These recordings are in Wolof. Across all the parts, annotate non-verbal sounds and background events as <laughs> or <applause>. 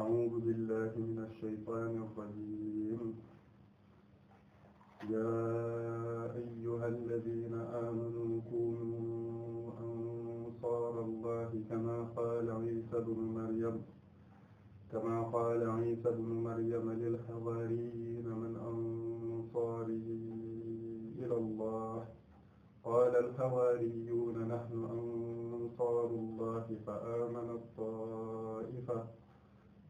أعوذ بالله من الشيطان الرجيم يا أيها الذين آمنوا كونوا أنصار الله كما قال عيسى بن مريم كما قال عيسى بن مريم للحواريين من أنصاري إلى الله قال الحواريون نحن أنصار الله فآمنت طائفة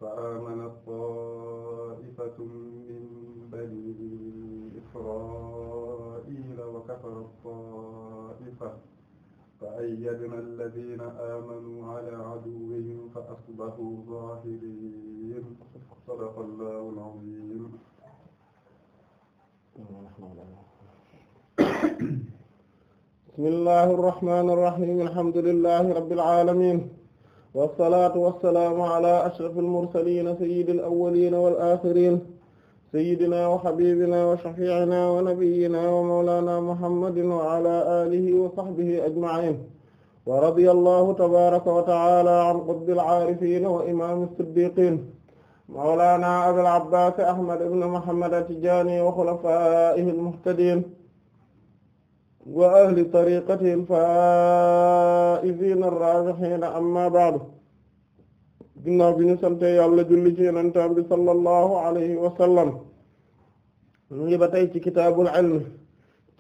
فآمنت طائفة من بني إسرائيل وكفرت طائفة فأيدنا الذين آمنوا على عدوهم فأصبحوا ظاهرين صدق الله العظيم بسم الله الرحمن الرحيم الحمد لله رب العالمين wasalaatu wasalaamu ala ashrafil mursaliina sayyidil awwaliina wal aaxiriina sayyidinaa wa habiibinaa wa shafii'inaa wa nabiyyinaa wa mawlaanaa muhammadin wa ala aalihi wa sahbihi ajma'iin wa radiyallaahu tabaaraka wa ta'aalaa an qutbil aarifiina wa imaamil siddiiqiin mawlaanaa abil abbaas ahmad ibn muhammad at-tijaani wa xulafaa'ihi al-muhtadiin wa ahli tariqati al-faa'iziina ar-raabihiina amma ba'du ginnaaw bi ñu sante yàlla julli ci yonentam bi sallallahu alayhi wa sallam ñu ngi ba tey ci kitaabul ilm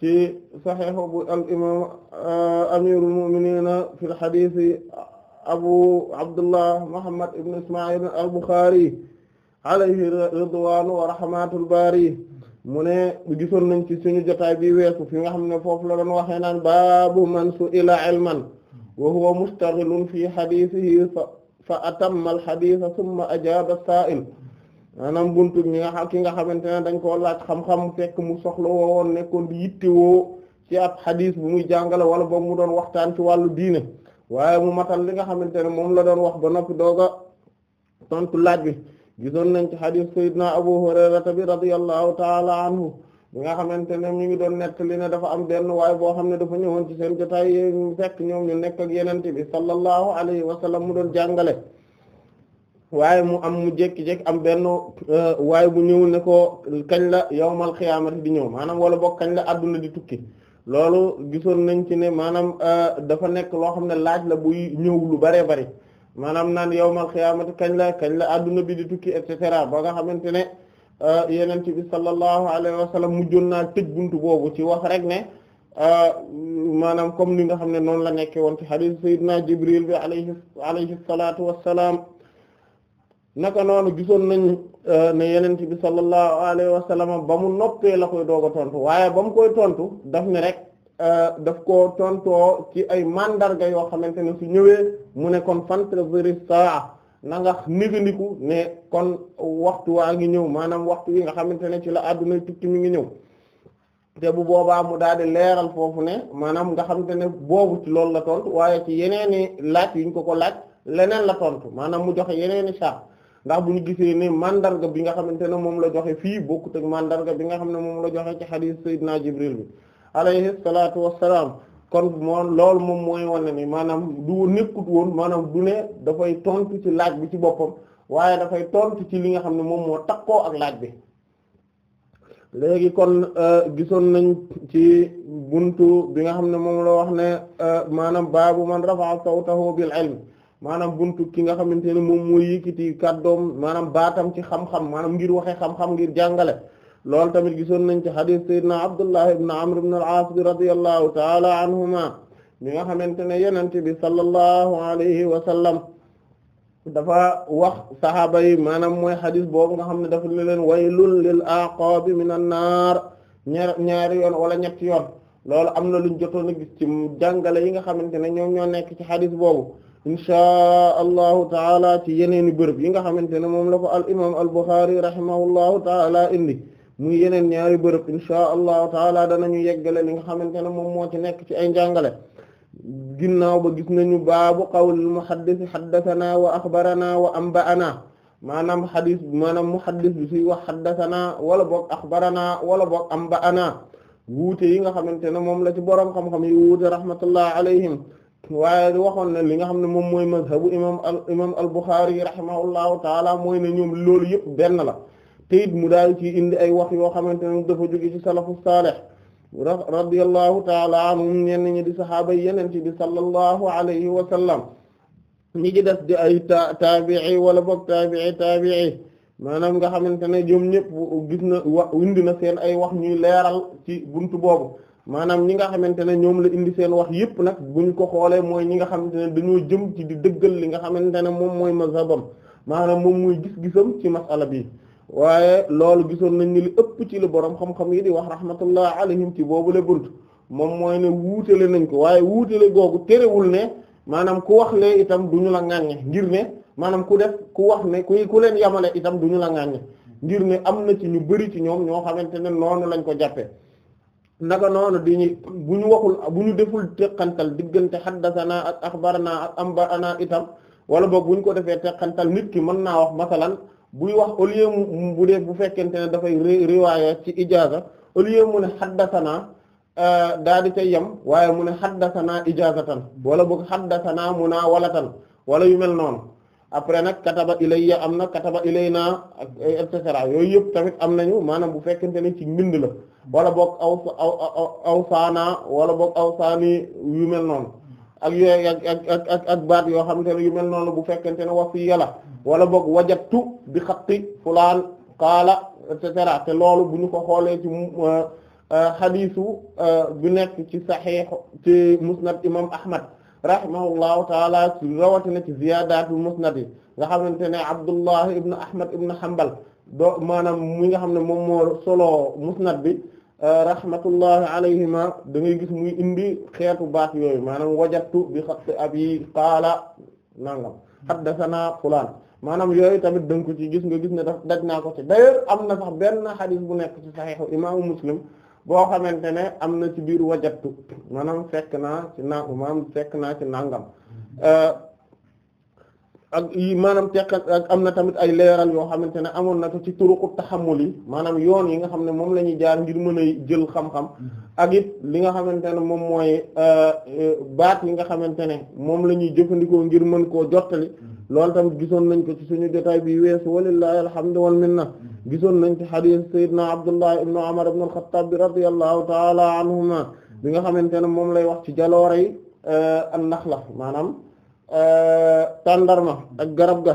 ci saxiixu bu al imaam euh, amiirul mu'miniina fil xadiisi abu abdullah muhammad ibn isma'il al buxaari alayhi ridwaanu wa rahmatul baari mu ne gisoon nañu ci suñu jotaay bi weesu fi nga xam ne foofu la doon waxee naan baabu man su'ila ilman wa huwa mustaghilun fi hadithihi fa atamma al hadith thumma ajaba as-sa'il maanaam buntu ñi nga xam ki nga xamante ne dañ koo laaj xam-xam fekk mu soxla woo woon nekkoon di yittewoo ci ab hadith bu muy jàngale wala boobu mu doon waxtaan ci wàllu diine waaye mu matal li nga xamante ne moom la doon wax ba noppi dooga tontu laaj bi gisoon nañ ci xadis sayyidina Abu Hurayrata bi radiyallahu taala anhu bi nga xamante ne mi ngi doon nettali ne dafa am benn waaye boo xam ne dafa ñëwoon ci seen jotaay ñu fekk ñoom ñu nekk ak yenente bi sallallahu alayhi wa sallam mu doon jàngale waaye mu am mu am benn euh, waaye bu ñëw ne ko kañ la yawmal xiyaamati di ñëw maanaam wala boog kañ la adduna di tukki loolu gisoon nañ ci ne maanaam euh, dafa nekk loo xam ne laaj la buy ñëw lu baree bari maanaam naan yawmal xiyaamati kañ la kañ la adduna bi di tukki et cetera ba nga xamante ne euh, yeneen ci bi sallallahu alayhi wa sallam mujjoon naa tëj bunt boobu ci wax rek ne euh, maanaam comme ni nga xam ne noonu la nekkee woon ci hadith sayyidina Jibril bi alayhi alayhi salaatu wa salaam naka noonu gisoon nañu euh, ne yeneen ci bi sallallahu alayhi wa sallam ba mu noppee la koy doog a tontu waaye ba mu koy tontu daf ni rek. Euh, def ko tontoo ci ay màndarga yoo xamante ne su ñëwee mu ne kon fantabari saa na nga nigandiku ne kon waxtu waa ngi ñëw maanaam waxtu wi nga xamante ne ci la àdduna tukki mi ngi ñëw te bu boobaa mu daal di leeral foofu ne maanaam nga xamante ne boobu loolu la tontu waaye ci yeneeni laaj yuñ ko ko laaj leneen la tontu maanaam mu joxe yeneeni saa ndax bu ñu gisee ne mandarga bi nga xamante ne moom la joxe fii bokkut teg mandarga bi nga xam ne moom la joxe ci xadiis naa Jibril bi alayhi salaatu wassalaam kon moom loolu moom mooy wane nii maanaam du nekkut woon maanaam du ne dafay tontu ci laaj bi ci boppam waaye dafay tontu ci li nga xam ne moom moo takkoo ak laaj bi léegi kon euh, gisoon nañ ci buntu bi nga xam ne moom la wax ne euh, maanaam baabu man rafa'a sawtahu bil ilm maanaam buntu ki nga xamante ne moom moo yëkkati kàddoom maanaam baatam ci xam-xam maanaam ngir waxe xam-xam ngir jàngale loolu tamit gisoon nañ ci xadis sayyidina Abdullah ibn Amr ibn al-As bi radiyallahu taala anhuma mi nga xamante ne yenente bi sallallahu alayhi wa sallam dafa wax sahaaba yi maanaam mooy xadis boobu nga xam ne dafa ne leen waylun lil aqabi min an naar ñaar ñaari yoon wala ñetti yoon loolu am na luñ jotoon a gis ci jàngale yi nga xamante ne ñoom ñoo nekk ci xadis boobu inchaa allahu taala ci yeneeni bërëb yi nga xamante ne moom la ko al imam al Bukhari indi muy yeneen ñaari bërëb insha allahu taala danañu yeggale li nga xamante ne moom moo ci nekk ci ay njàngale ginnaaw ba gis nañu baabu qawlil muhaddis haddathana wa akhbarana wa anba'ana maanaam xadis maanaam muhaddis bi suy wax haddathana wala boog akhbarana wala boog anba'ana wuute yi nga xamante ne moom la ci boroom xam-xam yi wuute rahmatullah alayhim waaye waxoon na li nga xam ne moom mooy mazhabu imam al imam al Bukhari rahimahullahu taala mooy ne ñoom loolu yëpp benn la te mu daal ci indi ay wax yoo xamante ne dafa jóge ci salafu saalih radiyallahu taala anhum ñenn ñi di saxaaba yi yeneen ci bi sallallahu alayhi wa sallam ñi ci def di ay ta taabii wala boog taabii taabii maanaam nga xamante ne ñoom gis na wa indi na seen ay wax ñuy leeral ci buntu boobu maanaam ñi nga xamante ne ñoom la indi seen wax yëpp nag buñ ko xoolee mooy ñi nga xamante ne dañoo jëm ci di dëggal li nga xamante ne moom mooy mazhabam maanaam moom mooy gis-gisam ci masala bi waaye loolu gisoon nañ ni li ëpp ci li borom xam-xam yi di wax rahmatullah alayhim ci boobu le bunt moom mooy ne wuutale nañ ko waaye wuutale googu terewul ne maanaam ku wax lee itam du ñu la ŋàññe ngir ne maanaam ku def ku wax ne ku ku leen yamale itam du ñu la ŋàññe ngir ne am na ci ñu bari ci ñoom ñoo xamante ne noonu lañ ko jàppee naka noonu diñu bu ñu waxul bu ñu deful teqantal diggante xaddasana ak axbarana ak ambarana itam wala boog bu ñu ko defee teqantal nit ki mën naa wax masalan buy wax au lieu bu dee bu fekkente ne dafay riwaaya ci ijaaza au lieu mu ne xaddasanaa euh, daa di cay yem waaye mu ne xaddasanaa ijaazatan wala boog xaddasanaa munaawalatan wala yu mel noonu après nag kataba ilayya am na kataba ilaynaa et cetera yooyu yëpp tamit am nañu maanaam bu fekkente ne ci mbind la wala boog aw aw wala boog aw saani yu mel noonu ak yooyu ak ak baat yoo xam ne yu mel noonu bu fekkente ne wax fi yala wala boog wajattu bi xatti fulaan kaala et cetera te loolu bu ñu ko xoolee ci euh, euh, xadiisu euh, bi nekk ci saxiix ci musnad imam ahmad rahimahullahu taala rawatina ci ziyaadaatu musnad yi nga xamante ne abdullah ibn ahmad ibn hanbal do maanaam mi nga xam ne moom moo solo musnad bi rahmatullahi alayhima da ngay gis muy indi xeetu baat yooyu maanaam wajatu bi xatti abi qaala nangam haddathana fulaan maanaam yooyu tamit dënk ko ci gis nga gis ne daf daj naa ko ci d'ailleurs am na sax benn xadis bu nekk ci saxiixu imaamu muslim boo xamante ne am na ci biir wajatu maanaam fekk naa ci nangam maanaam fekk naa ci nangam ak maanaam teq am na tamit ay leeral yoo xamante ne amoon na ko ci turuqu xamul yi maanaam yoon yi nga xam ne moom la ñuy jaar ngir mën a jël xam mm-hmm. ak it li nga xamante ne moom mooy euh, euh, baat yi nga xamante ne moom la ñuy jëfandikoo ngir mën koo jottali mm-hmm. loolu tamit gisoon nañ ko ci suñu jotaay bi weesu walillahi alhamdu wal minna mm-hmm. gisoon nañ ci hadith sayyidina Abdullah ibn Umar ibn al-Khattab radiyallahu ta'ala anhuma bi nga xamante ne moom lay wax ci jaloore yi euh, an-nakhla maanaam tàndarma ak garab ga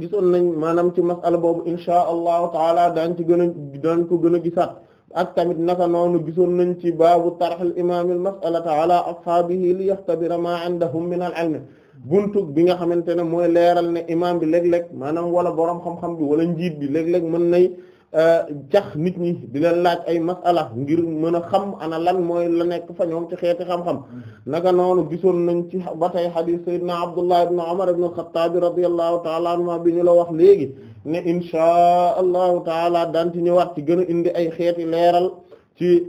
gisoon nañ maanaam ci masala boobu insha allahu taala daañ ci gën a daañ ko a gisaat ak tamit naka noonu gisoon nañ ci baabu tarxil imaamil masalata ala ashaabihi li yaxtabira ma indahum min al ilmi buntu bi nga xamante ne mooy leeral ne imaam bi léeg-léeg maanaam wala boroom xam-xam bi wala njiit bi léeg-léeg mën nay cax euh, nit ñi di laaj ay masala ngir mën a xam ana lan mooy la nekk fa ñoom ci xeeti xam-xam mm-hmm. naka noonu gisoon nañ ci ba tey hadith sayyidina Abdullah ibn Umar ibn al-Khattab radiyallahu ta'ala anhuma bi ñu la wax léegi ne inshaa allahu taala daan ci ñëwaat ci gën a indi ay xeeti leeral ci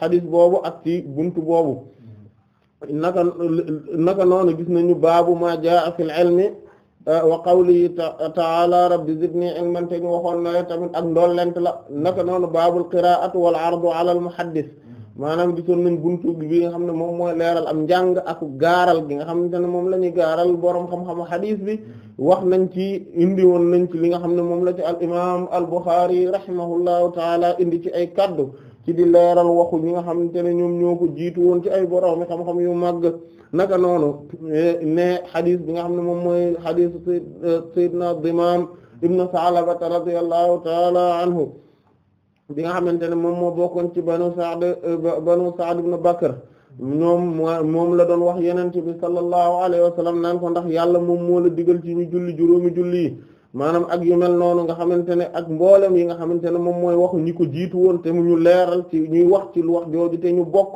hadith euh, boobu ak ci bunt boobu mm-hmm. naka noonu gis nañu baabu ma jaa fil ilmi Eh, wa ta qawlihi ta'ala rabbi zidni ilman te ñu waxoon na tamit ak ndollent la naka noonu baabul qiraa'atu wal ardu ala al muhaddis maanaam gisoon nañ buntu bi nga xam ne moom mooy leeral am njàng ak gaaral gi nga xam ne moom la ñuy gaaral boroom xam-xamu xadiis bi wax nañ ci indi woon nañ ci li nga xam ne moom la ci al imaam al Buxaari rahimahullahu taala indi ci ay kaddu ci di leeral waxu ñi nga xamante ne ñoom ñoo ko jiitu ci ay borom xam-xam yu màgg naka noonu ne xadis bi nga xam ne moom mooy xadis sayyidina Dimaam ibn Sa'laba radiyallahu ta'ala anhu bi nga xamante ne moom moo bokkoon ci banu Sa'd banu Sa'd ibn Bakr ñoom moom la doon wax yenente bi sallallahu alayhi wa sallam ko ndax yàlla moom moola la digal ci ñu julli juróomi julli yi maanaam ak yu noonu nga xamante ne ak mboolem yi nga xamante ne moom mooy waxu ñi ko jiitu woon te mu ñu leeral ci ñuy wax ci lu wax jooju te ñu bokk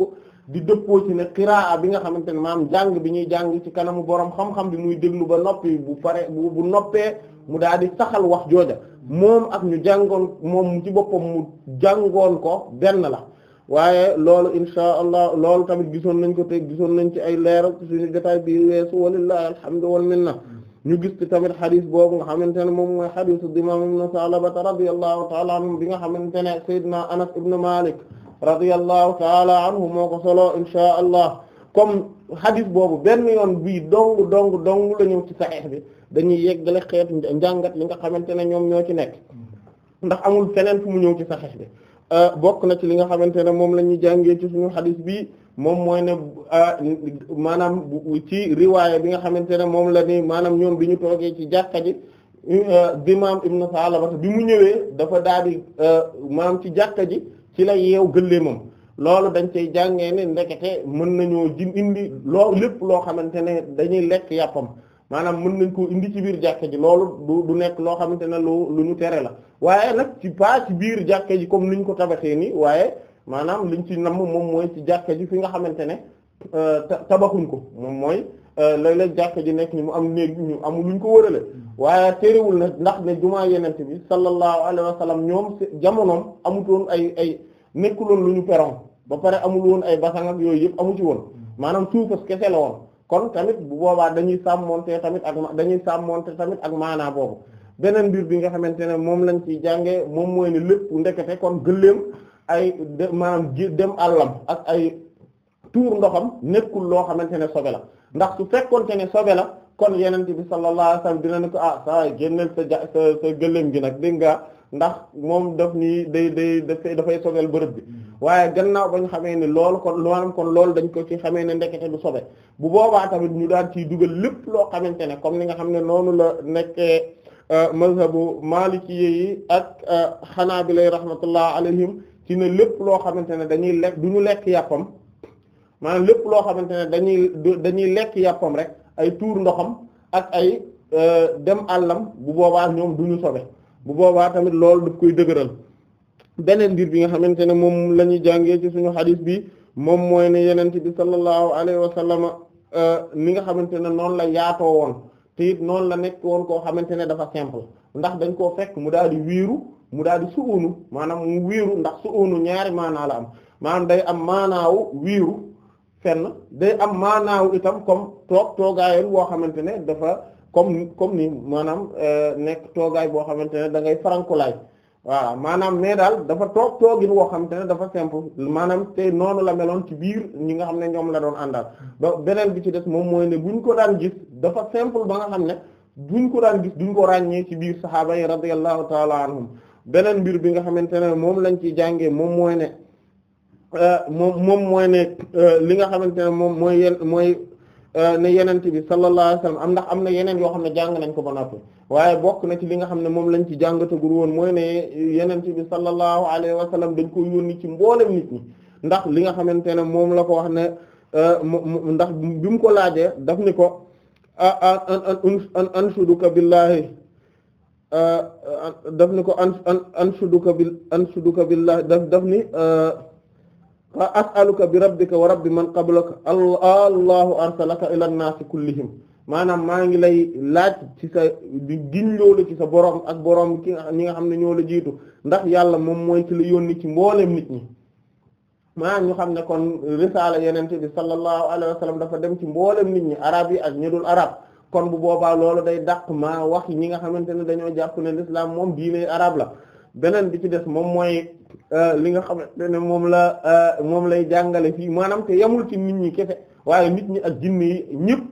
di dëppoo ci ne xiraa bi nga xamante ne maanaam jàng bi ñuy jàng ci kanamu borom xam-xam bi muy déglu ba noppi bu pare bu bu noppee mu daal di saxal wax jooja moom ak ñu jàngoon moom ci boppam mu jàngoon ko benn la waaye loolu insha allah loolu tamit gisoon nañ ko te gisoon nañ ci ay leeral ci suñu jotaay bi weesu walillahi alhamdu wal minna ñu gis ci tamit xadis boobu nga xamante ne moom mooy xadisu Dimaam ibn Salabata radiyallahu taala anhu bi nga xamante ne Seydina Anas ibn Malik radiyallahu taala anhu moo ko solo inshaa Allah comme xadis boobu benn yoon bii dong dong dong la ñëw ci Sahih bi dañuy yeggale xeetu njàngat li nga xamante ne ñoom ñoo ci nekk ndax amul feneen fu mu ñëw ci Sahih bi euh, bokk na ci li nga xamante ne moom la ñuy jàngee ci suñu xadis bii moom mooy ne ah, maanaam ci riwaaya bi nga xamante ne moom la ni maanaam ñoom bi ñu toogee ci jàkka ji eh, dimaam ibn Salaba bi mu ñëwee dafa daal di eh, maanaam ci jàkka ji ci la yeew gëléemam loolu dañ cey jàngee ne ndekete mën nañu ji indi loo lépp loo xamante ne dañuy lekk yàppam maanaam mën nañ koo indi ci biir jàkka ji loolu du nekk loo xamante ne lu lu ñu tere la waaye nag ci pas ci biir jàkka ji comme niñ ko tabaxee nii waaye maanaam liñ ci namm moom mooy ci jàkka ji fi nga xamante ne euh, tabaxuñ ko moom mooy euh, léeg-léeg jàkka ji nekk ni mu am néeg ñu amul luñ ko wërale waaye téerewul na ndax ne jumaa bi sallallahu alayhi wa sallam ñoom jamonoom amutoon ay ay nekkuloon lu ñu peron ba pare amul woon ay basang ak yooyu yëpp amu ci woon maanaam suufas kese la woon kon tamit bu boobaa dañuy sàmmonte tamit ak dañuy sàmmonte tamit ak maanaa boobu beneen mbir bi nga xamante ne moom lañ ciy jànge moom mooy ne lépp ndekete kon gëléem ay maanaam ji dem àllam ak ay tuur ndoxam nekkul loo xamante ne sobe la ndax su fekkonte ne sobe la kon yeneen bi sallallahu alayhi wasallam dina ne ko ah saa génneel sa ja sa gi nag dégg nga ndax moom daf nii day day dafay dafay sobeel bërëb bi waaye gannaaw ba ñu xamee ne loolu kon maanaam loolu dañ ko ci xamee ne ndekete du bu boobaa tamit ñu daan ciy dugal lépp xamante ne comme ni nga xam ne noonu la nekkee euh, mazhabu maliki yi ak xanaabilay euh, rahmatullah alayhim ci ne lépp loo xamante ne dañuy lekk du lekk yàppam maanaam lépp loo xamante ne dañuy dañuy lekk yàppam rek ay tuur ndoxam ak ay euh, dem àllam bu boobaa ñoom du ñu sobe bu boobaa tamit loolu du koy dëgëral beneen mbir bi nga xamante ne moom la ñuy jàngee ci suñu xadis bi moom mooy ne yeneen yenente bi sallallahu alayhi wa sallam euh, ni nga xamante ne noonu la yaatoo woon te it noonu la nekk woon koo xamante ne dafa simple ndax dañ koo fekk mu daal di wiiru mu daal di suunu maanaam mu wiiru ndax suunu ñaari maanaa la am maanaam day am maanaawu wiiru fenn day am maanaawu itam comme toog toogaayal woo xamante ne dafa comme comme ni maanaam euh, nekk toogaay boo xamante ne da ngay farankulaay voilà maanaam mais daal dafa toog toogin woo xamante ne dafa simple maanaam te noonu la meloon ci biir ñi nga xam ne ñoom la doon àndal ba beneen bi ci des moom mooy ne ñu ko daan gis dafa simple ba nga xam ne duñ ko daan gis ñu ko ràññee ci biir saxaaba yi radiyallahu taala anhum beneen mbir bi nga xamante ne moom lañ ci jàngee moom mooy ne euh, moom moom mooy ne euh, li nga xamante ne moom mooy yen mooy euh, ne yenente bi sallallahu alayhi wasallam am ndax am na yeneen yoo xam ne jàng nañ ko ba noppi na ci li nga xam ne moom lañ ci jàngatagul woon mooy ne yenente bi sallallahu alayhi wasallam dañ ko yónni ci mboolem nit ñi ndax li nga xamante ne moom la ko wax ne ndax bi ko laaje daf ni ko a billahi daf ni ko an an anshuduka bil anshuduka billah daf daf ni euh, as'aluka bi rabbika wa rabbi man qablaka allahu arsalaka ila nnaasi kullihim maanaam maa ngi lay laaj ci sa di giñ loolu ci sa boroom ak boroom ki ñi nga xam ne ñoo jiitu ndax yàlla moom mooy ci la yónni ci mbooleem nit ñi maanaam ñu xam ne kon risaala yenente bi sallallahu alayhi wa sallam dafa dem ci mbooleem nit ñi arab yi ak ñi dul arab kon bu boobaa loolu day dàq maa wax ñi nga xamante ne dañoo jàpp ne l'islam moom diine arab la beneen bi ci des moom mooy euh, li nga xamante ne moom la euh, moom lay jàngale fii maanaam te yemul ci nit ñi kese waaye nit ñi ak jinne yi ñëpp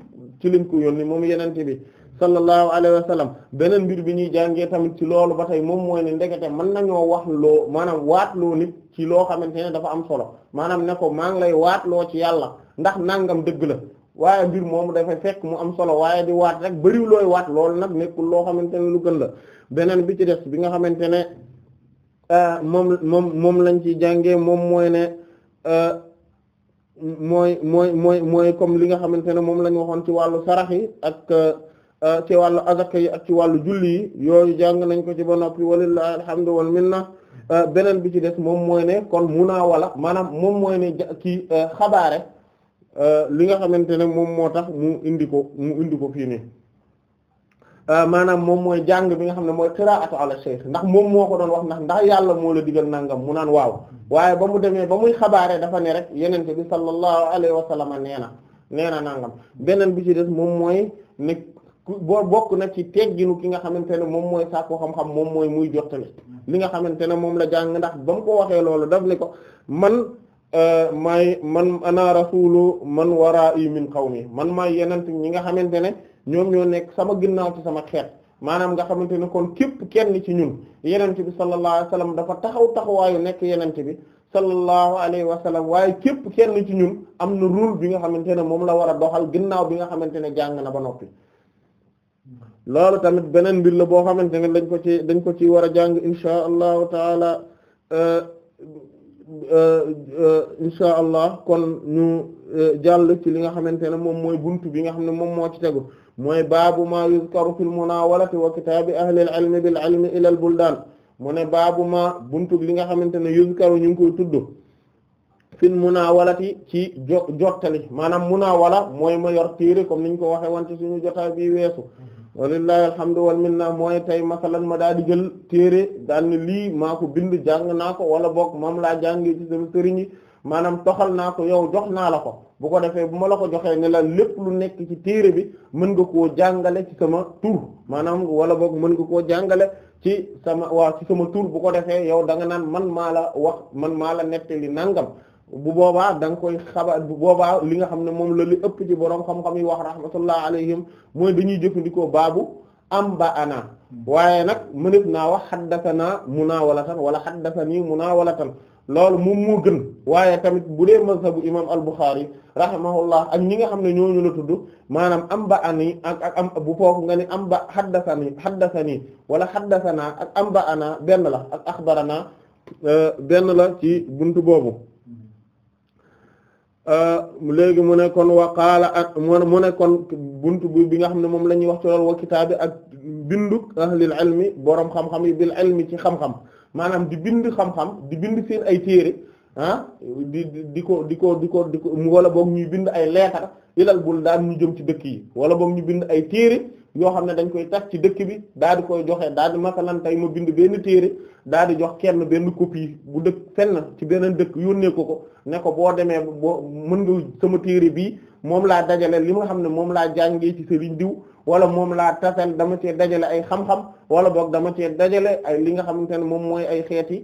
ci lañ ko yónnee moom yenente bi sallallahu alayhi wa sallam beneen mbir bi ñuy jàngee tamit ci loolu ba tey moom mooy ne ndekete mën nañoo wax loo maanaam waat loo nit ci loo xamante ne dafa am solo maanaam ne ko maa lay waat loo ci yàlla ndax nangam dëgg la waaye mbir moom dafay fekk mu am solo waaye di waat rek bëriw waat loolu nag nekkul loo xamante ne lu gën la beneen bi ci des bi nga xamante ne euh, moom moom moom lañ ci jàngee moom mooy ne euh, mooy mooy mooy mooy comme li nga xamante ne moom lañ waxoon ci wàllu sarax yi ak euh, ci wàllu azaka yi ak ci wàllu julli yi yooyu jàng nañ ko ci ba noppi walillahi alhamdu wal minna beneen bi ci des moom mooy ne kon munawala maanaam moom mooy ne xabaare Euh, li nga xamante ne moom moo tax mu indi ko mu indi ko fii nii euh, maanaam moom mooy jàng bi nga xam ne mooy qiraatu ala ndax moom moo ko doon wax ndax ndax yàlla moo la digal nangam mu naan waaw waaye ba mu demee ba muy xabaare dafa ne rek yeneen bi sallallahu alayhi wa sallam nee na nee nangam beneen bi ci des moom mooy ne boo bokk na ci tegginu ki nga xamante ne moom mooy sàkku xam-xam moom mooy muy jottali li nga xamante ne moom la jàng ndax ba mu ko waxee loolu daf ni ko man. Euh, may man ana rasulu man waraa wara'i xaw mi man maay yenent ñi nga xamante ne ñoom ñoo nekk sama ginnaaw ci sama xeet maanaam nga xamante ne kon képp kenn ci ñun yenent bi sallallahu alayhi wa sallam dafa taxaw taxawaayu nekk yenent bi sallallahu alayhi wa waaye képp kenn ci ñun am na ruur bi nga xamante ne moom la war a doxal ginnaaw bi nga xamante ne jàng na ba noppi loolu tamit beneen mbir la boo xamante ne dañ ko ci dañ ko ci war a jàng insha allahu taala euh, Euh, euh, insha allah kon ñu euh, jàll ci li nga xamante ne moom mooy buntu bi nga xam ne moom moo ci tegu mooy baabu ma yuzkaru fil munawalati wa kitaabi ahli al-ilmi bil ilmi ila al buldaan mu ne baabu ma buntu li nga xamante ne yuzkaru ñu ngi koy tudd fil munawalati ci jo jottali maanaam wala mooy ma yor téere comme niñ ko waxe wante suñu jotaay bi weesu walillahi alhamdu wal minna mooy tey masalan ma daa di jël téere daan ne lii maako ko bind jàng naa ko wala boog moom laa jàngee ci sama sëriñ yi maanaam toxal naa ko yow jox naa la ko bu ko defee bu ma la ko joxee ne la lépp lu nekk ci téere bi mën nga koo jàngale ci sama tur maanaam wala boog mën nga koo jàngale ci sama waa ci sama tur bu ko defee yow da nga naan man maa la wax man maa la nettali nangam bu boobaa da nga koy xabaar bu boobaa li nga xam ne moom la li ëpp ci boroom xam-xam yi wax rahmatullah alayhim mooy dañuy jëfandikoo baabu am ba ana waaye nag mënef naa wax xaddasanaa munaawalatan wala xaddasanii munaawalatan loolu moom moo gën waaye tamit bu dee mazhabu imam al-Bukhari rahimahullah ak ñi nga xam ne ñooñu la tudd maanaam am ba ani ak bu foofu nga ni am ba xaddasani xaddasani wala xaddasanaa ak am ba ana benn la ak axbarana euh, benn la ci bunt boobu Euh, léegi mu ne kon wa qaala ak mu ne kon buntu bi bi nga xam ne moom la ñuy wax ci loolu wa kitaabi ak bindu ahlil ilmi borom xam-xam yi bil ilmi ci xam-xam maanaam di bind xam-xam di bind seen ay téere ah di di ko di ko di ko di ko wala boog ñuy bind ay leetar ilal bul daan ñu jëm ci dëkk yi wala boog ñu bind ay téere yoo xam ne dañ koy tas ci dëkk bi daal di koy joxe daal di masalan tey ma bind benn téere daal di jox kenn benn copie bu dëkk na ci beneen dëkk yónnee ko ko ne ko boo demee boo mën nga sama téere bii moom laa dajale li nga xam ne moom laa jàngee ci sëriñ diw wala moom laa tasal dama cee dajale ay xam-xam wala boog dama cee dajale ay li nga xamante ne moom mooy ay xeeti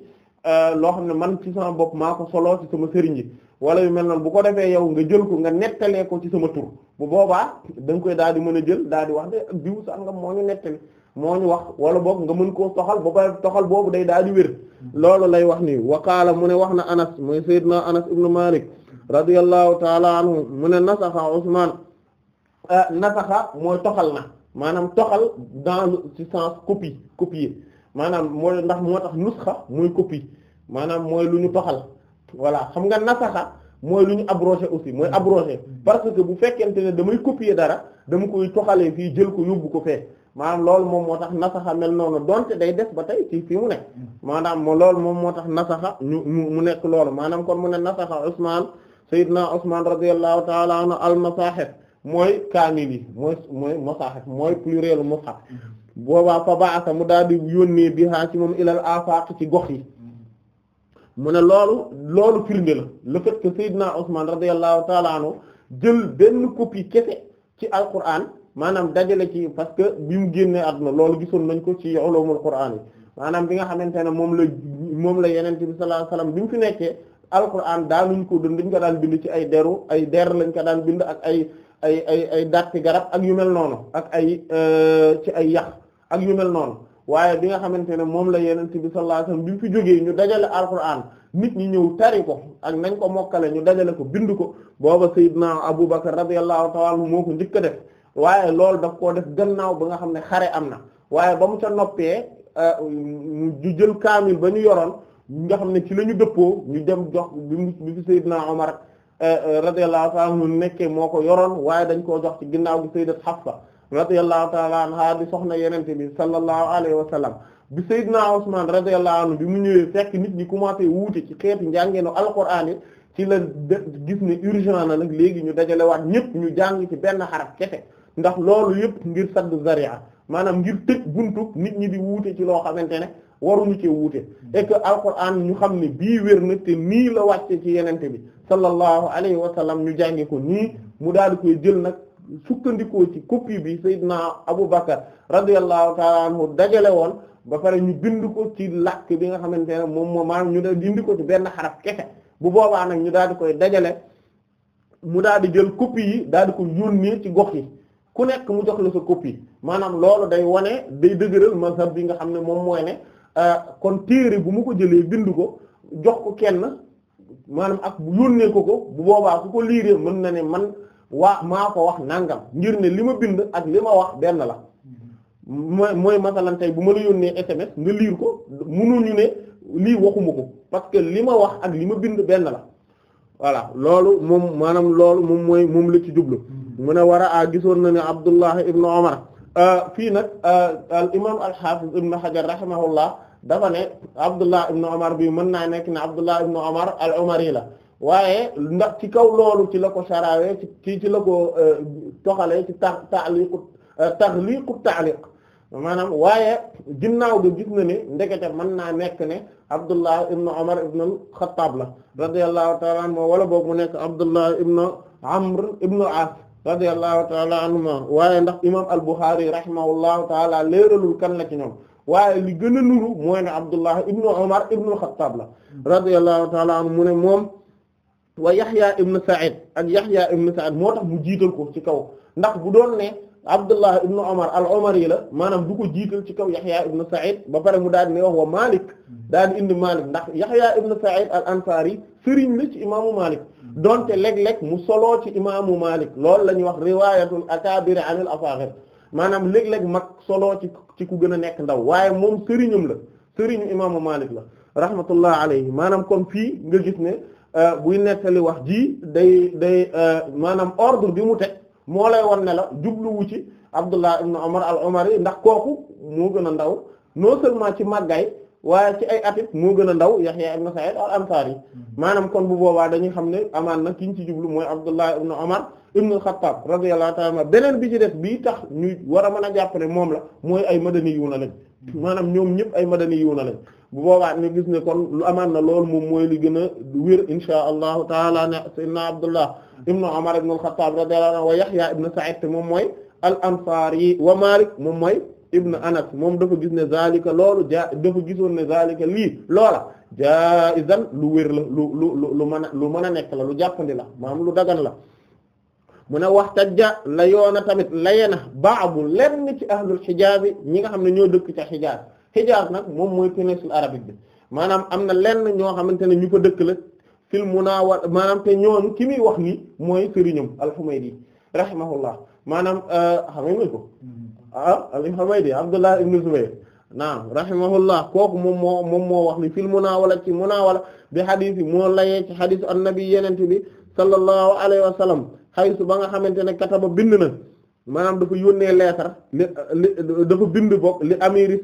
Euh, loo xam ne man ci sama bopp maa ko soloo ci sama sëriñ yi wala yu mel noonu bu ko defee yow nga jël ko nga nettalee ko ci sama tur bu boobaa da koy daal di mën a jël daal di wax de diw sangam moo ñu nettali moo ñu wax wala boog nga mën koo toxal ba pare toxal boobu day daal di wér loolu lay wax nii waqaala mu ne wax na anas mooy sayyidna anas ibnu malik radiyallahu taala anhu mu ne nasaxa usman euh, nasaxa mooy toxal na maanaam toxal dans ci sens copie copier maanaam mooy ndax moo tax nusxa muy copie maanaam mooy lu ñu toxal voilà xam nga nasaxa mooy lu ñu abrogé aussi mooy abrogé parce que bu fekkente ne damay copier dara dama koy toxalee fii jël ko yóbbu ko fee maanaam loolu moom moo tax nasaxa mel noonu donte day def ba tey ci fii mu nekk maanaam mo loolu moom moo tax nasaxa ñu mu nekk loolu maanaam kon mu ne nasaxa Usmaan Seydina Usmaan radiyallahu ta'ala anhu al-masaahif mooy kaamil yi mooy mooy masaahif mooy plurielu mushaf boobaa fa mu daal di yónnee bi haa ci moom ilal afaq ci gox yi mu ne loolu loolu firnde la le fait que Seydina Ousmane radiyallahu taala anhu jël benn copie kese ci alquran maanaam dajale ci parce que bi mu génnee àdduna loolu gisoon nañ ko ci ulumul quran yi maanaam bi nga xamante ne moom la moom la yenente bi sallallahu alayhi bi mu fi nekkee alquran daanuñ ko dund dañ ko daan bind ci ay deru ay der lañ ko daan bind ak ay ay ay ay datti garab ak yu mel noonu ak ay euh, ci ay yax ak yu mel noonu waaye bi nga xamante ne moom la yeneen bi sallallahu alayhi wasallam bi mu fi jógee ñu dajale alquran nit ñi ñëw tari ko ak nañ ko mokkale ñu dajale ko bind ko booba Seydina Abu Bakr radiyallahu ta'ala anhu moo ko njëkk a def waaye loolu daf koo def gannaaw ba nga xam ne xare am na waaye ba mu ca noppee euh, ñu jël kaamil ba ñu yoroon nga xam ne ci lañu dëppoo ñu dem jox bi mu bi fi Seydina Omar euh, euh, radiyallahu ta'ala anhu nekkee moo ko yoroon waaye dañ koo jox ci ginnaaw bi Sayyidat Hafsa radiyallahu taala anha di soxna yenente bi sallallahu alayhi wa sallam bi sayyidina Usman radiyallahu anhu bi mu ñëwee fekk nit ñi commencé wuute ci xeeti njàngeenu alquran yi ci la gis ni urgent na nag léegi ñu dajalewaat ñëpp ñu jàng ci benn xaraf kese ndax loolu yëpp ngir saddu zaria maanaam ngir tëj buntu nit ñi di wuute ci loo xamante ne waruñu cee wuute et que ñu xam ne bii wér na te nii la wàcce ci yenente bi sallallahu alayhi wa sallam ñu jànge ko nii mu daal di koy jël nag sukkandikoo ci copie bi Seydina Abu Bakar radiyallahu ta'ala dajale woon ba pare ñu bind ko ci làkk bi nga xamante ne moom moo maanaam ñu daal dindi ko ci benn xaraf kese bu boobaa nag ñu daal di koy dajale mu daal di jël copie yi daal di ko yónnee ci gox yi ku nekk mu jox la sa copie maanaam loolu day wane day dëgëral mazhab bi nga xam ne moom mooy ne euh, kon téere bu mu ko jëlee bind ko jox ko kenn maanaam ak bu yónnee ko ko bu boobaa ku ko liiree mën na ne man waa maa ko wax nangam ngir ne li ma bind ak li ma wax benn la mooy mooy masalan bu ma la yónnee SMS nga liir ko mënuñu ne lii waxuma ko parce que li ma wax ak li ma bind benn la voilà loolu moom maanaam loolu moom mooy moom la ci jublu mu ne war a gisoon na ne Abdullah ibn Umar fii nag al imaam al hafiz ibn Hajar rahimahullah dafa ne Abdullah ibn Umar bi mën naa nekk ne Abdullah ibn Umar al Umari la waaye ndax ci kaw loolu ci la ko saraawee ci ci la ko euh, toxalee ci tax taaliqu euh, taxliqu taaliq maanaam waaye ginnaaw bi gis na ne ndekete mën naa nekk ne Abdullah ibn Umar ibn al la radiyallahu ta'ala anhu wala boog mu nekk Abdullah ibn Amr ibn al-As radiyallahu ta'ala anhuma waaye ndax imam al-Bukhari rahimahullahu ta'ala leeralul kan la ci ñoom waaye li gën a nuru mooy ne Abdullah ibn Umar ibn al la radiyallahu ta'ala anhu mu ne moom wa Yahya ibn Sa'id ak Yahya ibn Sa'id moo tax mu jiital ko ci kaw ndax bu doon ne Abdullah ibn Omar al-Omari la maanaam du ko jiital ci kaw Yahya ibn Sa'id ba pare mu daal di ne wax wa Malik daal di indi Malik ndax Yahya ibn Sa'id al-Ansari sëriñ la ci imaamu Malik donte léeg-léeg mu soloo ci imaamu Malik loolu la ñuy wax riwaayatul akaabir anil asaaxir maanaam léeg-léeg mag solo ci ci ku gën a nekk ndaw waaye moom sëriñam la sëriñu imaamu Malik la rahmatullah maanaam kon fii nga gis ne. Euh, buy nettali wax jii day day euh, maanaam ordre bi mu teg moo lay wan ne la jubluwu ci Abdullah ibn Umar al-Umari ndax kooku moo gën a ndaw non seulement ci màggaay waaye ci ay atit moo gën a ndaw Yahya ibn Sa'id al-Ansari yi mm-hmm. maanaam kon bu boobaa dañuy xam ne amaan na ki ñu ci jublu mooy Abdullah ibn Umar ibn al-Khattab radiyallahu ta'ala beneen bi ci def bii tax ñu war a mën a jàpp ne moom la mooy ay madani yu na lañ mm-hmm. maanaam ñoom ñëpp ay madani yu na lañ bu boobaa ñu gis ne kon lu amaan na lool moom mooy li gën a wér insha allahu taala ne sayyidina abdullah ibnu umar ibnu al-khattab radiyallahu anhu wa yahya ibnu sa'id moom mooy al ansari wa malik moom mooy ibnu anas moom dafa gis ne zalika loolu ja gisoon ne zalika lii loola jaizan lu wér la lu lu lu lu mën lu mën a nekk la lu jàppandi la maanaam lu dagan la mu ne wax tajja la yoona tamit layena baabu lenn ci ahlul xijaab yi ñi nga xam ne ñoo dëkk ca Hijaz nag moom mooy péninsule arabique bi maanaam am na lenn ñoo xamante ne ñu ko dëkk la fil munawar maanaam te ñooñu ki muy wax ni mooy sëriñam al-Humaydi rahimahullah maanaam euh, xam nga ko mm-hmm. ah al-Humaydi Abdullah ibn Zubayr naam rahimahullah kooku moom moo moom moo wax ni fil munawala ci munawala bi xadis yi moo layee ci xadisu annabi yenente bi sallallahu alayhi wa sallam xaysu ba nga xamante ne kataba bind na maanaam dafa yónnee leetar li dafa bind bokk li amiri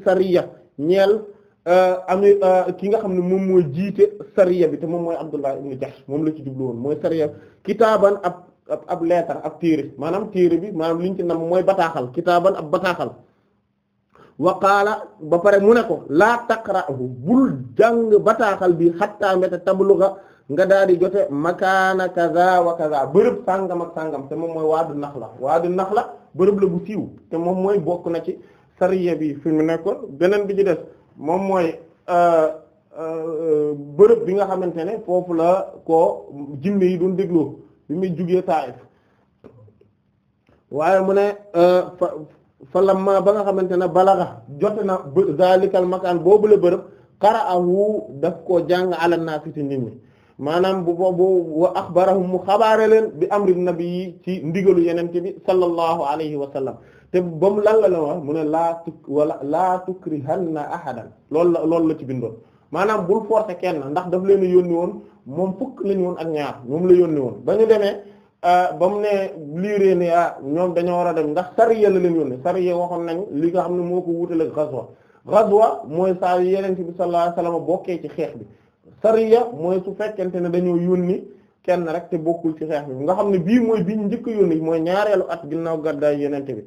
ñeel euh, ami euh, ki nga xam ne moom mooy jiite sariya bi te moom mooy Abdullah ibn Jahsh moom la ci jublu woon mooy sariya kitaaban ab ab ab leetar ab téere maanaam téere bi maanaam liñ ci nam mooy bataaxal kitaaban ab bataaxal waqaala ba pare mu ne ko laa taqra'hu bul jàng bataaxal bi xatta mbéta tabluga nga daal di jote makaana kaza wa kaza bërëb sàngam ak sàngam te moom mooy waadu nax la waadu nax la bërëb la bu siiw te moom mooy bokk na ci sariya bi fi mu nekkoon beneen bi ci des moom mooy euh, euh, bërëb bi nga xamante ne foofu la ko jinne yi doon dégloo bi muy jugee Taif waaye mu ne euh, fa lamma ba nga xamante ne balaga jote na zalikal makaan boobu la bërëb qara'ahu daf koo jàng ala naafiti nit ñi maanaam bu boobu wa axbarahum mu xabaare leen bi amri nabi yi ci ndigalu yenente bi sallallahu alayhi wa sallam te ba mu lan la la wax mu ne laa tuk wala laa tukrihanna ahadan loolu la loolu la ci bindoon maanaam bul forcer kenn ndax daf leen a yónni woon moom fukk lañu woon ak ñaar moom la yónni woon ba ñu demee euh, ba mu ne liirée ne ah ñoom dañoo war a dem ndax sariya la leen yónni sariya waxoon nañ lii nga xam ne moo ko wutale ghazwa ghazwa mooy saa yu yeneen bi sa alayhi wasallam bokkee ci xeex bi sariya mooy su fekkente ne dañoo yónni kenn rek te bokkul ci xeex bi nga xam ne bii mooy bi njëkk yónni mooy ñaareelu at ginnaaw gàddaay yenente bi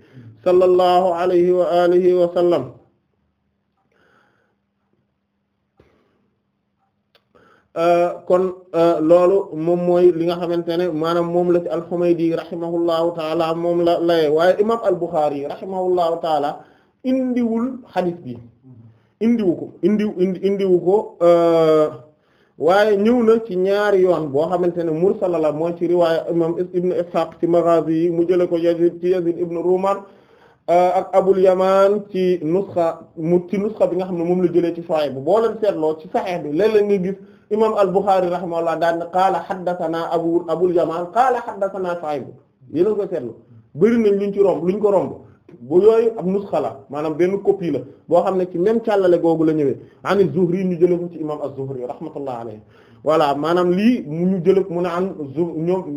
sallallahu alayhi wa alihi wa sallam euh, kon euh, loolu moom mooy li nga xamante ne maanaam moom la ci al-Humaydi rahimahullahu taala moom la laye waaye imam al-Bukhari rahimahullahu taala indiwul xadis bi indiwu ko indiw indi indiwu ko euh, waaye ñëw na ci ñaari yoon boo xamante ne mursala mooy ci riwaaya imam ibn Ishaq ci Maghazi yi mu jële ko Yazid ci ibn Ruman Euh, ak abul yamaan ci nusxa mu ci nusxa bi nga xam ne moom la jëlee ci Shuayb bu boo leen seetloo ci Sahih bi léeg-léeg nga gis imaam al-Bukhari rahimahullah daan na qaala haddasanaa abu abul yamaan qaala haddasanaa Shuayb bu yéen a ko seetlu bëri nañ luñ ci romb luñ ko romb bu yooyu ab nusxa la maanaam benn copie la boo xam ne ci même càllale googu la ñëwee an az-Zuhri ñu jëlee ko ci imaam az-Zuhri rahmatullah alayhi voilà maanaam lii mu ñu jëlee mu ne an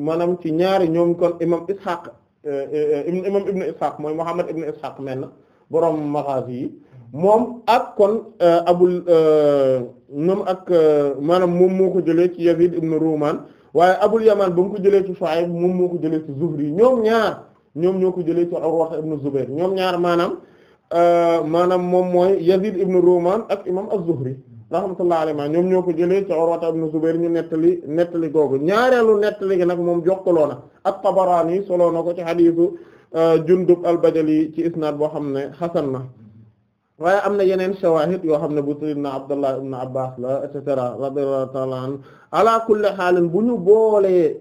maanaam ci ñaari ñoom kon imaam Ishaq imam ibnu ishaq mooy muhammad ibnu ishaq mel na borom maghazi yi moom ak kon eh, abul eh, moom ak eh, maanaam moom moo ko jëlee ci yazid ibnu ruumaan waaye abul yamaan ba mu ko jëlee ci shuayb moom moo ko jëlee ci zuhri ñoom ñaar ñoom ñoo ko jëlee ci urwa ibnu zubayr ñoom ñaar maanaam maanaam moom mooy yazid ibnu ruumaan ak imam az-zuhri rahmatullahi alayhi ñoom ñoo ko jëlee ci Urwata ibn Zubair ñu nettali nettali googu ñaareelu nettali gi nag moom jokkaloo na ak tabarani soloo na ko ci xadiisu euh, Jundub al-Bajali ci isnaad boo xam ne xasan na waaye am na yeneen shawaahid yoo xam ne bu sayyidina Abdullah ibn Abbas la et cetera radiyallahu ta'ala anhu ala kulli xaalin bu ñu boolee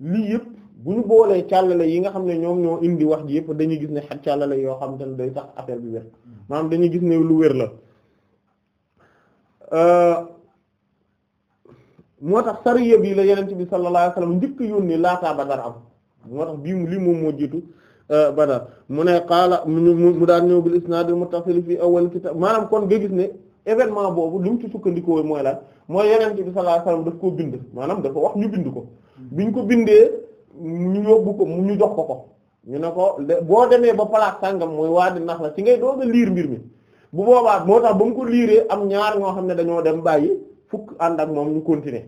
lii yëpp bu ñu boolee càllale yi nga xam ne ñoom ñoo indi wax ji yëpp dañuy gis ne xaj càllale yoo xam te ne day tax affaire bi wér dañuy gis ne lu wér la Euh, moo tax sariya bii la yenent bi sallallahu alayhi wasallam njëkk yónni laataa Badar am moo tax bii mu lii moom moo jiitu euh, Badar mu ne qaala mu daan ñëw bil isnaad mu fi awwal kitaab maanaam kon nga gis ne événement boobu li mu ci sukkandikoo mooy lan mooy yenent bi sallallahu alayhi wasallam daf koo bind maanaam dafa wax ñu bind ko biñ ko bindee ñu yóbbu ko ñu jox ko ko ñu ne ko boo demee ba palaat sàngam mooy waa di nax la ci ngay doo a liir mbir mi bu boobaa moo tax ba mu ko liiree am ñaar ñoo xam ne dañoo dem bàyyi fukk ànd ak moom ñu continuer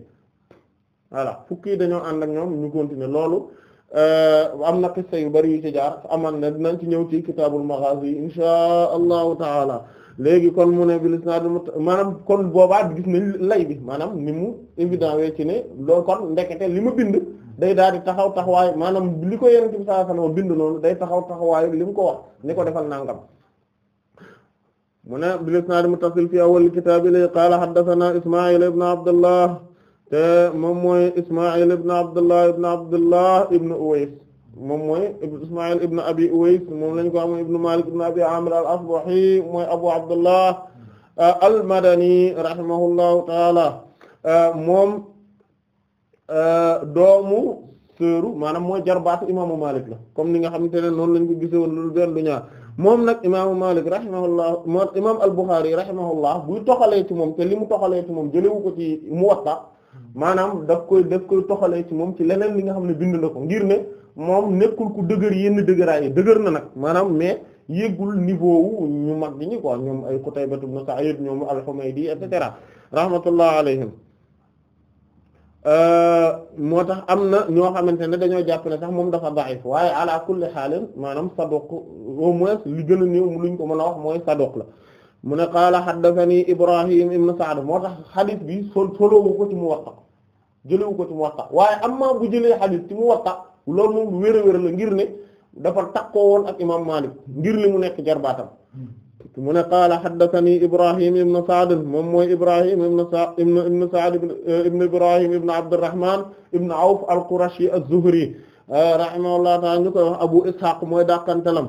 voilà fukki dañoo ànd ak ñoom ñu continuer loolu euh, am na qissa yu bari yu ci jaar aman na dinañ ci ñëw ci kitaabul maghazi insha allahu taala léegi kon mu ne bil isnad maanaam kon boobaa gis nañ lay bi maanaam ni mu évident wee ci ne loolu kon ndekete li ma bind day daal di taxaw taxawaayu maanaam li ko yenente bi sallallahu alayhi wasallam bind noonu day taxaw taxawaayu li mu ko wax ni ko defal nangam mu ne bil isnaad muttasil fi awwal kitaab li qaala haddasanaa Ismaa'iil ibn Abdullah te moom mooy Ismaa'iil ibn Abdullah ibn Abdullah ibn Uways moom mooy Ismaa'iil ibn Abi Uways moom lañ ko am ibn Maalik ibn Abi Aamir al-Asbahi mooy Abu Abdullah uh, al-Madani rahimahullahu taala uh, moom uh, doomu seeru maanaam mooy jarbaatu imaamu Maalik la comme ni nga xamante ne noonu lañ ko gisee woon du ñaar. moom nag imaamu Malik rahimahullah moom imaam al-Bukhari rahimahullah buy toxalee ci moom te li mu toxalee ci moom jëlewu ko ci Muwatta maanaam daf koy daf koy toxalee ci moom ci leneen li nga xam ne bind na ko ngir ne moom nekkul ku dëgër yenn dëgëraay yi dëgër na nag maanaam mais yëgul niveau wu ñu mag ñi quoi ñoom ay Qutayba ibn Sa'id ñoom al-Humaydi et cetera rahmatullah alayhim Euh, moo tax am na ñoo xamante ne dañoo jàpp ne sax moom dafa da'if waaye ala kulli xaalin maanaam saduq au moins li gën a néew luñ ko mën a wax mooy saduq la mu ne qaala haddathani Ibrahim ibn Sa'd moo tax xadis bi sol soloowu ko ci Muwatta jëlewu ko ci Muwatta waaye amma bu jëlee xadis ci Muwatta loolu moom wér a wér la ngir ne dafa takkoo woon ak imaam Maalik ngir li mu nekk jarbaatam mu ne qaala haddathani Ibrahim ibn Sa'd moom mooy Ibrahim ibn Sa'd ibn Sa'd ibn Ibrahim ibn Abdurrahman ibn Awf al-Qurashi az-Zuhri rahimahullahu ta'ala ñu koy wax Abu Ishaq mooy dàqantalam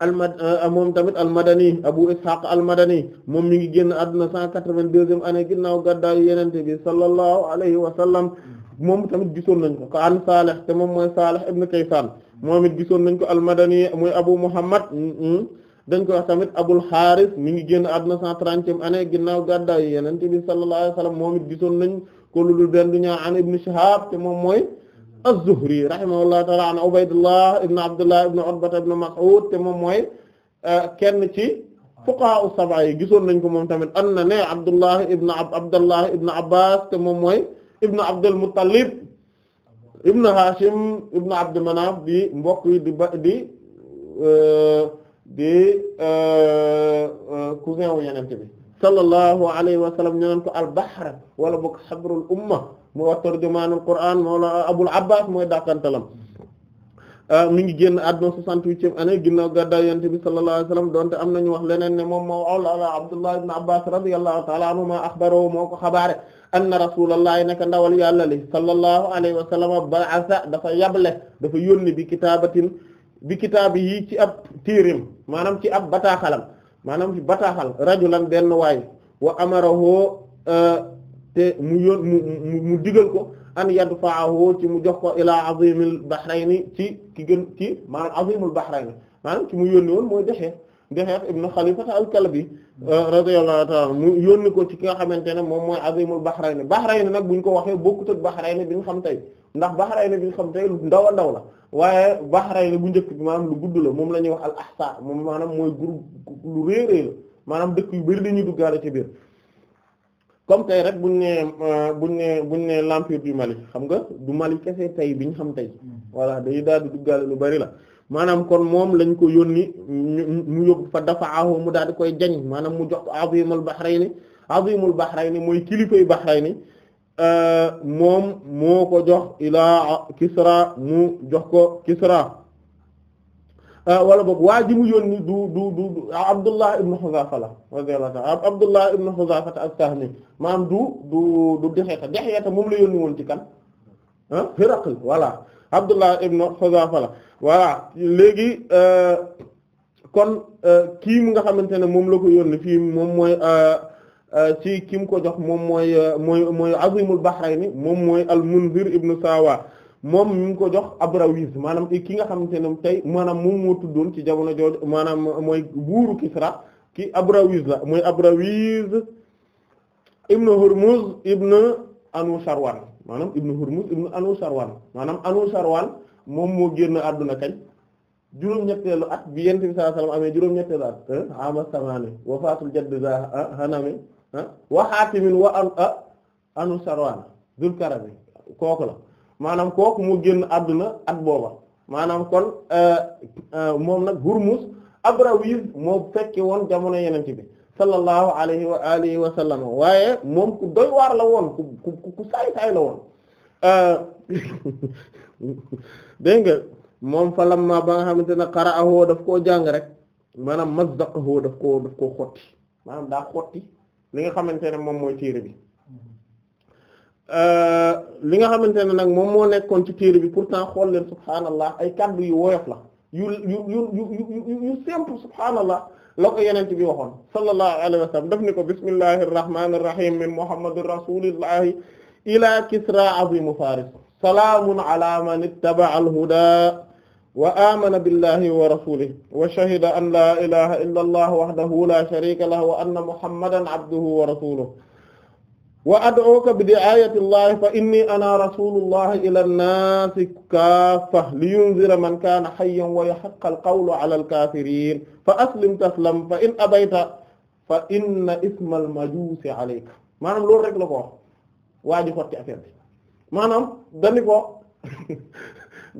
almad moom tamit almadani abu ishaq almadani moom mi ngi génn àdduna cent quatre-vingt-deuxième année ginnaaw gàddaayu yenente bi sallallahu alayhi wa sallam moom tamit gisoon nañ ko an salih te moom mooy salih ibn kaysan moom it gisoon nañ ko almadani mooy abu muhammad mm, mm. dañ koy wax tamit Abul Haaris mu ngi génn àdduna cent trentième ginnaaw gàddaay yi Yonent bi sallallahu alayhi wa sallam moom it gisoon nañ ko lu den du ñaa an Ibn Shihab te moom mooy az-Zuhri rahimahullahu ta'ala an Ubaydullah ibn Abdullah ibn Utbata ibn Mas'ud te moom mooy euh, kenn ci fuqaha as yi gisoon nañ ko moom tamit an na ne Abdullah ibn Abdullah ibn Abbas te moom mooy ibn Abdul Muttalib ibn Hashim ibn Abd di mbokk yi di ba di euh, di euh, euh, cousin wu yenente bi sallallahu alayhi wa sallam ñu naan ko al bahr wala bokk xabrul umma mu wax tarjumaanul qur'an moola abul abbas mooy dàqantalam euh, mi ngi génn àdduna soixante-huitième année ginnaaw gàddaay yonent bi sallallahu alayhi wasallam donte am nañu wax leneen ne moom moo awla ala Abdullah ibn Abbas radiyallahu ta'ala anhuma axbaro moo ko xabaare anna rasulullahi naka ndawal yàlla li sallallahu alayhi wasallam ba'atha dafa yable dafa yónni bi kitaabatin bi kitaab yi ci ab téereem maanaam ci ab bataaxalam maanaam ci bataaxal rajulan benn waay wa amarahu euh, te mu yoon mu mu digal ko an yadfa'ahu ci mu jox ko ilaa azimil bahrayni ci ki gën ci maanaam azimul bahrayni maanaam ki mu yónni woon mooy dexee Dihyaak ibn Khalifa al-Kalbi euh, radiyallahu ta'ala mu yónni ko ci ki nga xamante ne moom mooy azimul Bahrayn Bahrayn nag ñu ko waxee bokkut ak Bahrayn bi ñu xam tey ndax Bahrayn bi ñu xam tey lu ndaw a ndaw la waaye Bahrayn bu njëkk bi maanaam lu gudd la moom la ñuy wax al ahsa moom maanaam mooy groupe lu réeréer la maanaam dëkk yu bari dañuy duggaale ci biir comme tey rek buñ nee euh, buñ nee buñ nee l'empire du Mali xam nga du Mali kese tey bi ñu xam tey hmm. voilà day daal di duggaale lu bari la. maanaam kon moom lañ ko yónni mu yóbbu fa dafaahu mu daal di koy jañ maanaam mu jox ko azimul bahrayni azimul bahrayni mooy kilifay bahrayni euh, moom moo ko jox ilaa Kisra mu jox ko Kisra euh, wala boog waa ji mu yónni du du du Abdullah ibn Huzafa la radiyallahu ta'ala Abdullah ibn Huzafa as-Sahmi maanaam du du du Dihya Dihya moom la yónni woon ci kan ah Hiraql Abdullah ibn Huzafa la voilà léegi euh, kon euh, kii mu nga xamante ne moom la ko yónni fii moom mooy euh, ci ki mu ko jox moom mooy mooy mooy Azimul Bahrayni moom mooy al-Munzir ibn moom mi ngi ko jox Abrawiz maanaam ki nga xamante moom tey maanaam moom moo tuddoon ci jamono jooju maanaam mooy buuru Kisra ki Abrawiz la mooy Abrawiz ibn Hurmuz ibn Anusharwan maanaam ibnu Hurmuz ibnu Anu Sarwan maanaam Anu Sarwan moom moo génn àdduna kañ juróom-ñetteelu at bi yonent bi sallallahu alayhi wasallam amee juróom-ñetteelu at ama samaane wa faatul jadd za hanami wa haatimin wa ah, an Anu dul karabi kooku la maanaam kooku moo génn àdduna at booba maanaam kon eh, eh, moom nag Hurmuz Abrawiz moo fekke woon jamono yonent bi sallallahu alayhi wa alihi wa sallam waaye moom ku doy waar la woon ku ku saay saay la woon <laughs> dégg nga moom fa lamma ba nga xamante ne qara'ahu daf koo jàng rek maanaam mazdaqahu daf koo daf ko xotti maanaam daa xotti li nga xamante ne moom mooy téere bi euh, li nga xamante ne nag moom moo nekkoon ci téere bi pourtant xool leen subhaanallah ay kàddu yu woyof la yu yu yu yu yu simple subhaanallah la ko yenente bi waxoon sallallahu alayhi wa sallam daf ni ko bismillahir rahmanir rahim min muhammadur rasulillahi ila kisra azimu faris salaamun ala man ittaba'a al-huda wa amana billahi wa rasulihi wa shahida an la ilaha illa allah wahdahu la sharika lahu wa anna muhammadan abduhu wa rasuluhu wa ad'uka bi di'ayati llahi fa inni ana rasulullahi ila an-nasi kaffa li yunzira man kana hayyan wa yahaqqa al-qawlu ala al-kafirin fa aslim taslam fa in abayta fa inna isma al-majusi alayka maanaam loolu rek la ko wax waa ji xotti affaire bi maanaam dani ko <laughs>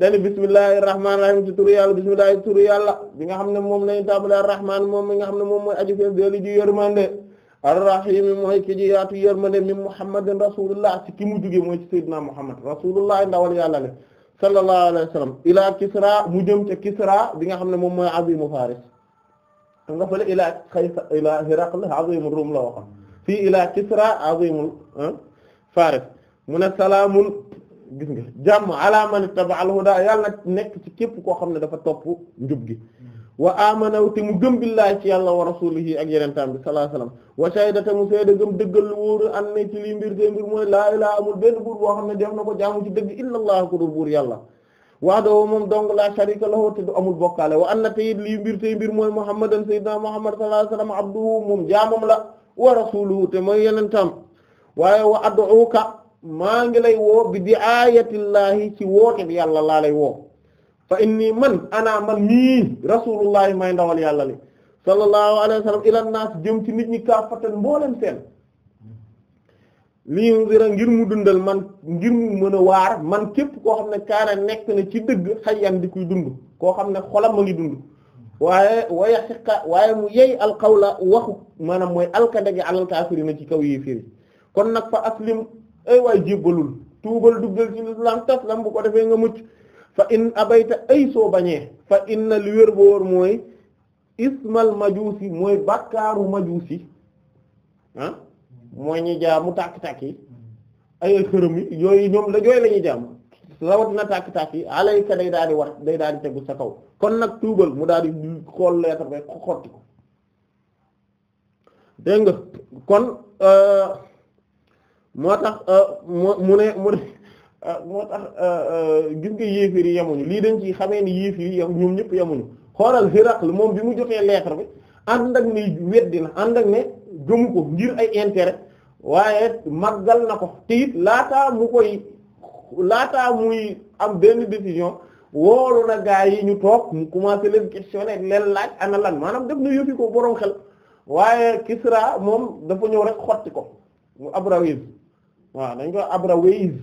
dani bismillahi rahmaani rahiim ci turu yàlla bismillahi turu yàlla bi nga xam ne moom lañu tàmbalee rahmaan moom mi nga xam ne moom mooy aju fees deeli ji yërmande arrahimi mooy ki ji yaatu yërmande min muhammadin rasulullah ci ki mu jóge mooy ci sayyidina muhammad rasulullah ndawal yàlla le sallallahu alayhi wa sallam ila kisra mu jëm ca kisra bi nga xam ne moom mooy azimu faris xam nga fële ila xayfa ila hiraql azimu la fii ila kisra azimul ah, faris mu ne salaamun gis nga jàmm ala man ittaba al huda yàlla nekk ci képp koo xam ne dafa topp njub gi wa amanaw te mu gëm billaahi ci yàlla wa rasulihi ak yenentaam bi sallallahu alayhi wasallam wa shahida te mu seede gëm dëggal lu wóoru an ne ci lii mbir te mbir laa amul benn buur boo xam ne def na ko jaamu ci dëgg illa allah ku dul buur yàlla wahdahu moom dong la sharika lahu te du amul bokkaale wa an na te it lii mbir tey mbir mooy muhammadan sayyidina muhammad sallallahu alayhi wasallam abduhu moom jaamam la wa rasuluhu te mooy yenentaam waaye wa ad'uka maa ngi lay woo bi di aayatillaahi ci woote bi yàlla laa lay woo fa nii man ana man nii rasulullahi may ndawal yàlla li sallallahu alayhi wa sallam naas jëm ci nit ñi kaafatan mbooleen seen li yunzira ngir mu dundal man ngir mu mën a waar man képp koo xam ne kaana nekk na ci dëgg xayyan di kuy dund koo xam ne xolam ma ngi dund waaye waaye xiqa waaye mu yey alqawla waxu maanaam mooy alkadagi alal kaafirina ci kaw yi firi kon nag fa aslim ay waay jébbalul tuubal duggal ci lislaam taslam bu ko defee nga mucc fa in abayta ay soo bañee fa inna li wér boo wër mooy ismal majuusi mooy bakkaaru majuusi ah mooy ñi jaamu tàkk-tàkk yi ay xërëm yi yooyu ñoom la yooyu la ñuy jaamu rawatina tàkk-tàkk yi alayka day daal di war day daal di tegu sa kaw kon nag tuubal mu daal di xool leetar ba xotti ko kon euh, moo tax euh, mu ne mu ne Euh, moo tax euh, euh, gis nga yéeféer yi yemuñu lii dañ ci xamee ni yéeféer yi ñoom ñëpp yemuñu xoolal Hiraql moom bi mu joxee lettre bi ànd ak ni weddi na ànd ak ne gëmu ko ngir ay intérêt waaye màggal na ko te it laataa mu koy laataa muy am benn décision woolu na gaa yi ñu toog mu commencé leen questionner leen laaj ana lan maanaam def na yóbbi ko boroom xel waaye Kisra moom dafa ñëw rek xotti ko mu Abrawiz waaw dañ ko Abrawiz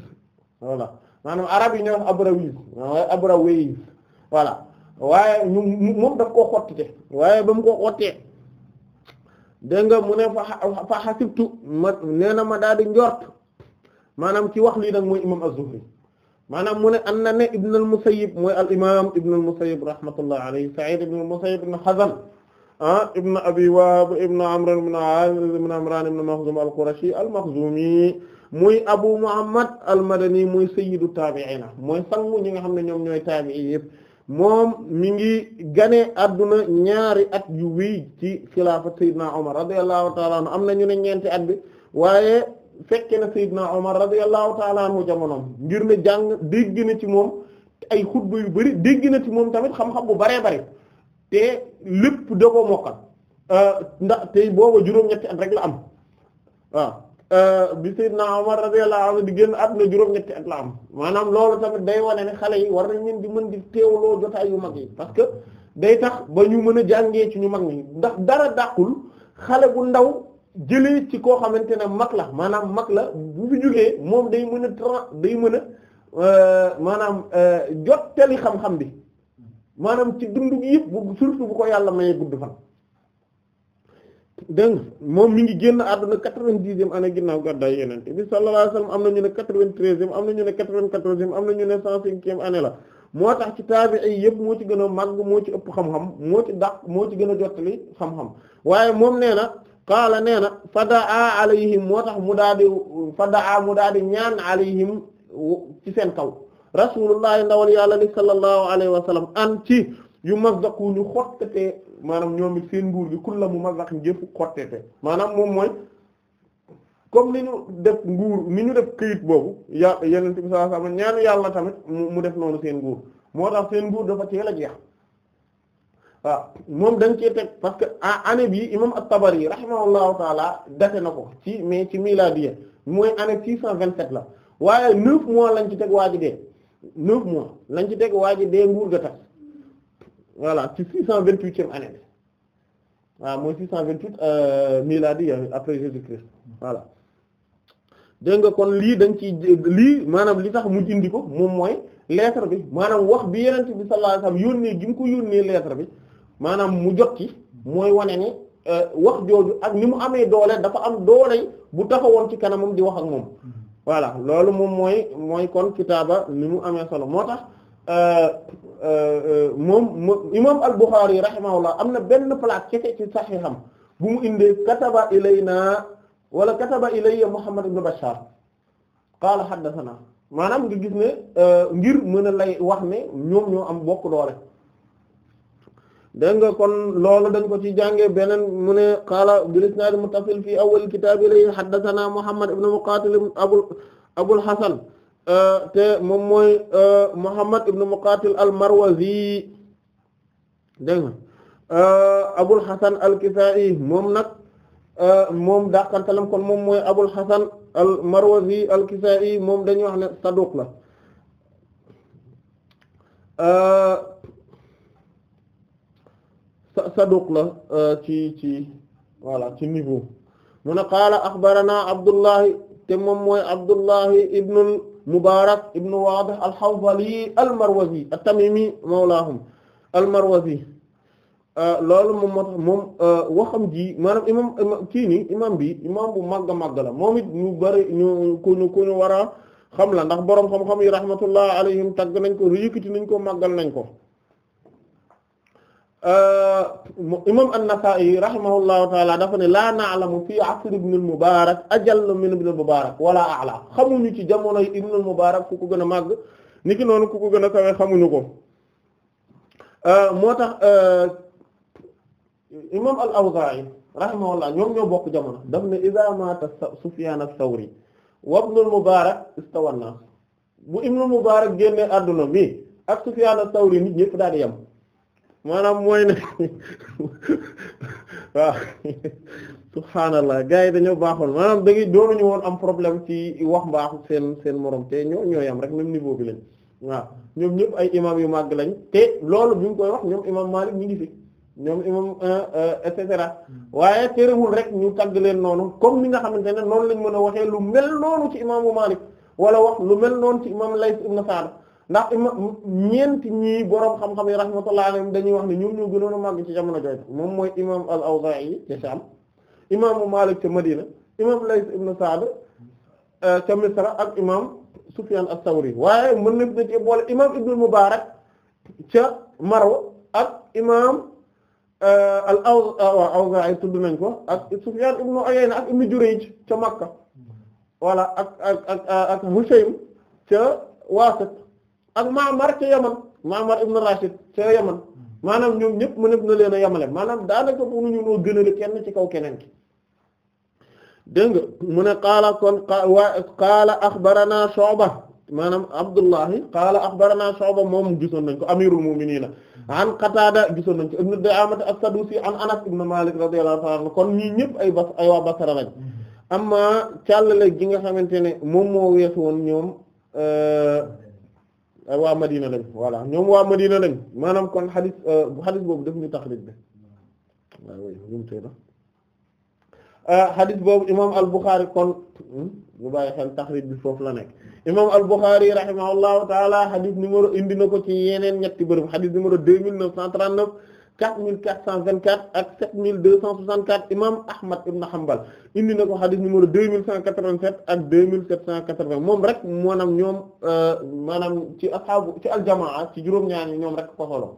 voilà maanaam arab yi ñoo wax abrawiz abrawiz waaye ñu moom ko koo xottite waaye ba mu ko xottee dégg nga ne fa xasibtu ma na ma daal di njort maanaam ci wax lii nag mooy imam az-Zuhri maanaam mu ne an na ne ibn al ah, Abi Wahb ibn Amr ibn Amran ibn Makhzum al-Qurashi muy Abu Muhammad al-Madani muy sayyidu na mooy sangu ñi nga xam ne ñoom ñooy taabi'i yëpp moom mu ngi gane àdduna ñaari at yu wéy ci xilaafa Seydina Omar radiyallahu ta'ala anhu am na ñu ne ñeenti at bi waaye fekke na Seydina Omar radiyallahu ta'ala anhu jamonoom ngir ne jàng dégg ci moom ay xutba yu bari déggina ci moom tamit xam-xam bu baree bari te lépp da ko mokkal euh, ndax tey booba juróom-ñetti at rek la am Euh, bi Seydina Omar am na di génn àdduna juróom-ñetti at la am maanaam loolu tamit day wane ne xale yi war nañ leen di mën di teewloo jotaay yu mag yi parce que day tax ba ñu mën a jàngee ci ñu mag ñi ndax dara dàqul xale bu ndaw jëlee ci koo xamante ne mag la maanaam mag la bu fi jógee moom day mën a tra day mën a euh, maanaam euh, jottali xam-xam bi maanaam ci dund gi yëpp bu surtout bu ko yàlla mayee gudd fan dégg moom mi ngi génn àdduna quatre-vingt-dixième année ginnaaw am na ñu ne quatre-vingt-treizième am na ñu ne quatre-vingt-quatorzième am na ñu ne cent cinquième année la moo tax ci taabi'i yi yëpp moo ci gën a màgg moo ci ëpp xam-xam moo ci dàq moo ci gën a jottali xam-xam waaye moom nee na qaala nee na fadaa alayhim moo tax mu daa di fadaa mu daa di ñaan alayhim ci seen kaw rasulullah ndawal yàlla li sallallahu alayhi wa sallam an ci yu mazzaku ñu xottatee maanaam ñoom it seen nguur gi kulla mu mazzaq jëpp xottete maanaam moom mooy comme ni ñu def nguur ni ñu def këyit boobu ya yeneen bi sallallahu alayhi wasallam ñaanu yàlla tamit mu def noonu seen nguur moo tax seen nguur dafa teel a jeex waaw moom dañ cee teg parce que année bi imam at yi rahimahullahu taala date na ko ci mais ci miladiya mooy année six cent vingt-sept la waaye neuf mois lañ ci teg waa ji dee neuf mois lañ ci teg waa ji dee nguur voilà ci six cent vingt-huitième année bi mooy six cent vingt-huit euh, miladi euh, après Jésus-Christ voilà dégg nga kon lii dañ ci lii maanaam li tax mu indi ko moom mooy lettre bi maanaam wax bi yenent bi sallallahu alayhi yónnee gi mu ko yónnee lettre bi maanaam mu jot ci mooy wane ni euh, wax jooju ak ni mu amee doole dafa am doole bu taxawoon ci kanamam di wax ak moom mm-hmm. voilà loolu moom mooy mooy kon kitaaba ni mu amee solo moo tax Euh, euh, euh, moom imam al-Bukhari rahimahullah am na benn place kese ci saxiixam bu mu indee kataba ilayna wala kataba ilayya Muhammad ibn Bashar qaala haddathana maanaam nga gis ne ngir mën a lay wax ne ñoom ñoo am bokk doole dégg kon loolu dañ ko ci jànge beneen mu ne qaala bil isnaad muttasil fi awwal kitaab ilayhi haddathana Muhammad ibn Muqaatil Abul Abul Hasan Euh, te moom mooy euh, Muhammad ibn Muqatil al-Marwazi dégg nga euh, Abul Hasan al-Kisa'i moom nag moom dàqantalam kon moom mooy Abul Hasan al-Marwazi al-Kisa'i moom dañuy wax ne saduq la saduq la ci ci voilà ci niveau mu ne qaala Abdullahi te moom mooy Abdullahi ibn Mubaarak ibn Waadih al-Hanzali al-Marwazi at-Tamimi mawlaahum al-Marwazi euh, loolu moom moo tax moom euh, waxam ji maanaam imam kii nii imam bi imam bu màgg a màgg la moom it ñu bari ñu ku ñu ku ñu war a xam la ndax boroom xam-xam yi rahmatullah alayhim tagg nañ ko yëkkati nañ ko màggal nañ ko Euh, imam an-Nasa'i rahimahullahu taala dafa ne laa na'lamu fii asr ibn al-Mubarak ajall min ibn al-Mubarak wala ci jamonoy ibn al-Mubarak ko gën a màgg niki noonu ku ko gën a kawe xamuñu ko euh, moo tax euh, imam al-Awza'i rahimahullah ñoom ñoo bokk jamono daf ne idha mata Sufyan ath wa ibn al-Mubarak istawa an bu ibn al-Mubarak génne adduna bi ak Sufyan ath nit ñëpp daal di yem maanaam mooy ne <laughs> waaw subhaanallah gars yi dañoo baaxoon maanaam da ngay ñu woon am problème ci wax mbaaxu seen seen morom te ñoo ñoo yam rek même ni bi leen waaw ñoom ñëpp ay imam yu màgg lañ te loolu bi ñu koy wax ñoom imam Maalik ñu ngi fi ñoom imam euh, euh, et cetera hmm. waaye terewul rek ñu tagg leen noonu comme ni nga xamante ne noonu lañ mën a waxee lu mel noonu ci imaamu Maalik wala wax lu mel noonu ci imam Layth ibn Sa'd ndax ñeenti ñii borom xam-xam yi rahmatullahi dañuy wax ne ñoom ñoo gënoon a màgg ci jamono jooju moom mooy imam al-Awzaa'i ca Sham imaamu Maalik ca Madina imam Layth ibn Sa'd euh, ca Misra ak imam Sufyaan as-Sawri waaye mën na na ci boole imam Ibn Mubaarak ca Marw ak imam euh, al-Awzaa'i euh, tudd nañ ko ak Sufyaan ibn Uyayna ak Ibn Jurayj ca Makka voilà ak ak ca Waasit ak Ma'mar ca Yaman Ma'mar ibn Rashid ca Yaman maanaam ñoom ñëpp mëneb na leen a yemale maanaam daanaka mënuñu noo gënale kenn ci kaw keneen ki dégg nga mu ne qaala kon qaala axbarana Shu'ba maanaam Abdullahi qaala axbarana Shu'ba moom gisoon nañ ko amirul mu'minin an Qatada gisoon nañ ko ibn Da'amah as-Sadusi an Anas ibn Malik radiyallahu ta'ala kon ñii ñëpp ay bas ay waa Basra lañ amma càllale gi nga xamante ne moom moo weesu woon ñoom euh, Euh, waa Madina lañ voilà ñoom waa Madina lañ maanaam kon xadis euh, xadis boobu daf ñu taxrij bi waaw ñum tey la xadis boobu imam al-Bukhari kon hmm, ñu bàyyi xel taxrij bi foofu la nekk imam al-Bukhari rahimahullahu taala xadis numéro indi na ko ci yeneen ñetti bërëb xadis numéro deux mille neuf cent neuf 4424 ak 7264 imam Ahmad ibn Hanbal indi na ko xadis numéro 2187 ak 2780 moom rek maanaam ñoom euh, maanaam ci ashaabu ci aljamaa ci juróom-ñaar ñi ñoom rek ko solo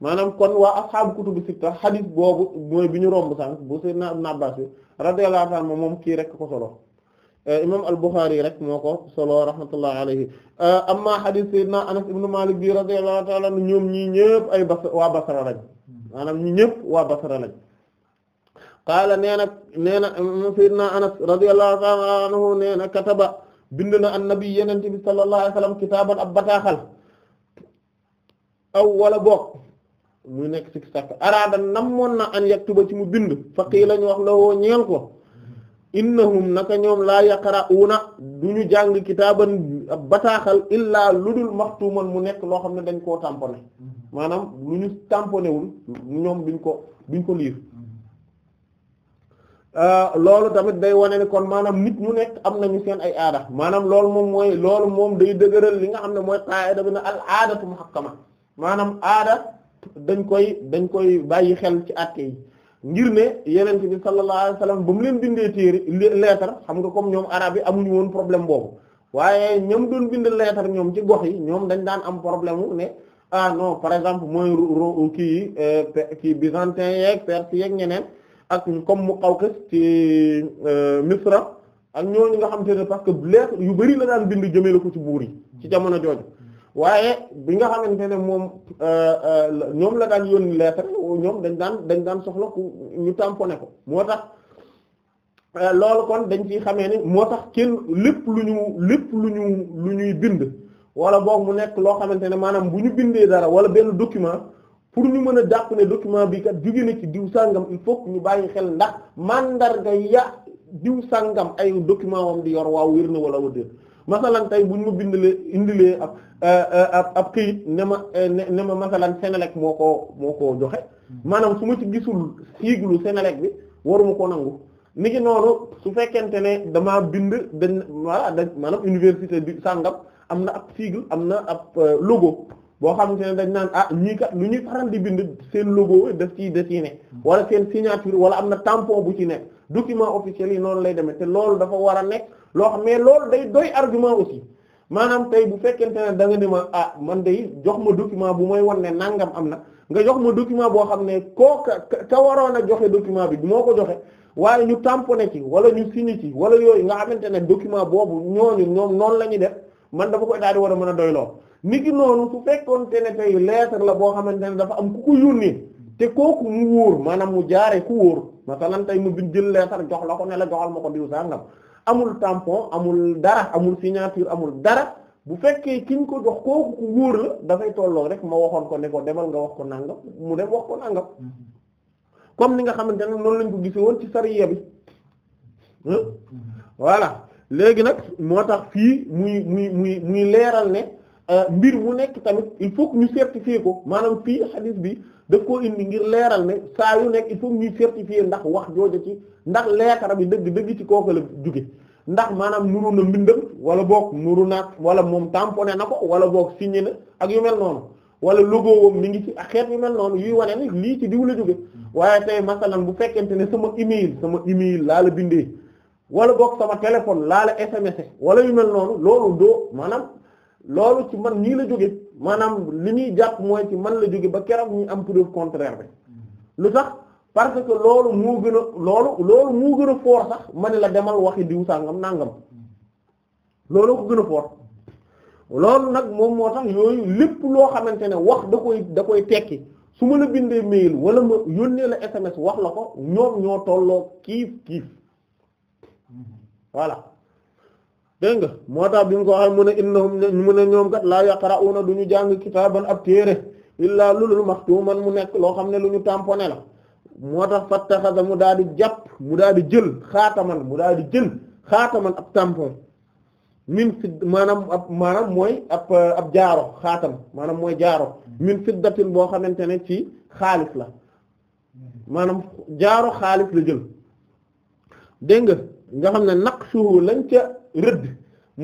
maanaam kon waa ashaabu kutubu sitta xadis boobu mooy bi ñu romb sànq bu sayyidina Ibn Abbas bi radiyallahu anhu moom kii rek ko solo euh, imam al-Bukhari rek moo ko solo rahmatullah alayhi euh, amma xadis sayyidina Anas ibn Malik bi radiyallahu ta'ala ñoom maanaam ñu ñëpp waa Basra lañ qaala nee na nee na um, sayyidina Anas radiyallahu ta'ala anhu nee na kataba bind na annabi yenente bi sallallahu alayhi wasallam kitaaban ab bataaxal aw wala boog muy nekk ci sàkk araada namoon na an yaktuba ci mu bind faqiila ñu wax la woo ñeel ko innahum naka ñoom laa yaqra'una duñu jàng kitaaban ab bataaxal illaa ludul maxtuuman mu nekk loo xam ne dañ koo tamponné maanaam lu ñu tamponné ñoom duñ ko duñ ko liir euh, loolu tamit day wone ne kon maanaam nit ñu nekk am na ñu seen ay aada maanaam loolu moom mooy loolu moom day dëgëral li nga xam ne mooy qaida bi na al aadatu muhakkama maanaam aada dañ koy dañ koy bàyyi xel ci àtte yi ngir ne yeneen di sallallahu alayhi wasallam ba mu leen bindee téere lettre xam nga comme ñoom araab yi amuñu woon problème boobu waaye ñoom doon bind lettre ñoom ci gox yi ñoom dañ daan am problème wu ne ah non par exemple mooy kii euh, kii byzantin yeeg perse yeeg ñeneen ak comme mu Muqawqis ci euh, Misra ak ñooñu nga xam te ne parce que lettre yu bari la daan bind jëmee la ko ci buur yi ci jamono jooju waaye bi nga xamante ne moom euh, ñoom la daan yónni lettre ñoom dañ daan dañ daan soxla ku ñu tamponné ko moo tax loolu kon dañ ciy xamee ni moo tax kenn lépp lu ñu lépp lu ñu lu ñuy bind wala boog mu nekk loo xamante ne maanaam bu ñu bindee dara wala benn document pour ñu mën a jàpp ne document bi kat jóge na ci diw sàngam il faut ñu bàyyi xel ndax mandarga ya diw sàngam ay document di yor waaw wér na wala wala tey bu ñu ma bindalee indilee ab euh, euh, ab ab këyit ne ma euh, ne ma masalan Senelec moo ko moo koo joxe maanaam su ma ci gisul siiglu Senelec bi waruma ko nangu ni ki noonu su fekkente ne damaa bind dañ voilà dañ maanaam université di sàngam am na ab sigle am na ab euh, logo boo xamante ne dañ naan ah ñii kat lu ñuy faral di bind seen logo daf ciy dessiné wala seen signature wala am na tampon bu ci nekk document officiel yi noonu lay demee te loolu dafa war a nekk loo xam mais loolu day doy argument aussi maanaam tey bu fekkente ne da nga ne ma ah man day jox ma document bu may wan ne nangam am na nga jox ma document boo xam ne koo ka waroon a joxe document bi du moo ko joxe waaye ñu tamponné ci wala ñu signé ci wala yooyu nga xamante ne document boobu ñooñu ñoom noonu la ñuy def man dafa koy daal di war a mën a doyloo niki noonu su fekkoonte ne tey lettre la boo xamante ne dafa am ku ko yónnee te kooku mu wóor maanaam mu jaaree ku wóor masalan tey mu bind jël lettre jox la ko ne la joxal ma ko diw sàngam amul tampon amul dara amul signature amul dara bu fekkee ki ñu ko jox kooku ku wóor la dafay tolloo rek ma waxoon ko ne demal nga wax ko nangam mu dem wax ko nangam comme ni nga xamante ne noonu lañ ko gisee woon ci sariya bi voilà. léegi nag moo tax fii muy muy muy muy leeral ne euh, mbir mu nekk tamit il faut ñu certifier ko maanaam fii xadis bi daf koo indi ngir leeral ne saa yu nekk il faut que ñuy certifier ndax wax jooja ci ndax leekara bi dëgg dëgg ci kooku la jóge ndax maanaam nuru na mbindam wala bokk nuru naat wala moom tamponné na ko wala boog signé na ak yu mel noonu wala logo woom ngi ci ak xeet yu mel noonu yuy wane ni lii ci diw la jóge mm. waaye tey masalan bu fekkente ne sama email sama email laa la wala boog sama téléphone laa la SMS wala yu mel noonu loolu doo maanaam loolu ci man ñii la jóge maanaam li ñuy jàpp mooy ci man la jóge ba keroog ñu am preuve contraire bi lu tax parce que loolu moo gën a loolu loolu moo gën a fort sax ma ne la demal waxi diw sàngam nàngam loolu ko gën a fort loolu nag moom moo tax yooyu lépp loo xamante ne wax da koy da koy tekki su ma la bindee mail wala ma yónnee la SMS wax la ko ñoom ñoo tolloo kiif kiif voilà dégg nga moo tax bi mu ko waxee mu ne innahum mu ne ñoom kat laa yaqra'una du ñu jàng kitaaban ab téere illaa lulul maxtuuman mu nekk loo xam ne lu ñu tamponné la moo tax fattaxasa mu daal di jàpp mu daal di jël xaataman mu daal di jël xaataman ab tampon min fidd maanaam ab maanaam mooy ab jaaro xaatam maanaam mooy jaaro min fiddatin boo xamante ne ci xaalis la maanaam jaaro xaalis la jël dégg nga nga xam ne naqshuhu lañ ca rëdd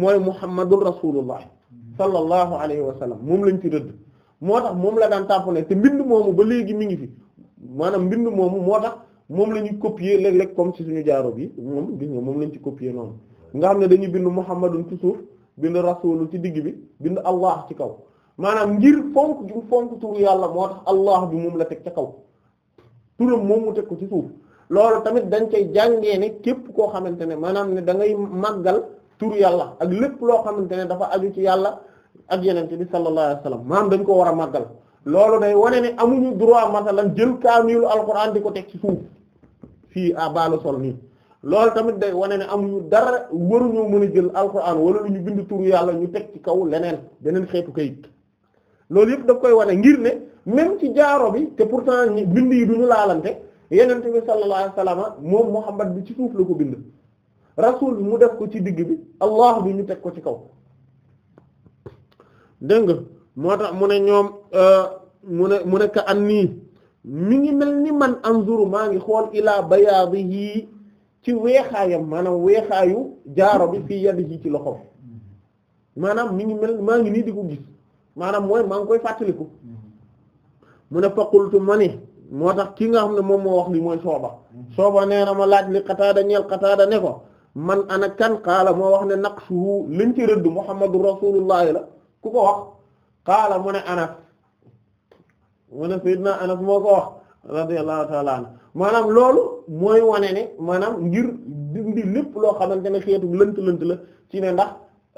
mooy muhammadur rasulullah sallallahu alayhi wa sallam moom lañ ci rëdd moo tax moom la daan tàppale te mbind moomu ba léegi mi ngi fi maanaam mbind moomu moo tax moom la ñuy copier léeg-léeg ci suñu jaaro bi moom gis nga moom lañ ci copier noonu nga xam ne dañuy bind muhammadun ci suuf bind rasul ci digg bi bind allah ci kaw maanaam ngir fonk ju fonk tur yàlla moo tax allah bi moom la teg ca kaw turam moom mu teg ko ci suuf loolu tamit dañ koy jàngee ne képp koo xamante ne maanaam ne da ngay màggal tur yàlla ak lépp loo xamante ne dafa aju ci yàlla ak yenente bi sallallahu alayhi wasallam dañ koo war a màggal loolu day wane ne amuñu droit masalan jël kaamilu alxuraan di ko teg ci suuf fii à baalu sol nii loolu tamit day wane ne amuñu dara waruñoo mën a jël alxuraan wala lu ñu bind tur yàlla ñu teg ci kaw leneen beneen xeetu kayit loolu yëpp daf koy wane ngir ne même ci jaaro bi te pourtant bind yi duñu laalante yeneen bi sallallahu alayhi wa sallam moom Muhammad bi ci suuf la ko bind rasul mu def ko ci digg bi allah bi ñu teg ko ci kaw dégg nga moo tax mu ne ñoom euh, mu ne mu ne ka an nii mu ngi mel ni man anzuru maa ngi xool ilaa bayaadihi ci weexaayam maanaam weexaayu jaaro bi fii yadihi ci loxo maanaam mi ngi mel maa ngi nii di ko gis maanaam mooy maa ngi koy fàttaliku mm-hmm. mu ne faqultu ma ni moo tax kii nga xam ne moom moo wax li mooy sooba sooba nee na ma laaj li Qataada ñeel Qataada ne ko man ana kan qaala moo wax ne naqsu liñ ci rëdd Muhammadu Rasulullahi la ku ko wax qaala mu ne Anas mu ne Seydina Anas moo ko wax radiyallahu ta'ala maanaam loolu mooy wone ne maanaam ngir dindi lépp loo xamante ne xeetu lënt lënt la ci ne ndax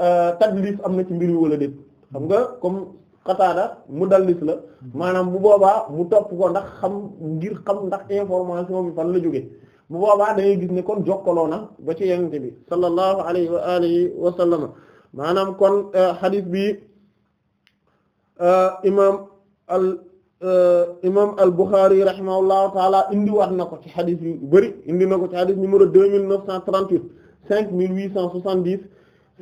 euh, tadlis am na ci mbir yu wala déet xam nga comme Qataada mudallis la hmm. maanaam bu boobaa mu topp ko ndax xam ngir xam ndax information bi fan la jóge bu boobaa da ngay gis ne kon jokkaloo na ba ci yonent bi sallallahu alayhi wa alihi wa sallam maanaam kon euh, hadith bi euh, imaam al euh, imaam al Bukhari rahimahullahu taala indi wax na ko ci hadith yu bari indi na ko ci hadith numéro deux mille neuf cent trente-huit cinq mille huit cent soixante-dix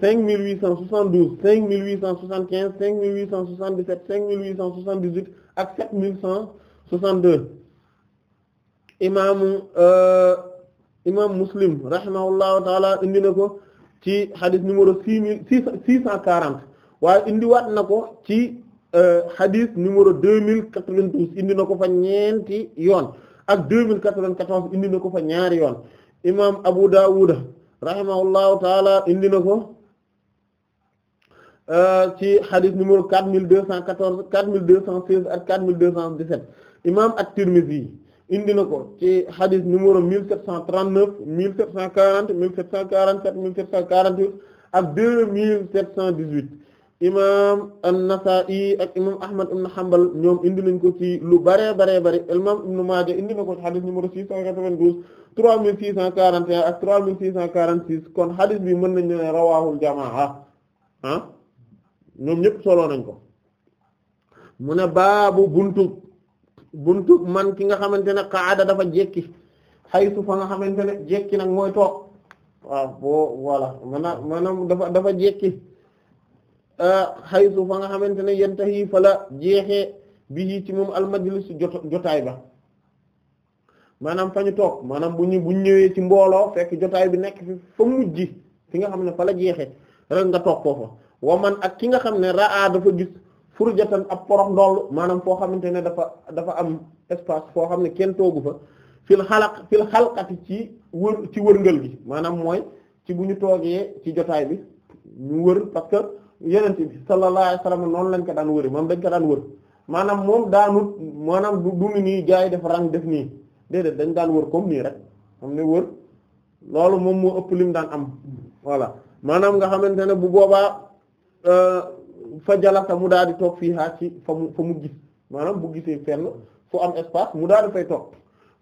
cinq mille huit cent soixante-douze cinq mille huit cent soixante-quinze cinq mille huit cent soixante-dix-sept cinq mille huit cent soixante-dix-huit ak sept mille cent soixante-deux imaamu euh, imam Muslim rahimahullahu taala indi na ko ci xadis numéro six mille six cent quarante waaye indiwaat na ko ci euh, xadis numéro deux mille quatre-vingt-douze indi na ko fa ñeenti yoon ak deux mille quatre-vingt-quatorze indi na ko fa ñaari yoon imam Abu Dawud rahimahullahu taala indi na ko Euh, ci xadis numéro quatre mille deux cent quatorze quatre mille deux cent seize ak quatre mille deux cent dix-sept imam at-Tirmidhi indi na ko ci xadis numéro mille sept cent trente-neuf mille sept cent quarante mille sept cent quarante-sept mille sept cent quarante-huit ak deux cent dix-huit imam an ñoom indi nañ ko ci lu bare bare bare imam Ibn Maaja indi na ko ci xadis numéro six cent quatre-vingt-douze trois mille six cent quarante et trois mille six cent quarante-six kon xadis bi mën nañu ne rawaahul jamaa ah noonu ñëpp soloo nañ ko mu ne baabu buntu buntu man ki nga xamante ne qaada dafa jekki xaytu fa nga xamante ne jekki nag mooy toog waaw boo voilà maanaam maanaam dafa dafa jekki xaytu euh, fa nga xamante ne yentahi fa la jeexee bi ci moom almajlis jotaay ba maanaam fa ñu toog maanaam bu ñu bu ci mbooloo fekk jotaay bi nekk fi fa mujj nga xam ne fa la jeexee rek nga toog foofa. wa man ak ki nga xam ne raa dafa gis furjatan ab porox ndoll maanaam foo xamante ne dafa dafa am espace foo xam ne kenn toogu fa fil xalaq fil xalqati ci wër ci wërngal gi maanaam mooy ci bu ñu toogee ci jotaay bi ñu wër parce que yenente bi sallallahu alayhi wasallam noonu lañ ko daan wëri moom dañ ko daan wër maanaam moom daanut maanaam du duni nii gars yi def rang def nii déedéet dañ daan wër comme nii rek xam ne loolu moom moo ëpp lim daan am nga xamante bu boobaa Euh, fa jalasa mu daal di toog fii ha ci fa mu fa mu gis maanaam bu gisee fenn fu am espace mu daal di fay toog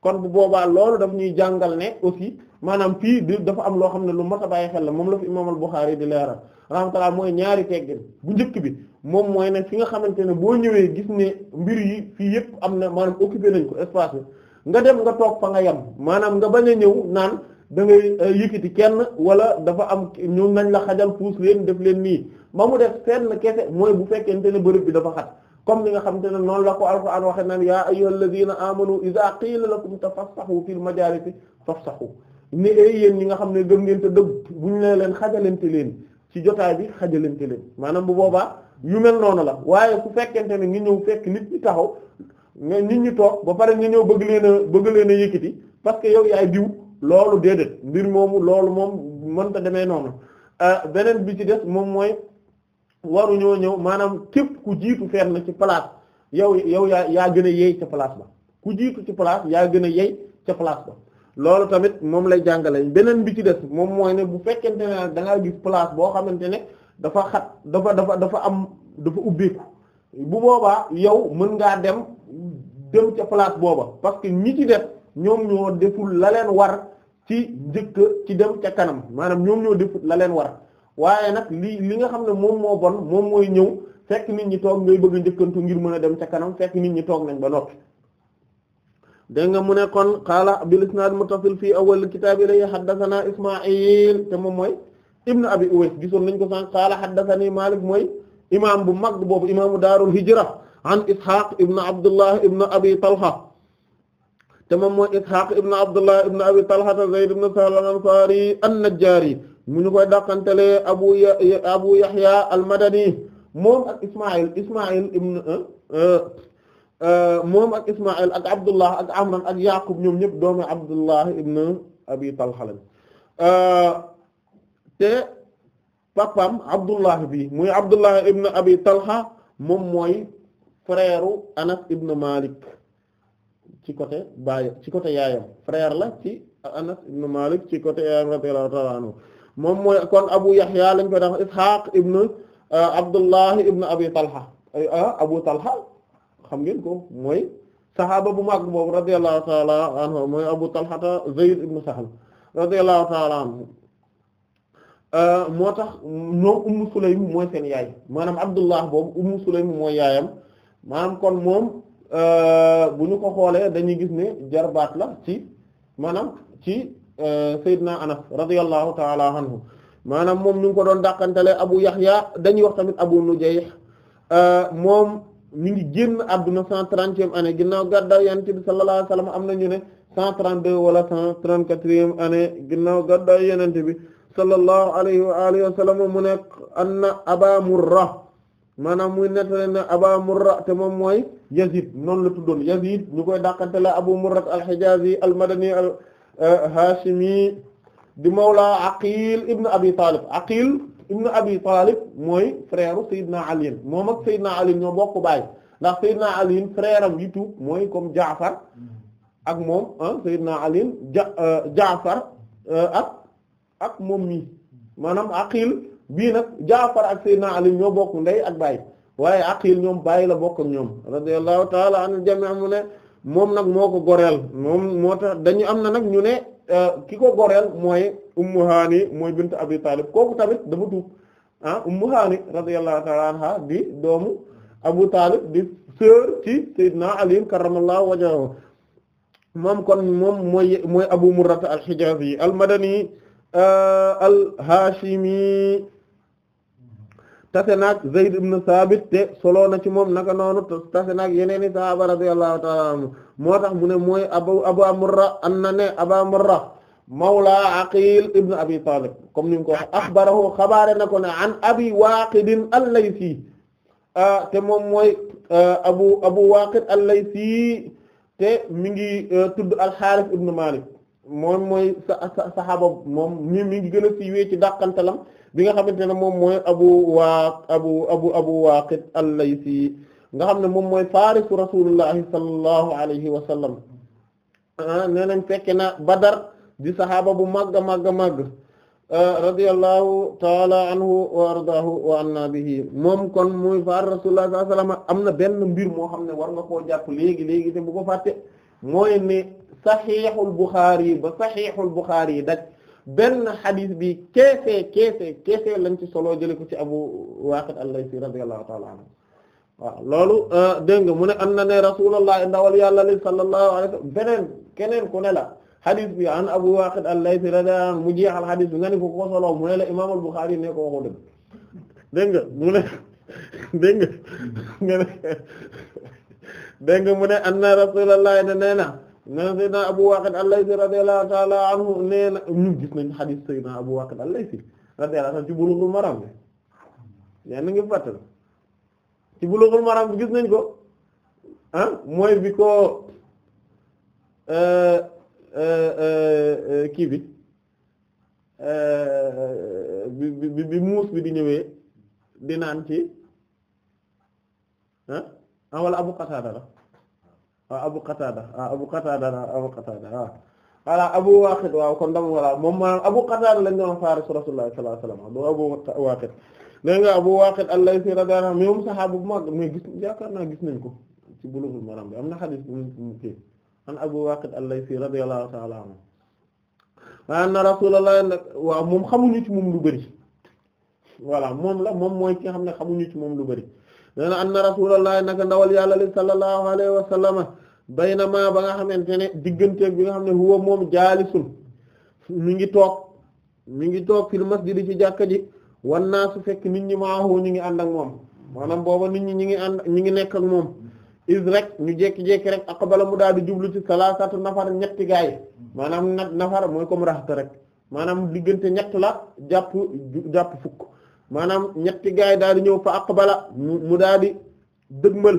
kon bu boobaa loolu daf ñuy jàngal ne aussi maanaam fii di dafa am loo xam ne lu mat a bàyyi xel la moom la fi imaam al-Bukhari di leeral rahmatullah mooy ñaari teggin bu njëkk bi moom mooy ne fi nga xamante ne boo ñëwee gis ne mbir yi fii yëpp am na maanaam occupé nañ ko espace bi nga dem nga toog fa nga yem maanaam nga bañ a ñëw naan. da ngay euh, yëkkati kenn wala dafa am ñoom nañ la xajal puus leen def leen nii ba mu def seen kese mooy bu fekkente ne bërëb bi dafa xat comme ni nga xamante ne noonu la ko alquran waxe naan yaa ayyuhal ladina amanu iza qila lakum tafassahu fil majalisi fafsahu ne yéen ñi nga xam ne gëm ngeen te dëgg bu ñu nee leen xajalante leen ci jotaay bi xajalante leen maanaam bu boobaa yu mel noonu la waaye su fekkente ne ngi ñëw fekk nit ñi taxaw mais nit ñi toog ba pare nga ñëw bëgg leen bëgg leen a yëkkati parce que yow yaay diw loolu déedéet mbir moomu loolu moom mënta demee noonu euh, beneen bi ci des moom mooy waruñoo ñëw maanaam képp ku jiitu fenn ci place yow yow yaa yaa gën a yey ci place ba ku jiitu ci place yaa gën a yey ca place ba loolu tamit moom lay jàngale beneen bi ci des moom mooy ne bu fekkente ne da ngaa gis place boo xamante ne dafa xat dafa dafa dafa am dafa ubbeeku bu boobaa yow mën ngaa dem dem ca place booba parce que ñi ci def ñoom ñoo deful la leen war ci njëkk ci dem ca kanam maanaam ñoom ñoo deful la leen war waaye nag li li nga xam ne moom moo bon moom mooy ñëw fekk nit ñi toog ngay bëgg a njëkkantu ngir mën a dem ca kanam fekk nit ñi toog nañ ba noppi dégg nga mu ne kon qaala bil isnaad muttasil fii awwal kitaab ilay haddathana isma'il te moom mooy ibn abi uways gisoon nañ ko sànq qaala haddathani malik mooy imaam bu mag boobu imaamu daarul hijra an ishaq ibn abdullah ibn abi talha te moom mooy Ishaq ibn Abdullah ibn Abi Talha Zayd ibn Sahl al-Ansari an-Najjari mu ñu koy dàqantele Abu Abu Yahya al-Madani moom ak Isma'il Isma'il ibn eh, eh, eh, moom ak Isma'il ak Abdullah ak Amran ak Yaqub ñoom ñëpp doomu Abdullah ibn Abi Talha lañ te papam Abdullah bi muy Abdullah ibn Abi Talha moom mooy frère Anas ibn Malik ci côté baay ci côté yaayam frère la ci Anas ibn Malik ci côté yaayam radiyallahu ta'ala anhu moom mooy kon Abu Yahya lañ koy def Ishaq ibn euh, Abdullah ibn Abi Talha euh, euh, Abu Talha xam ngeen ko mooy saxaaba bu mag boobu radiyallahu ta'ala anhu mooy Abu Talha Zayd ibn Sahl radiyallahu ta'ala anhu moo tax ñoom Ummu Sulaym mooy seen yaay maanaam Abdullah boobu Ummu Sulaym mooy yaayam maanaam kon moom Euh, bu ñu ko xoolee dañuy gis ne jarbaat la ci maanaam ci euh, Seydina Anas radiyallahu taala anhu maanaam moom ñu ngi ko doon dàqantele Abu Yahya dañuy wax tamit Abu Nujayh euh, moom mi ngi génn àdduna cent trentième année ginnaaw gàddaay Yonent bi alayhi wasallam am na ñu ne cent trente-deux wala cent trente-quatrième année ginnaaw gàddaay Yonent bi sallallahu alayhi wa alihi wa mu nekk anna Aba Murra maanaam mu nettali na Aba Murra te moom mooy Yazid noonu la tuddoon Yazid ñu koy dàqante la Abu Murra al-Hijazi al di mawla Aqil ibn Abi Talib Aqil ibn Abi Talib mooy frère Seydina Ali moom ak Seydina Ali ñoo bokk baay ndax Seydina Ali frère am yi tuub mooy comme Jaafar ak moom ah Seydina Ali euh, euh, ak moom mi maanaam Aqil. bii nag Jaafar ak Seydina Ali ñoo bokk ndey ak baay waaye Aqil ñoom baay la bokk ak ñoom radiyallahu ta'ala anil jami' mu moom nag moo ko goreel moom moo tax dañu am na nag ñu ne euh, ki ko goreel mooy Ummu Haani mooy bint Abi Taalib kooku tamit dafa tuub ah Ummu Haani radiyallahu ta'ala anha di doomu Abu Taalib di sœur ci Seydina Ali karramallahu wajhahu moom kon moom mooy Abu Murrata al-Hijazi al-Madani euh, al-Hashimi tase naag Zayd ibn Sabit te solo na ci moom naka noonu tase naag yeneen i sahaaba radiyallahu ta'ala anhu moo tax mu ne mooy abu abu Murra an na aba Murra mawla Aqil ibn Abi Talib comme ni mu ko waxee axbarahu xabaare na ko ne Abi Waaqid al ah, te moom mooy ah, abu abu Waaqid te mi ngi ah, tudd al-Harith ibn Malik moom mooy sa saxaaba moom ñi mi ngi gën a siiwee ci dàqantalam bi nga xamante ne moom mooy abu waa abu abu abu waaqid al-laysi nga xam ne moom mooy faarisu rasulullahi sallallahu alayhi wa sallam ah, nee nañ fekke na badar di saxaaba bu màgg a màgg a màgg ah, radiyallahu taala anhu wa ardaahu wa anna bihi moom kon muy faar rasulullah sallallahu am na benn mbir moo xam ne war nga koo jàpp léegi léegi te bu ko fàtte mooy ne saxiixul Buxaari ba saxiixul Buxaari daj benn xadis bi keese keese keese lañ ci solo jëlee ko ci Abu Waaqid al-Laysi radiyallahu ta'ala anhu waaw loolu euh, dégg nga mu ne am na ne Rasulullah ndawal yàlla li sallallahu alayhi wa sallam beneen keneen ku ne la xadis bi an Abu Waaqid al-Laysi radiyallahu mu jeexal xadis bi nga ne ko solo mu ne la Imaam al-Buxaari ne ko waxu dëgg dégg nga mu ne dégg nga <laughs> neen sayyidina Abu Waqid al-Laythi radiyallahu ta'ala ñu gis nañ xadiis sayyidina Abu Waqid al-Laythi radiyallahu ci Bulughul Maram bi nee na ngi ci Bulughul Maram bi gis nañ ko ah mooy bi ko euh, euh, euh, kii bi bi muus bi di ñëwee di naan ci ah, ah wala Abu Qatada la Ah, abu qatada ah, abu qatada ah, abu qatada a voilà abu waqid waaw kon dama voilà moom abu qatada lañ doon faris rasulullah sallallahu alayhi wasallam abu waqid dégg abu waqid al-laythi radiyallahu anhu moom saxaabu bu mag mais gis yaakaar naa gis nañ ko ci bulughul maram bi am na xadis bu kii an abu waqid al-laythi radiyallahu ta'ala anhu anna rasulullah waaw moom xamuñu ci moom lu bari voilà moom la moom mooy ki nga xam ne xamuñu ci moom lu bari nee na anna rasulullah naka ndawal yàlla li sallallahu alayhi wa sallam baynama ba nga xamante ne digganteeg bi nga xam ne huwa moom jaalisun mi ngi toog mi ngi toog ji di ci jàkka ji wan naa su fekk nit ñi maahu ñu ngi ànd ak moom maanaam booba nit ñi ñi ngi ànd ñi ngi ak moom is rek ñu jékki-jékki rek aqbala mu daal di jublu ci salaasatu nafar ñetti gaay maanaam nafar mooy comme raxta rek maanaam diggante ñett la jàpp jàpp fukk maanaam ñetti gaay yi daal di ñëw fa aqbala mu daal di dëgmal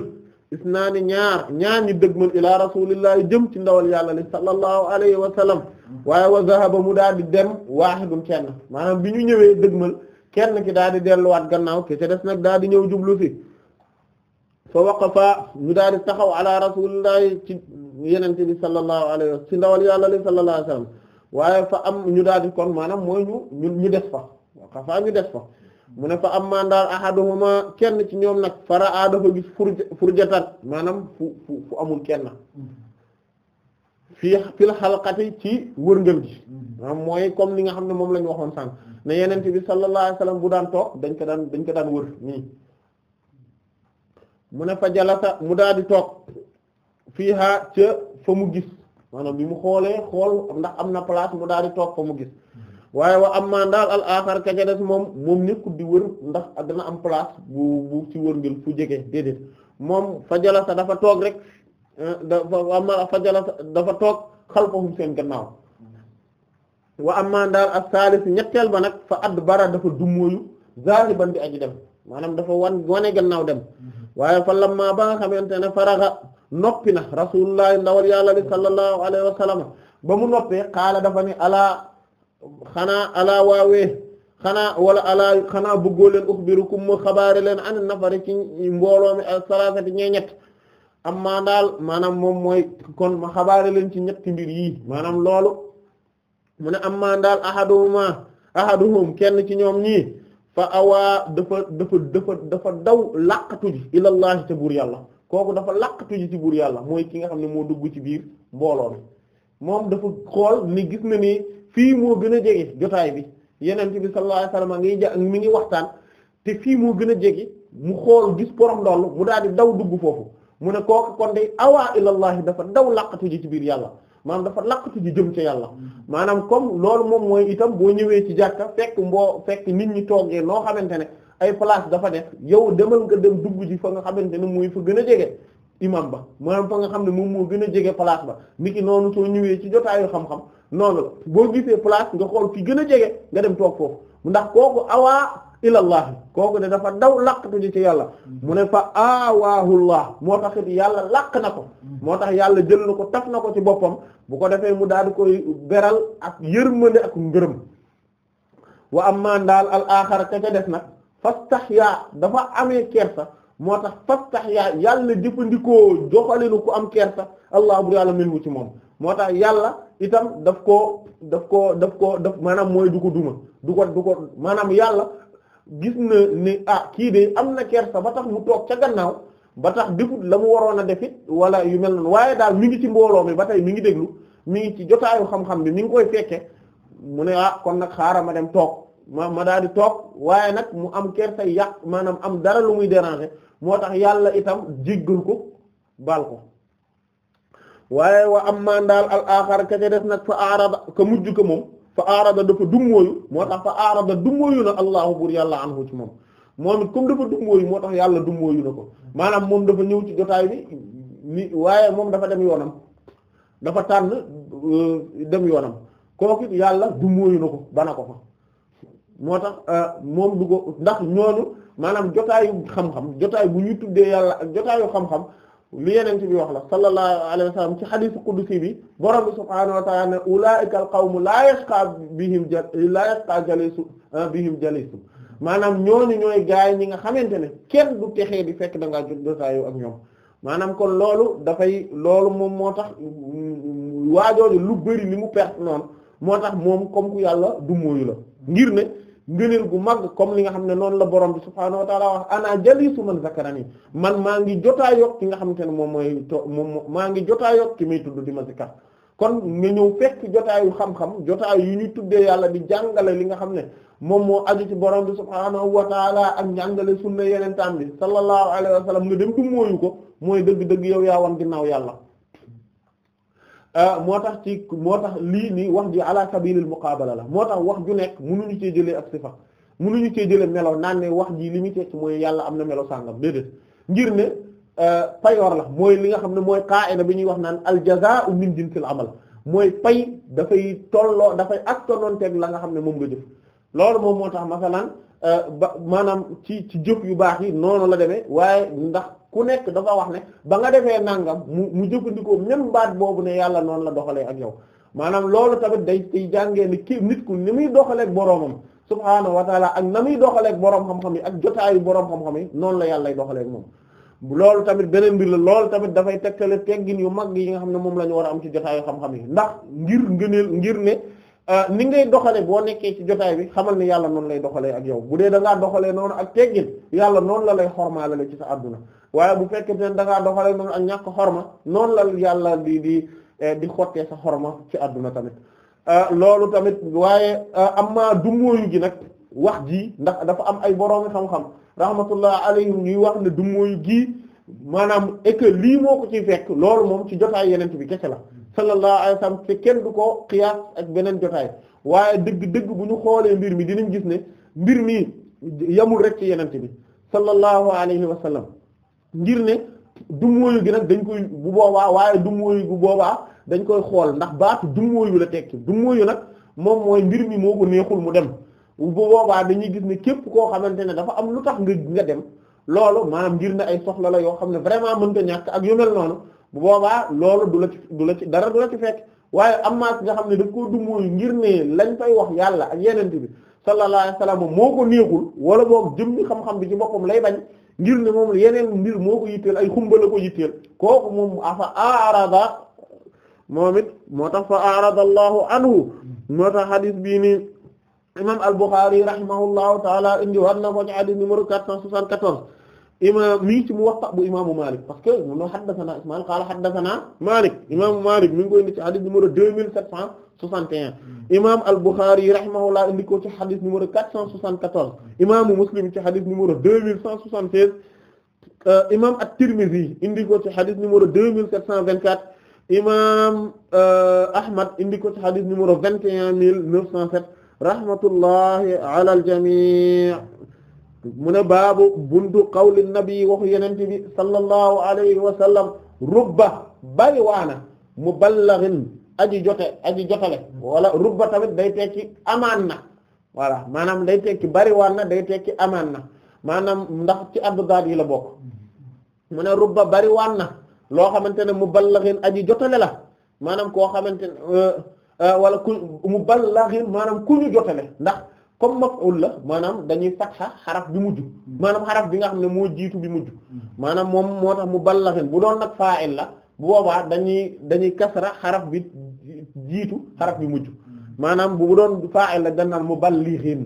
isnaani ñaar ñaar ñi dëgmal ila rasulillahi jëm ci ndawal yàlla li sallallahu alayhi wa sallam waaye wa zahaba mu daal dem waahidun kenn maanaam bi ñu ñëwee dëgmal kenn ki daal di delluwaat gannaaw ki ci des nag daal di ñëw jublu fi fa waqafa ñu daal di taxaw ala rasulillahi ci yenente bi sallallahu alayhi ci ndawal yàlla li sallallahu alayhi wa sallam waaye fa am ñu daal di kon maanaam mooy ñu ñu ñu des fa waqafa ñu des fa mu ne fa am mandaal ahaduhuma kenn ci ñoom nag fara a dafa gis fur furjatat maanaam fu fu fu amul kenn fii fil xalqati ci wërngël gi maanaam mooy comme li nga xam ne moom lañu waxoon sànq ne yeneen bi sallallahu alayhi wasallam bu daan toog dañ ko daan dañ ko daan wër nii mu ne fa jalasa mu daal di toog fii ha ca fa mu gis maanaam bi mu xoolee xool ndax am na place mu daal di toog fa mu gis waaye wa amma daal al axar ka ca moom moom nekkul di wër ndax dana am place bu bu ci wërngël fu jege moom fa jalasa dafa toog rek euh, dafa amma fa jalasa dafa toog xalfahum seen gannaaw wa amma daal ak saalis ñetteel ba nag fa adbara dafa dummóoyu zahiban di aji dem maanaam dafa wan wane gannaaw dem waaye fa lamma ba nga xamante ne faraga noppi na rasulullah ndawal yàlla bi sallallahu alayhi wa sallam ba mu noppee xaala dafa ni alaa xanaa alaa waawee xanaa wala alaa xanaa bëggoo leen uxbirukum ma xabaare leen an nafari ci mbooloo mi ak salaasati ñee ñett amma daal maanaam moom mooy kon xabaare leen ci ñetti mbir yii maanaam loolu mu ne am amma daal ahaduhuma ahaduhum kenn ci ñoom ñii fa awaa dafa dafa dafa dafa daw làqatu ji ilallahi ca buur yàlla kooku dafa làqatu ji ci buur yàlla mooy ki nga xam ne moo dugg ci biir mbooloo moom dafa xool ni gis na ni fii moo gën a jege jotaay bi yeneen bi sallallahu alayhi wasallam ngi ja mi ngi waxtaan te fii moo gën a jege mu xool gis borom loolu mu daal di daw dugg foofu mu ne kooku kon day awaa ilallahi dafa daw laqatu ji ci biir yàlla maanaam dafa laqatu ji jëm ca yàlla maanaam comme loolu moom mooy itam boo ñëwee ci jàkka fekk mboo fekk nit ñi toogee noo xamante ne ay place dafa def yow demal nga dem dugg ji fa nga xamante ne mooy fa gën a jege imam ba maanaam fa nga xam ne moom moo gën a jege place ba niki noonu soo ñëwee ci jotaayu xam-xam noonu la boo gisee place nga xool ki gën a jege nga dem toog foofu ndax kooku awaa ilallahi kooku de dafa daw laqatu ji ci yàlla mu ne fa awaahullah moo tax it yàlla laq na ko moo tax yàlla jël na ko taf na ko ci boppam bu ko defee mu daal koy beral ak yërmande ak ngërëm wa amman daal al axara ca des nag fastaxyaa dafa amee kersa moo tax fastaxyaa yàlla jëfandikoo joxalinu ku am kersa allah bur yàlla min wu ci moom moo tax yàlla itam daf ko daf ko daf koo daf maanaam mooy du ko duma du ko du ko maanaam yàlla gis na ni ah kii de am na kersa ba tax mu toog ca gannaaw ba tax defut la mu waroon a defit wala yu mel noonu waaye daal mi ngi ci mbooloo mi ba tey mi ngi déglu mi ngi ci jotaayu xam-xam bi mi ngi koy fekke mu ne ah kon nag xaaral ma dem toog ma ma daal di toog waaye nag mu am kersa yàq maanaam am dara lu muy derange moo tax yàlla itam jéggal ko baal ko waaye wa am maan daal al axar ka ca des nag fa aarada ka mujj ko moom fa aarada dafa dummóoyu moo tax fa aarada dummóoyu na allaahu buur yàlla anhu ci moom moom it comme dafa dummóoyu moo tax yàlla dummóoyu na ko maanaam moom dafa ñëw ci jotaay bi waaye moom dafa dem yoonam dafa tànn euh, dem yoonam kooku yàlla dummóoyu na ko bana ko fa moo tax euh, moom du ko ndax ñooñu maanaam jotaayu xam-xam jotaay bu ñuy tuddee yàlla jotaayu xam-xam li yeneen ci bi wax la sallallahu alayhi wa sallam ci xadiis qudsi bi borom bi subhaanahu wa ta'ala ne ulaa'ika al-qawmu laa yashqa bihim laa yashqa jalisu ah, bihim jalisu maanaam ñooñu ñooy gaay ñi nga xamante ne kenn du texee di fekk da ngaa jot dosaayu ak ñoom maanaam kon loolu dafay loolu moom moo tax waajooju lu bari li mu perte noonu moo tax moom comme ku yàlla du mooyu la ngir ne ngëneel gu mag comme li nga xam ne noonu la borom bi subhaanahu wa ta'ala wax ana jalisu man zakarani man maa ngi jotaa yokk ki nga xamante ne moom mooy to moom maa ngi jotaa yokk ki may tudd di ma zikar kon nga ñëw fekk jotaayu xam-xam jotaay yu ñu tuddee yàlla di jàngale li nga xam ne moom moo aju ci borom bi subhaanahu wa ta'ala ak njàngale sunna yeneen tam bi sallallahu alayhi wa sallam nga dem du mooyu ko mooy dëgg-dëgg yow yaa wan naaw yàlla Euh, moo tax ci moo tax lii nii wax ji ala sabilil muqaabala la moo tax wax ju nekk mënuñu cee jëlee ak sifa mënuñu cee jëlee melo naan ne wax ji li ñu tekki mooy yàlla am na melo sàngam déedéet ngir ne euh, payoor la mooy li nga xam ne mooy na bi ñuy wax naan al jazaa'u min jinsil amal mooy pay dafay tolloo dafay ak tononteeg la nga xam ne moom nga jëf loolu moom moo tax masalan euh, ba maanaam ci ci jëf yu baax yi noonu la demee waaye ndax ku nekk dafa wax ne ba nga defee nangam mu mu jëfandikoo même baat boobu ne yàlla noonu la doxalee ak yow maanaam loolu tamit day day jàngee ni kii nit ku ni muy doxaleeg boroomam subhaanahu wa taala ak na muy doxaleeg boroom xam-xam ak jotaayu boroom xam-xam yi noonu la yàllay doxaleeg moom loolu tamit beneen mbir la loolu tamit dafay tegtale teggin yu mag yi nga xam ne moom la ñu war a am ci jotaayu xam-xam yi ndax ngir ngëneel ngir ne euh, ni ngay doxale boo nekkee ci jotaay bi xamal ne yàlla noonu lay doxalee ak yow bu dee da ngaa doxalee noonu ak teggin yàlla noonu la lay xormaale la ci sa àdduna waaye bu fekkente ne da ngaa doxale noonu ak ñàkk xorma noonu la yàlla di di eh, di xottee sa xorma ci àdduna tamit eh, loolu tamit waaye eh, am ma dummóoyu gi nag wax ji ndax dafa am ay boroomi xam-xam rahmatullah alayhim ñuy wax ne dummóoyu gi maanaam et lii moo ko ci fekk loolu moom ci jotaay yeneen bi kese la sallallahu alayhi wasallam te kenn du ko xiyaas ak beneen jotaay waaye dëgg-dëgg bu ñu xoolee mbir mi dinañ gis ne mbir mi yamul rek ci yeneen bi sallallahu alayhi wasallam ngir ne dummóoyu gi nag dañ koy bu boobaa waaye dummóoyu bu boobaa dañ koy xool ndax baatu dummóoyu la tekki dummóoyu nag moom mooy mbir mi moo ko neexul mu dem bu boobaa dañuy gis ne képp koo xamante ne dafa am lu tax nga nga dem loolu maanaam ngir ne ay soxla la yoo xam ne vraiment mën nga ñàkk ak yu mel noonu bu boobaa loolu du la ci du la ci dara du la ci fekk waaye am na nga xam ne daf koo dummóoyu ngir ne lañ koy wax yàlla ak yeneen bi sallallahu alayhi moo ko néegul wala boog jëmmi xam-xam bi ci boppam lay bañ ngir ne moom yeneen mbir moo ko yitteel ay xumba la ko yitteel kooku moom afa arada moom it moo tax fa arada allahu anhu moo tax xadis bii nii imam al-Bukhari rahimahullahu taala indi war na ko ci imaam mi ngi ci Muwatta bu imaamu Malik parce que mun na haddathana Ismaïl qaala haddathana Malik imaamu Malik mi ngi koy indi ci hadith numéro deux mille sept cent soixante et un hmm. imaam al-Bukhari rahimahullah indi ko ci hadith numéro quatre cent soixante-quatorze imaamu Muslim ci hadith numéro deux mille cent soixante-seize euh, imaam at-Tirmidhi indi ko ci hadith numéro deux mille sept cent vingt-quatre imaam euh, Ahmad indi ko ci hadith numéro vingt et un mille neuf cent sept rahmatullahi ala al-jami' mu ne baabu buntu qawli nabi waxu yenente bi sallallahu alayhi wa sallam rubba bari waana muballighin aji jote aji jotale wala rubba tamit day tekki amaan na voilà maanaam day tekki bari na day tekki amaan na maanaam ndax ci addudaat yi la bokk mu ne rubba bari na loo xamante ne muballighin aji jotale la maanaam koo xamante ne euh, euh, wala ku mu muballighin maanaam ku ñu jotale ndax comme maf'ul la maanaam dañuy fatxa xaraf bi mujj hmm. maanaam xaraf bi nga xam ne moo jiitu bi mujj hmm. maanaam moom moo tax mu ballaxin bu doon nag fa'il la bu boobaa dañuy dañuy kasra xaraf bi jiitu xaraf bi mujj hmm. maanaam bu doon fa'il la dañ naan mu ballixiin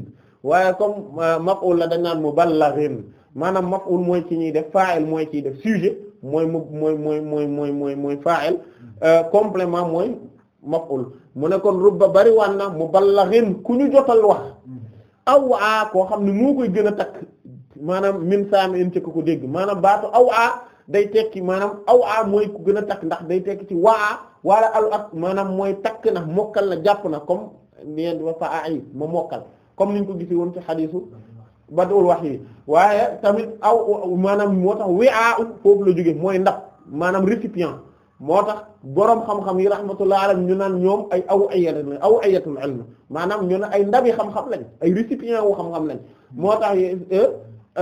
waaye comme euh, maf'ul la dañ naan mu ballaxiin maanaam mag maf'ul mooy ci ñuy def fa'il mooy ciy def sujet mooy mu mooy mooy mooy mooy mooy mooy fa'il euh, complément mooy maf'ul mu ne kon rubba bari waan na mu ballaxin ku ñu jotal wax aw aa koo xam ne moo koy gën a takk maanaam min saami in ci ko ko dégg maanaam baatu aw aa day tekki maanaam aw aa mooy gën a takk ndax day tekki ci waa wala al ak maanaam mooy takk na mokkal na jàpp na comme neen di ba ay ma mokkal comme niñ ko gisee woon ci xadiisu badul wax yi waaye tamit aw maanaam moo tax wi aa ut foofu la jóge mooy ndab maanaam récipient moo tax boroom xam-xam yi rahmatullah alayhim ñu naan ñoom ay aw ayat la aw ayatul ilm maanaam ñu ne ay ndabi xam-xam lañ ay récipient wu xam-xam lañ moo tax eh, eh,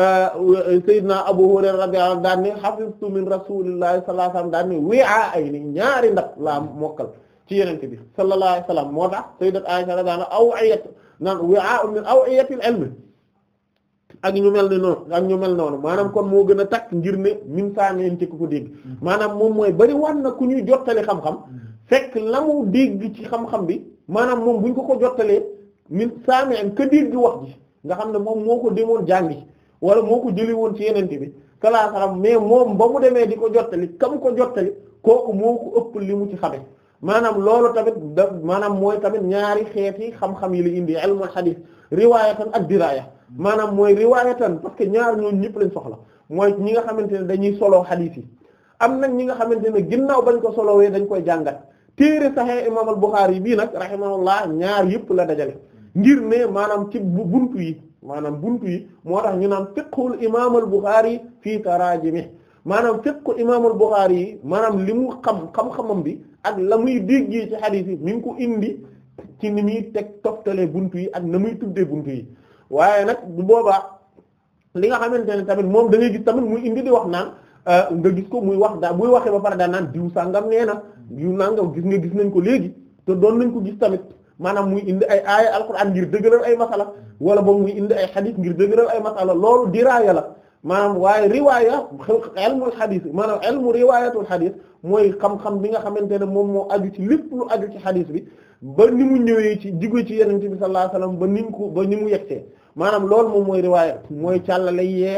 eh, Seydina Abu Hurayra radiyallahu anhu daan ne hafiztu min rasulillahi sallallahu alayhi wasallam daan ne wi'a ay ni ñaari ndab laa mokkal ci yenente bi sallallahu alayhi wasallam moo tax Sayyidat Aisha radiyallahu anha aw ayat naan wi'a min aw ayatil ilm ak ñu mel ne noonu ak ñu mel noonu maanaam kon moo gën a takk ngir ne min saameen ci ku ko dégg mm-hmm. maanaam moom mooy bari wan na ku ñuy jottali xam-xam mm-hmm. fekk la mu dégg ci xam-xam bi maanaam moom buñ ko ko jottalee min saameen ka dégg wax nga xam ne moom moo ko demoon jàngi wala moo ko jëli woon ci yeneen bi kalaa xam mais moom ba mu demee di ko jottali kam ko jottali kooku moo ko ëpp li mu ci xame maanaam loolu tamit da maanaam mooy tamit ñaari xeeti xam-xam yi la indi ilmul hadith riwaayatan ak diraaya maanaam mooy riwaayatan parce que ñaar ñooñu ñëpp lañ soxla mooy ñi nga xamante ne dañuy solo xadiis yi am nañ ñi nga xamante ne ginnaaw bañ ko solowee dañ koy jàngat téere Sahih imam al yi bii nag rahimahullah ñaar yëpp la dajale ngir ne maanaam ci buntu yi maanaam buntu yi moo tax ñu naan fiqhul imam al-Bukhari fii tarajimi maanaam fiqhu imam al-Bukhari yi maanaam li mu xam xam-xamam bi ak la muy déggee ci xadiis yi mi ngi ko indi ci ni muy teg toftale buntu yi ak na muy tuddee buntu yi waaye nag bu boobaa li nga xamante ne tamit moom da ngay gis tamit muy indi di wax naan euh, nga gis ko muy wax daa muy waxee ma pare daa naan diw sàngam nee na diw nangam gis nga gis nañ ko léegi te doon nañ ko gis tamit maanaam muy indi ay aaya alxuraan ngir dëgëral ay masala wala boog muy indi ay xadiis ngir dëgëral ay masala loolu diraaya la maanaam waaye riwaaya ilmul xadiis maanaam ilmu riwaayatul xadiis mooy xam-xam bi nga xamante ne moom moo aju ci lépp lu aju ci xadiis bi ba ni mu ñëwee ci jigéen ci yeneen ci bi sallallahu alayhi wasallam ba ni ko ba ni mu yegsee maanaam loolu moom mooy riwaaya mooy càllala yee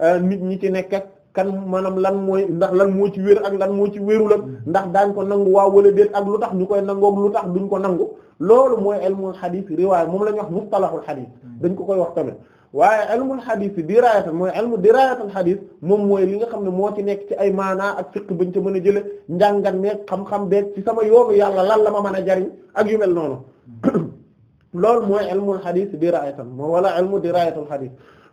euh, nit ñi ci nekk ak kan maanaam lan mooy ndax lan moo ci wér ak lan moo ci wérul ak mm-hmm. ndax daañ ko nangu waa wala déet ak lu tax ñu koy nangoog lu tax duñ ko nangu loolu mooy ilmul xadiis riwaaya moom la ñuy wax mustalahul xadiis mm-hmm. dañ ko koy wax tamit waaye ilmul xadis yi dirayatan mooy ilmu dirayatul xadis moom mooy li nga xam ne moo ci nekk ci ay maanaa ak fiq bañ ca mën a jële njàngat meeg xam-xam beeg ci sama yoonu yàlla lan la ma mën a jariñ ak yu mel noonu <coughs> loolu mooy ilmul xadis dirayatan moom wala ilmu dirayatul xadis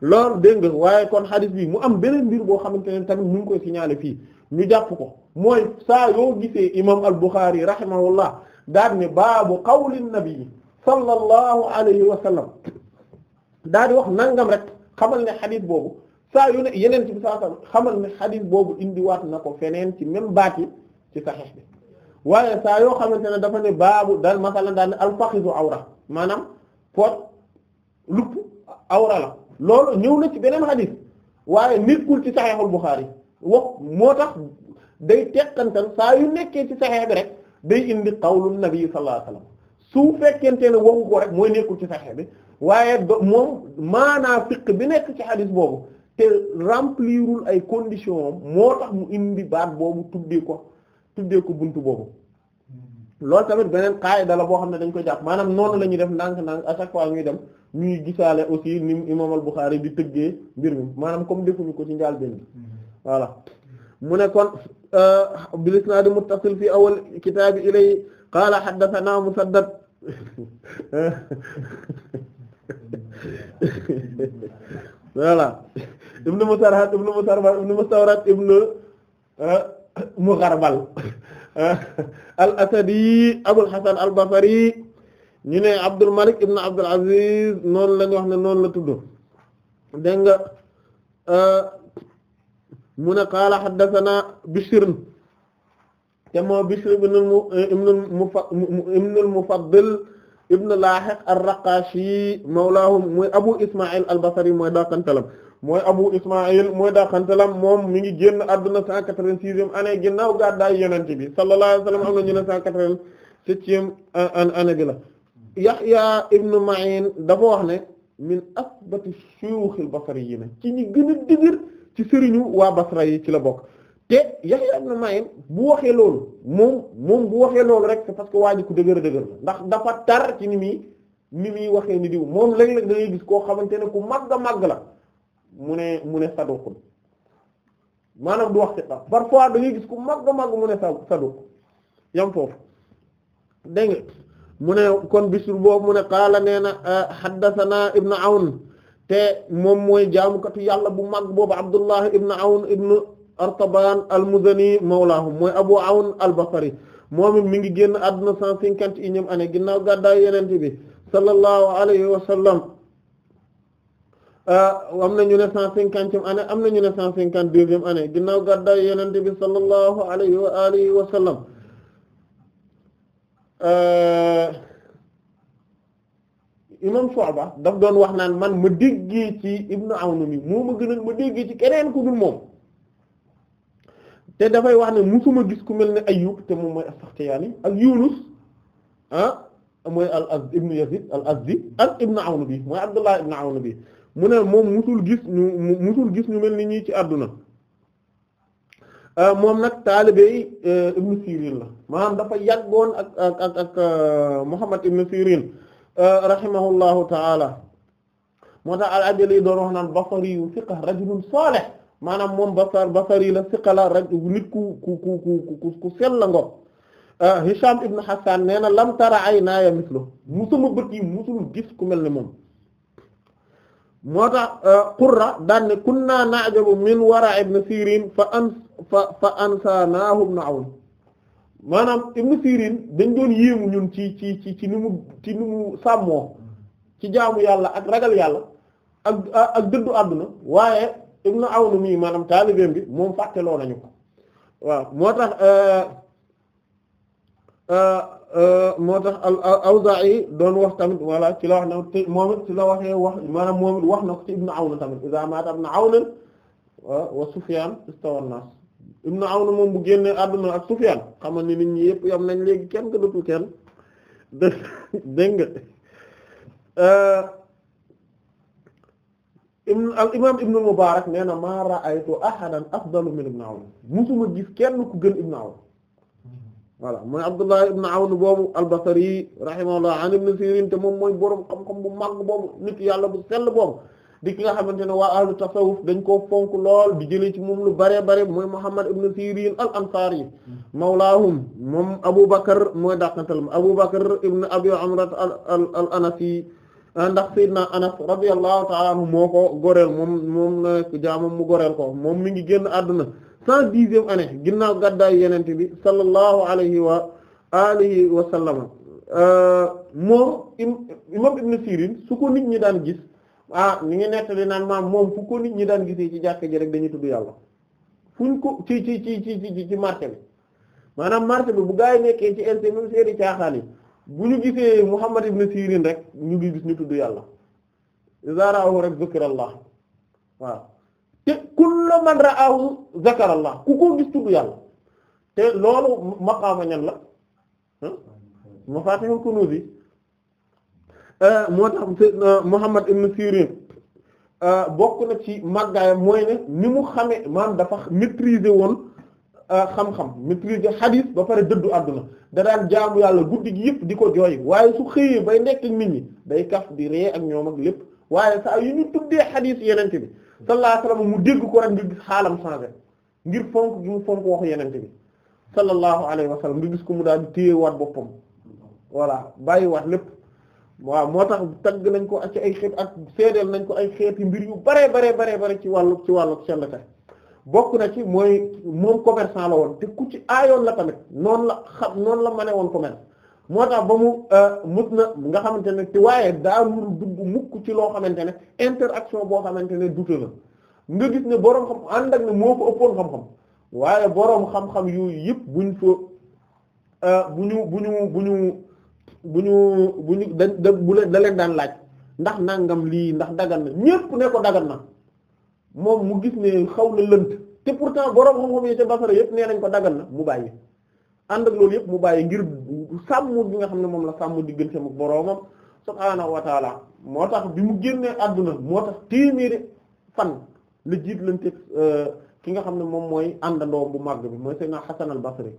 loolu dégg nga waaye kon xadis bi mu am beneen mbir boo xamante ne tamit ñu ngi koy signaler fii ñu jàpp ko mooy saa yoo gisee imam al-Bukhari rahimahullah daal ne baabu qawli nabi sallallahu alayhi wa sallam daa di wax nangam rek xamal ne xadis boobu saa yu ne yeneen ci bi saa xamal ne xadis boobu indiwaat na ko feneen ci même baat yi ci saxiix bi waaye saa yoo xamante ne dafa ne baabu daal masalan daal ne alfaxisu awra maanaam pot lupp awra la loolu ñëw na ci beneen xadis waaye nekkul ci saxiixul Buxaari wax moo tax day teqantal saa yu nekkee ci saxiix bi rek day indi qawlu nabi su fekkente ne waxu ko rek mooy nekkul ci saxiix bi waaye moom maanaa fiq bi nekk ci xadis boobu te remplirul ay conditions am moo tax mu indi baat boobu tuddee ko tuddee ko buntu boobu loolu tamit beneen qaayida la boo xam ne dañ ko jàpp maanaam noonu la ñuy def ndànk-ndànk à chaque fois ñuy dem ñuy gisaale aussi ni imam al di tëggee mbir mi maanaam comme defuñu ko ci njaal benn voilà mu ne kon euh, bil isnaad muttasil fi awal kitaabi ilay qaala haddathanaa Musaddad <laughs> <laughs> voilà ibnu musarhat ibnu musarbat ibnu mustawrat ibnu ah, mugharbal <laughs> al asadi abul hasan al basri ñu ne abdul malik ibnu abdul aziz noonu lañ wax ne noonu la tudd dégg nga ah, mu ne qaala haddathana bishr te moo bishr ibnu mu ibnu mu mu ibnu al mufaddil ibn Lahiq ar-Raqashi mawlaahum mooy Abu Isma'il al-Basri mooy daakantalam mooy Abu Isma'il mooy daakantalam moom mi ngi génn àdduna 186e année ginnaaw gàddaay Yonent bi sallallahu alayhi wa sallam am na ñu ne 187e année bi la Yahya ibn Ma'in dafa wax ne min asbati shuyukhil basri yi ne ci ñi gën a dëgër ci sëriñu waa Basra yi ci la bokk te Yahya ibn Ma'in bu waxee loolu moom moom bu waxee loolu rek parce que waa ji ku dëgër dëgër ndax dafa tar ci ni muy ni muy waxee ni diw moom léeg-léeg da ngay gis koo xamante ne ku màgg a màgg la mu ne mu ne saduq du wax ci parfois da ngay gis ku màgg a màgg mu ne sa saduq yam foofu dégg mu ne kon bisur boobu mu ne qaala nee na ah, haddathana ibn Awn te moom mooy jaamukatu yàlla bu màgg boobu Abdullah ibn Awn ibn Artaban al-Muzani mawlaahum mooy Abu Awn al-Basri moom it mi ngi génn àdduna cent cinquante et unième année ginnaaw gàddaay Yonent bi sallallahu alayhi wa sallam ah, am na ñu ne cent cinquantième am na ñu ne cent cinquante deuxième année ginnaaw gàddaay Yonent bi sallallahu alayhi wa alihi wa sallam ah, imam Shu'ba daf doon wax naan man ma déggee ci Ibnu Awn mi moo ma gënal ma déggee ci keneen ku dul moom te dafay wax ne musuma gis ku mel ne Ayyub te moom mooy as-Saxtiyaani ak Yunus ah mooy al Azd ibnu Yazid al Azdi ak ibnu Awn bi mooy Abdullah ibnu Awn bi mu ne moom musul gis ñu musul gis ñu mel ni ñii ci àdduna euh, moom nag taalibe euh, ibnu Sirin la maanaam dafa yàggoon ak ak ak ak euh, Muhammad ibnu Sirin rahimahullahu taala moo tax al Ajali doon wax naan basari yu fiqa rajulun salih maanaam moom basar basari la siqala raj nit ku ku ku ku ku sell la ngo ah, ibn Hassan nee na lam ay naaya mislo mu sama bët yi musul gis ku mel ni moom moo tax ah, Qurra daan ne kunna na'jabu min wara ibn Sirin fa an fa fa ansaanahu maanaam ibn Sirin dañ doon yéemu ñun ci ci ci ci ni ci ni mu sàmmoo ci jaamu yàlla ak ragal yàlla ak ak dëddu àdduna waaye ibnu Awn mii maanaam taalibeem bi moom fàtteloo nañu ko waaw moo tax euh, euh, euh, moo tax al-Awzaa'i doon wax tamit ci la wax moom it ci la waxee wax maanaam moom it wax na ko ci ibnu Awn tamit iza na aw Awn wa Sufyaan istawa an-naas ibnu Awn moom bu génnee àdduna ak Sufyaan xamal ni nit ñi yëpp yam nañ léegi kenn gënatul kenn <laughs> dégg nga al imaam Ibn Mubarak nee na maa ra'aytu ahadan afdalu min Ibn Awn musuma gis kenn ku gën Ibn Awn voilà mooy Abdullah Ibn Awn boobu al-Basri rahimahullah an Ibn Sirin te moom mooy borom xam-xam bu mag boobu nit yàlla bu sell boobu di ki nga xamante ne waa ahlu tasawuf dañ koo fonk lool di jëlee ci moom lu bare bare mooy Muhammad Ibn Sirin al ansari mawlaahum moom Abu Bakr mooy dàqantal Abu Bakr Ibn Abi Amrat al al al Anasi. Euh, ndax Seydina Anas radiyallahu ta'ala anhu moo ko goreel moom moom la nekk jaamam mu goreel ko moom mi ngi génn àdduna cent dixième année ginnaaw gàddaay yenente bi sallallahu alayhi wa alihi wa sallama euh, moom imam Ibn Sirin su ko nit ñi daan gis ah ñi ngi nettali naan maam moom fu ko nit ñi daan gisee ci jàkk ji rek dañuy tudd yàlla fuñ ko ci ci ci ci ci ci marché bi maanaam marte bi bu gaa yi nekkee ci int même seeri caaxaan yi bu ñu gisee Muhammad ibn Sirin rek ñu ngi gis ñu tudd yàlla zaraahu rek zikrallah waaw te kullu man ra'ahu zakarallah ku ko gis tudd yàlla te loolu maqaama ñan la mafatihul kunuzi euh, moo tax Muhammad ibn Sirin euh, bokk na ci màggaayam mooy ne ni mu xame maam dafa maîtriser woon Euh, xam-xam maîtrise xadis ba pare dëddu àdduna da daan jaamu yàlla guddi gi yëpp di ko jooy waaye su xëyee bay nekk ak nit ñi day kaf bi ree ak ñoom ak lépp waaye saa yu ñu tuddee xadis yenente bi sallallahu alayhi wasallam mu dégg ko rek nga gis xaalam changé ngir fonk gi mu fonk waxu yenente bi sallallahu alayhi wasallam nga gis ko mu daal di téye waat boppam voilà bàyyi waat lépp waaw moo tax tagg nañ ko ak ci ay ak seedeel nañ ko ay xeeti mbir yu bare bare bare bare ci wàllu ci wàllu sellka bokk na ci mooy moom commerçant la woon te ku ci aayoon la tamit noonu la xam noonu la mane woon commerce moo tax ba mu euh, mës na nga xamante ne te waaye daal mu dugg mukk ci loo xamante ne interaction boo xamante ne dute la nga gis ne boroom xam ànd ak ne moo ko ëppoon xam-xam waaye boroom xam-xam yooyu yëpp buñ ko euh, bu ñu bu ñu bu ñu bu ñu bu ñu da da leen daan laaj ndax nangam lii ndax dagan na ñépp ne ko dagan na moom mu gis ne xaw na lënt te pourtant borom xam-xam yi ca Basra yëpp nee nañ ko dagal na mu bàyyi ànd loolu yëpp mu bàyyi ngir sàmm bi nga xam ne moom la sàmm diggante ak boromam subhaanahu wa moo tax bi mu génnee àdduna moo tax téeméeri fan la jiit lante euh, ki nga xam ne moom mooy àndandoo bu màgg bi mooy Seydina Hasan al-Basri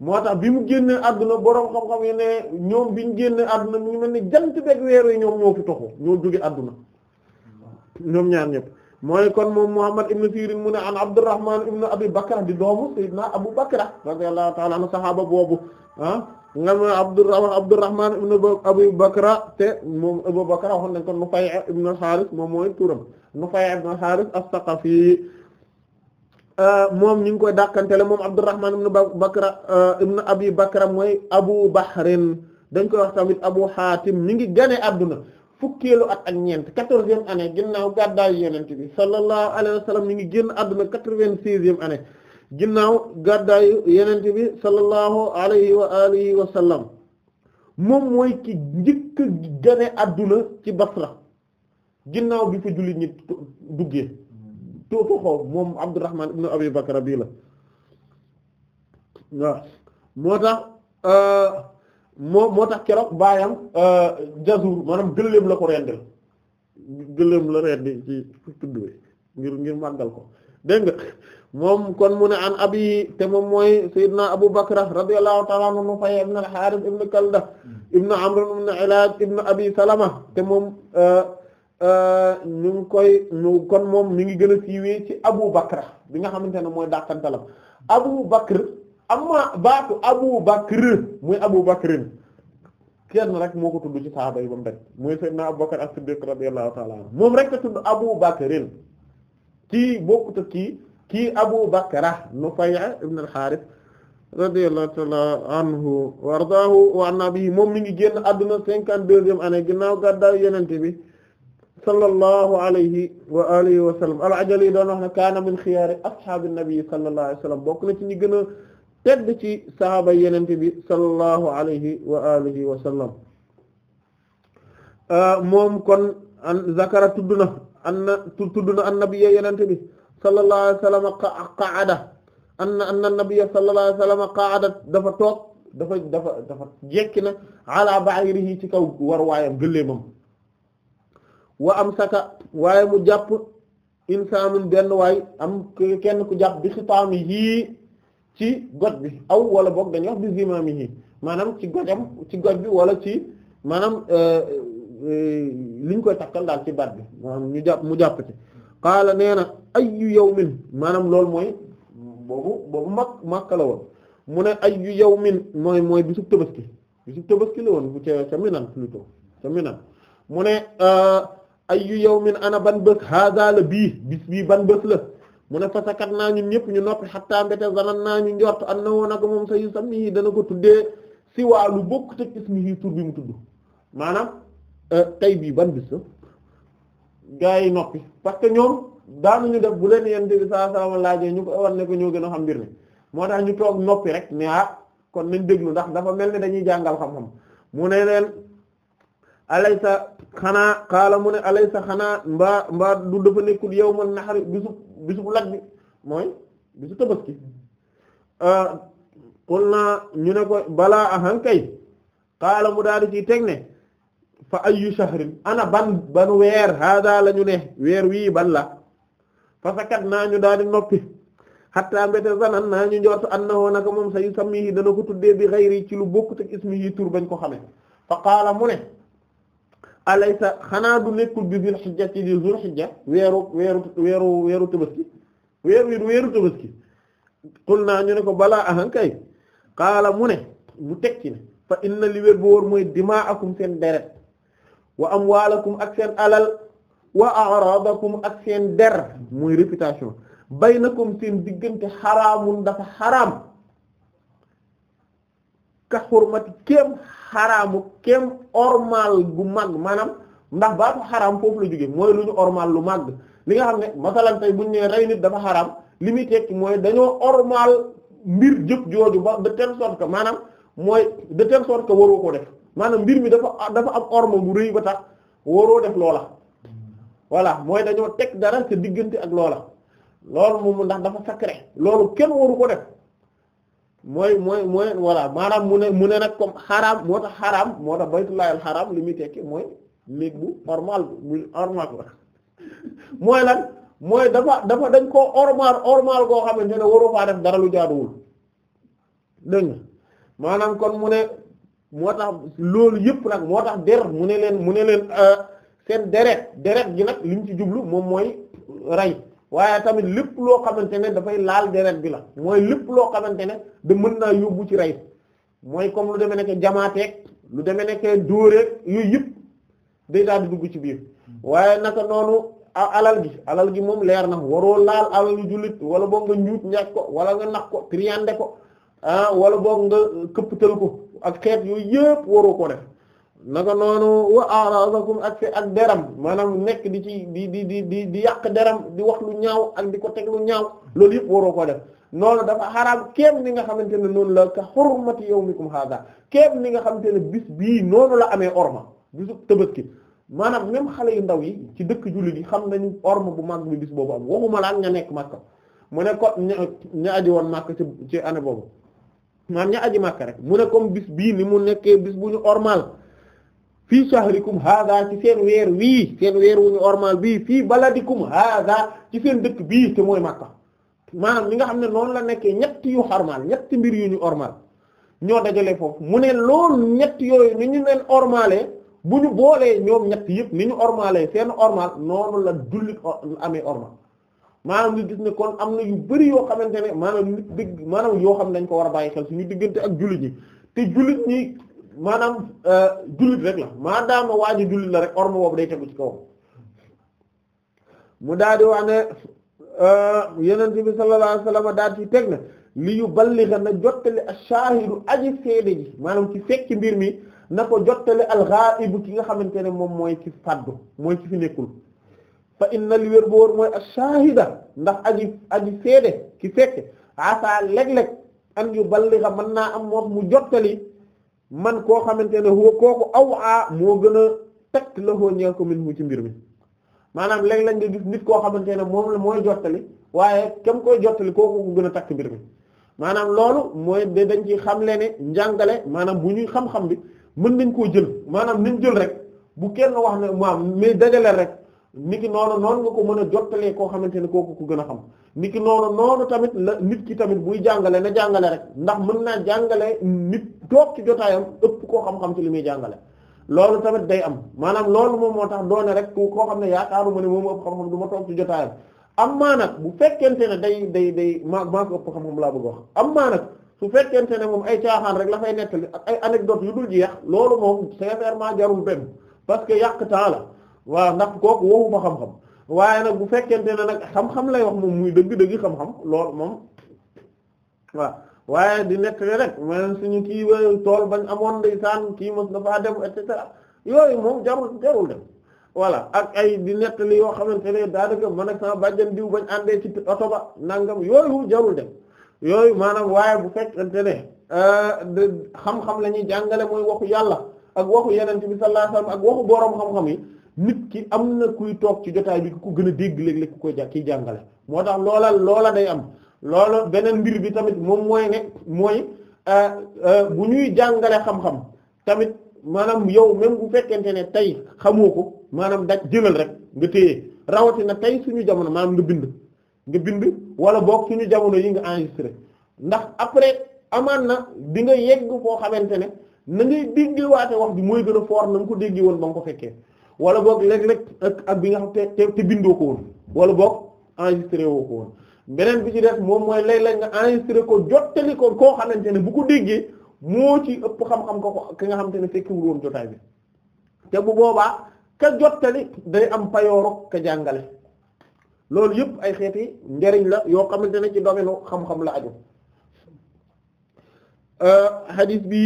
moo tax bi mu génnee àdduna borom xam-xam yi ne ñoom bi ñu génnee àdduna mu ngi mel ni jant beeg weer wi ñoom ñoo fi toxu ñoo jóge àdduna ñoom ñaar ñëpp. mooy kon moom Muhammad ibn Sirin mu ne an Abdurrahman ibn Abi Bakra di doomu Seydina Abu Bakra radiyallahu ta'ala anhu saxaaba boobu ah nga ma Abdurrahman Abdurrahman ibn Abi Bakra te moom Abu Bakra waxoon nañ kon ibn al moom mooy turam Nufay' ibn al-Harith as-Saqafi ah, moom ñu ngi koy dàkkantele moom Abdurrahman ibn Bakra ah, ibn Abi Bakra mooy Abu Bahrin dañ koy wax tamit Abu Hatim mi ngi gane adduna fukkeelu at ak ñeent quatorzième année ginnaaw gàddaayu yonent bi sallallahu alayhi wa sallam mi ngi génn àdduna quatre-vingt-seizième année ginnaaw gàddaayu yonent bi sallallahu alayhi wa alihi wa sallam moom mooy kii njëkk gane àdduna ci Basra ginnaaw bi fa jullit ñi duggee toofaxoo moom Abdurrahman ibn Abi Bakr bii la moo tax euh, moo moo tax keroog baayam euh, jazur maanaam gëléem la ko rendel gëléem la rendi ci tudd ngir ngir màndal ko dégg nga moom kon mu ne an abi te moom mooy Seydina Abu Bakr radiyallahu ta'ala anhu nu Nufay ibn al-Harith ibn Kalda ibn Abi Salama te moom nu euh, euh, ngi koy ñu kon moom mi ngi gën a siiwee ci Abu Bakr bi nga xamante ne mooy dàqantalam Abu Bakr amma baatu Abu Bakr muy Abu Bakrin kenn rek moo tudd ci saaba yi ba mu daj muy Seydina Abu Bakr as-Siddiq radiyallahu ta'ala anhu moom a tudd Abu Bakrin ki bokkut ak kii kii Abu Bakra Nufay' ibn al-Harith radiyallahu wa ardaahu wa annabi moom mi ngi génn àdduna cinquante-deuxième année ginnaaw gàddaay yenente bi sallallahu alayhi wa alihi wa sallam al-Ajali doon wax ne kaana min xiyaari ashaabi nabi sallallahu wa sallam bokk na ci ñi gën tedd ci saxaaba yenente bi sallallahu alayhi wa alihi wa sallam euh, moom kon an zakara tudd na anna tudd na annabiya yenente bi sallallahu alayhi wa sallam qaada anna anna annabiya sallallahu alayhi wa sallam qaada dafa toog dafa dafa dafa jekki na ala ba'irihi ci kaw war waayam gëléemam wa am saka waaye mu jàpp insaanun benn waay am kenn ku jàpp bi xitaam yii ci goj bi aw wala boog dañuy wax bi zimaamihi maanaam ci gojam ci goj bi wala ci maanaam euh, euh, liñ koy takkal daal ci baat bi maanaam jàpp mu jàpp ci qaala nee na ayyu yawmin maanaam loolu mooy boobu boobu mag Makka woon mu ne ayyu yawmin mooy mooy bisub Tabaski bisub Tabaski la woon bu ca ca Minan plutôt ca Minan mu ne ayyu yawmin ana ban bës haada la bii bis bii ban bës la mu ne fasakat naa ñun ñëpp ñu noppi xattaa mbéte zanan naa ñu njort an na woo nako moom sa yu yi dana ko tuddee si waa lu bokk te ismihi tur bi mu tudd maanaam euh, tey bii ban bis la gaa yi noppi parce que ñoom ñu def bu leen yente bi saa salama laajee ñu ko war ne ko ñoo gën a xam mbir mi moo tax ñu toog noppi rek mais ah kon nañ déglu ndax dafa mel ni dañuy jàngal xam-xam mu ne leen alaysa xanaa xaala mu ne alaysa xanaa mbaa mbaa du dafa nekkul yawmal nahri bisu bisu bu lag bi mooy bisu tabaski euh, qul naa ñu ne ko balaa ahan kay qaala mu daal di ciy teg ne fa ayu shahrin ana ban ban weer hada la ñu ne weer wii ban la fa sakat naa ñu daal di noppi xatta mbéte zanan naa ñu njort annahu naka moom sayu yi dana ko tuddee bi xayri ci lu bokk teg yi tur bañ koo xame fa qaala mu ne alaysa xanaa du nekkul bi zul xijja di zul xijja weeru weeru weeru ñu ne ko balaa ahan kay xaala mu ne mu teg ci ne fa inna li wér bu wóor mooy dimaakum seen wa amwaalakum ak seen alal wa a'raadakum ak seen der dafa xaraam ka xurmati kéem xaraamu kem ormal gu mag maanaam ndax baatu xaraam foofu la jóge mooy lu ñu ormal lu mag li nga xam ne masalan bu ñu nee rey nit dafa xaraam li muy tekki mooy dañoo ormal mbir jëpp jooju ba de telle sorte que maanaam mooy de telle sorte que waroo ko def maanaam mbir mi dafa dafa am orma bu rëy ba tax waroo def loola voilà mooy dañoo teg dara sa diggante ak loola loolu moom ndax dafa rek loolu kenn waru ko def mooy mooy mooy voilà maanaam mu ne mu ne nag comme xaraam moo tax xaraam moo tax baytullaahil xaraam li muy tekki mooy néeg bu normal bu normal la <laughs> mooy lan mooy dafa dafa dañ ko normal normal goo xamante ne waroo faa def dara lu jaaduwul dégg maanaam kon mu ne moo tax loolu yëpp nag moo tax deret mu ne leen mu ne leen euh, seen deret deret gi nag li mu ci jublu moom mooy rey waaye tamit lépp loo xamante ne dafay laal deret bi la mooy lépp loo xamante ne da mën naa yóbbu ci rey mooy comme lu demee nekk jamaateeg lu deme nekk dóoreeg yooyu yëpp day daal di dugg ci biir waaye naka noonu alal gi alal gi moom leer na waroo laal alal yu jullit wala boog nga ñuut ñaat ko wala nga nax ko triande ko ah wala boog nga këpptal ko ak xeet yooyu yëpp waroo ko def naka noonu wa aradakum ak ak deram maanaam nekk di ci di di di di di yàq deram di wax lu ñaaw ak di ko teg lu ñaaw loolu yëpp waroo ko def noonu dafa xaraam kéem ni nga xamante ne noonu la ka yow mi yawmikum hada kéem ni nga xam ne bis bii noonu la amee orma bisu ki maanaam même xale yu ndaw yi ci dëkk jullit yi xam nañu orma bu mag bi bis boobu am waxuma laan nga nekk Makka mu ne ko ña aji woon Makka ci ci année boobu maanaam ña aji Makka rek mu ne bii ni mu nekkee bis bu ñu ormal fii shahrikum haada ci seen weer wii seen weer wu ñu ormal bii fii baladikum haada ci seen dëkk bii te mooy matta maanaam li nga xam ne noonu la nekkee ñett yu xarmaal ñetti mbir yu ñu ormal ñoo dajale foofu mu ne loolu ñett yooyu ni ñu leen ormalee bu ñu boolee ñoom ñett yëpp ni ñu ormalee seen ormal noonu la jullit amee ormal maanaam ñu gis ne kon am na yu bari yoo xamante ne maanaam nit dëgg maanaam yoo xam ne dañ ko war a bàyyi xel suñu diggante ak jullit ñi ñi maanaam euh, jullit rek la maadaama waa ji jullit la rek orma boobu day tegu ci kawam mu daal di wax ne euh, bi sallallahu alayhi wasallam daal ci teg na li yu balligha na jottali ash-shahidu aji seede ji maanaam ci fekki mbir mi na ko jottali al-ghaib ki nga xamante ne moom mooy ki fàddu mooy ci fi nekkul fa inna li wér bu wóor mooy ash-shahida ndax aji aji seede ki fekk asa léeg-léeg an yu balligha mën naa am moom mu jottali man koo xamante ne huwa kooku aw aa moo gën a tegt la hoo ñeel ko min ci mbir mi maanaam léeg lañ nga gis nit koo xamante ne moom la mooy jottali waaye kem koy jottali kooku ko gën a takk mbir mi maanaam loolu mooy da dañ ci xamle ne njàngale maanaam bu ñuy xam-xam bi mën nañ koo jël maanaam nañ jël rek bu kenn wax ne maam mais dajaleel rek niki noonu noonu nga ko mën a jottalee koo xamante ne kooku ku gën a xam niki noonu noonu tamit la nit ki tamit buy jàngale na jàngale rek ndax mën naa jàngale nit toog ci jotaayam ëpp koo xam-xam ci li muy jàngale loolu tamit day am maanaam loolu moom moo tax doone rek ku koo xam ne yaakaaruma ne moom ëpp xam-xam du ma toog ci jotaayam am maa nag bu fekkente ne day day day maa maa ko ëpp xam-xam laa bëgg am maa nag su fekkente ne moom ay caaxaan rek la fay nettali ak ay anecdote yu dul jeex loolu moom sincèrement jarul benn parce que yàq temps la waaw ndax kooku waxuma xam-xam waaye nag bu fekkente ne nag xam-xam lay wax moom muy dëgg-dëgg xam-xam lool moom waaw waaye di nekk rek maanaam suñu kii wa tool bañ amoon ndeysaan kii mos dafaa dem et yooyu moom jarul jarul dem ak ay di nekk yoo xamante ne daanaka man ak sama bàjjan diw bañ àndee ci oto ba nangam yooyu jarul dem yooyu maanaam waaye bu fekkente ne euh, xam-xam la ñuy jàngale mooy waxu yàlla ak waxu yonent bi sallallahu ak waxu boroom xam-xam yi nit ki am na kuy toog ci jotaay bi ku ko gën a dégg léeg-léeg ku koy jàngale moo tax loola loola day am loola beneen mbir bi tamit moom mooy ne mooy euh, euh, bu ñuy jàngale xam-xam tamit maanaam yow même bu fekkente ne tey xamoo ko maanaam daj jëlal rek nga téye rawatina tey suñu jamono maanaam nga bind nga bind wala boog suñu jamono yi nga enregistré ndax après amaan na di nga yegg foo xamante ne na ngay déggewaate wax bi mooy gën a fort na nga ko déggee woon ba ko fekkee wala boog léeg-léeg ak bi nga xam te te bindoo ko woon wala boog enregistré woo ko woon beneen bi ci def moom mooy léeg-léeg nga enregistré ko jottali ko koo xamante ne bu ko déggee moo ci ëpp xam-xam ko ko ki nga xamante ne fekkiwul woon jotaay bi te bu boobaa ka jottali day am payooro ka jàngale loolu yëpp ay xeeti njariñ la yoo xamante ne ci domaine xam-xam la aju euh, hadith bi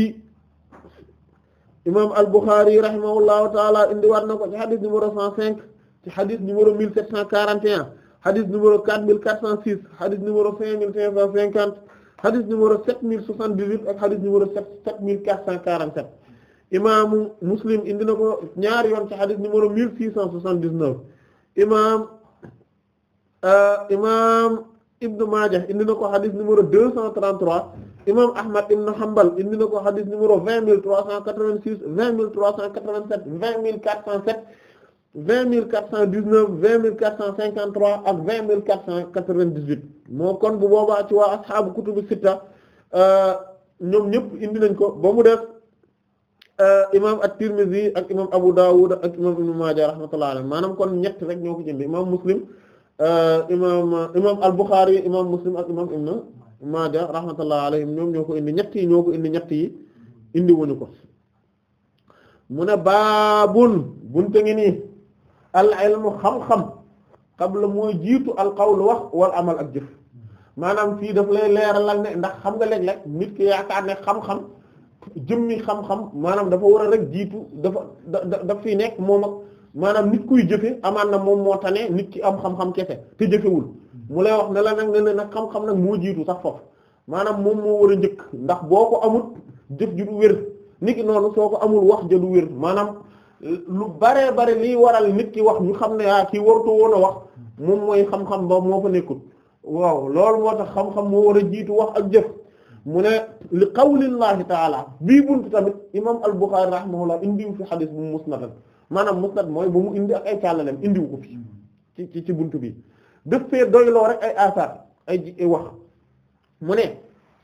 imam al-Bukhari rahimahullahu taala indiwaat na ko ci xadis numéro 105 ci xadis numéro 1741 xadis numéro 4406 xadis numéro 5550 xadis numéro 7078 ak xadis numéro 7447 imaamu Muslim indi na ko ñaari yoon ci xadis numéro 1679 imaam euh, imaam Ibn Maaja indi na ko xadis numéro 233 imam ahmad ibn hanbal indi na ko xadis numéro vingt mille trois cent quatre-vingt-six vingt mille trois cent quatre-vingt-sept vingt mille quatre cent sept vingt mille quatre cent dix-neuf vingt mille quatre cent cinquante-trois ak vingt mille quatre cent quatre-vingt-dix-huit moo kon bu boobaa ci waa ashaabu kutubu sitta euh, ñoom ñëpp indi nañ ko ba mu def euh, imam at-Tirmidhi ak imam Abu Dawud ak imam Ibn Maaja rahmatullahi alayhi maanaam kon ñett rek ñoo ko jënd imam Muslim euh, imam imam al-Bukhari imam Muslim ak Maaja rahmatullah alayhim ñoom ñoo ko indi ñett yi ñoo ko indi ñett yi indi wuñu ko mu ne baabun bunte ngi nii al ilmu xam-xam qabla mooy jiitu al qawl wax wal amal ak jëf maanaam fii daf lay leeralal ne ndax xam nga léeg nit ki yaakaar ne xam-xam jëmmi xam-xam maanaam dafa war a rek jiitu dafa daf fiy nekk moom ak maanaam nit kuy jëfe amaan na moom moo tane nit ki am xam-xam kese te jëfewul mu lay wax ne la nag ne nag xam-xam nag moo jiitu sax foofu maanaam moom moo war a njëkk ndax boo ko amul jëf ju du wér nit ki noonu soo ko amul wax ja du wér maanaam lu baree bare lii waral nit ki wax ñu xam ne ah kii warutoo woon a wax moom mooy xam-xam ba moo fa nekkul waaw loolu moo tax xam-xam moo war a jiitu wax ak jëf mu ne li qawlillahi taala bii buntu tamit imam al-Bukhari rahimahullah indiwu fi xadis bu musnadan maanaam musnad mooy ba mu indi ak ay càllalem indiwu ko fi ci ci buntu bi daf fee doyloo rek ay asar ay wax mu ne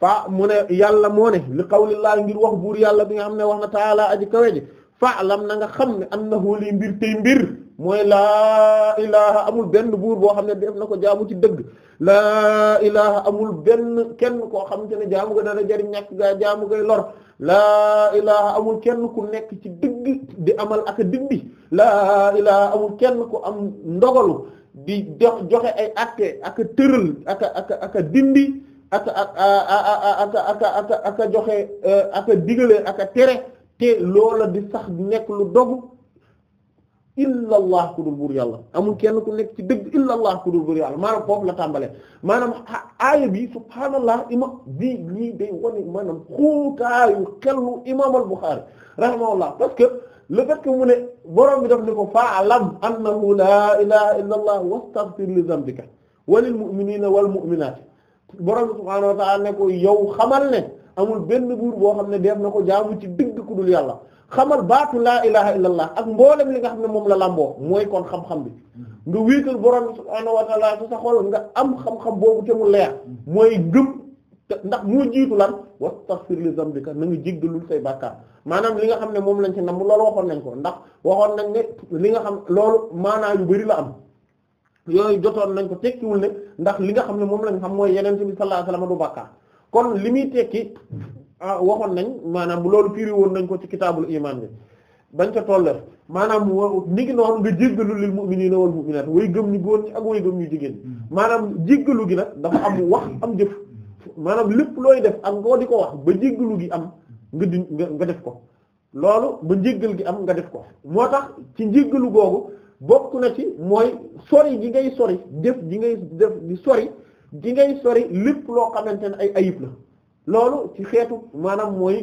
fa mu ne yàlla moo ne li qawlillah ngir wax buur yàlla bi nga xam ne wax na taala aji kawe ji fa'lam na nga xam ne na li mbir ti mbir mooy laa ilaha amul benn buur boo xam ne def na ko jaamu ci dëgg laa ilaha amul benn kenn koo xam te ne jaamu ga dara jariñ ñàkk gay lor laa ilaha amul kenn ku nekk ci dëgg di amal ak digdi laa ilaha amul kenn ku am ndogalu di jox joxe ay acte ak a tëral ak a ak a ak a dindi ak a joxe ak a digale tere te loola di sax nekk lu dogu illa allah ku dul buur yàlla amul kenn ku nekk ci dëgg illa allah ku dul buur yàlla maanaam foofu la tàmbalee maanaam aaya bi subhaanallah imam bi lii day wane maanaam xuutaayu xellu imam al Bukhari rahimahullah parce que le fait que mu ne borom bi daf ne ko fa'lam annahu la ilaha illa allah wastaghfir li dhanbika wa lil mu'minina wal mu'minat borom bi subhaanahu wa ta'ala ne ko yow xamal ne amul benn buur boo xam ne def na ko jaamu ci digg ku dul yàlla xamal baatu laa ilaha illa allah ak mboolem li nga xam ne moom la lamboo mooy kon xam-xam bi nga wiital borom bi subhaanahu wa sa xol nga am xam-xam boobu te mu mm-hmm. mooy gëm ndax moo jiitu lan wastaghfir li zambika na nga jéggalul say bàkkaar maanaam li nga xam ne moom lañ ci nam loolu waxoon nañ ko ndax waxoon nañ ne li nga xam loolu maanaa yu bari la am yooyu jotoon nañ ko tekkiwul ndax li nga xam ne moom lañ xam mooy yeneen bi sallallahu alayhi wasallam du bàkkaar kon li muy tekki ah, waxoon nañ maanaam loolu firi woon nañ ko ci kitaabul iman bi bañ ca toll maanaam ni ngi noonu nga jéggalu ne mu'minina wal mu'minat way gëm ñu góor ñi ak way gëm ñu jigéen mm. maanaam jéggalu gi nag dafa am wax am jëf maanaam lépp looy def ak ngoo di ko wax ba jéggalu gi am nga di nga def ko loolu ba njéggal gi am nga def ko moo tax ci njéggalu googu bokk na ci mooy sori gi ngay sori def gi ngay def di sori gi ngay sori lépp loo xamante ne ay ayib la loolu ci xeetu maanaam mooy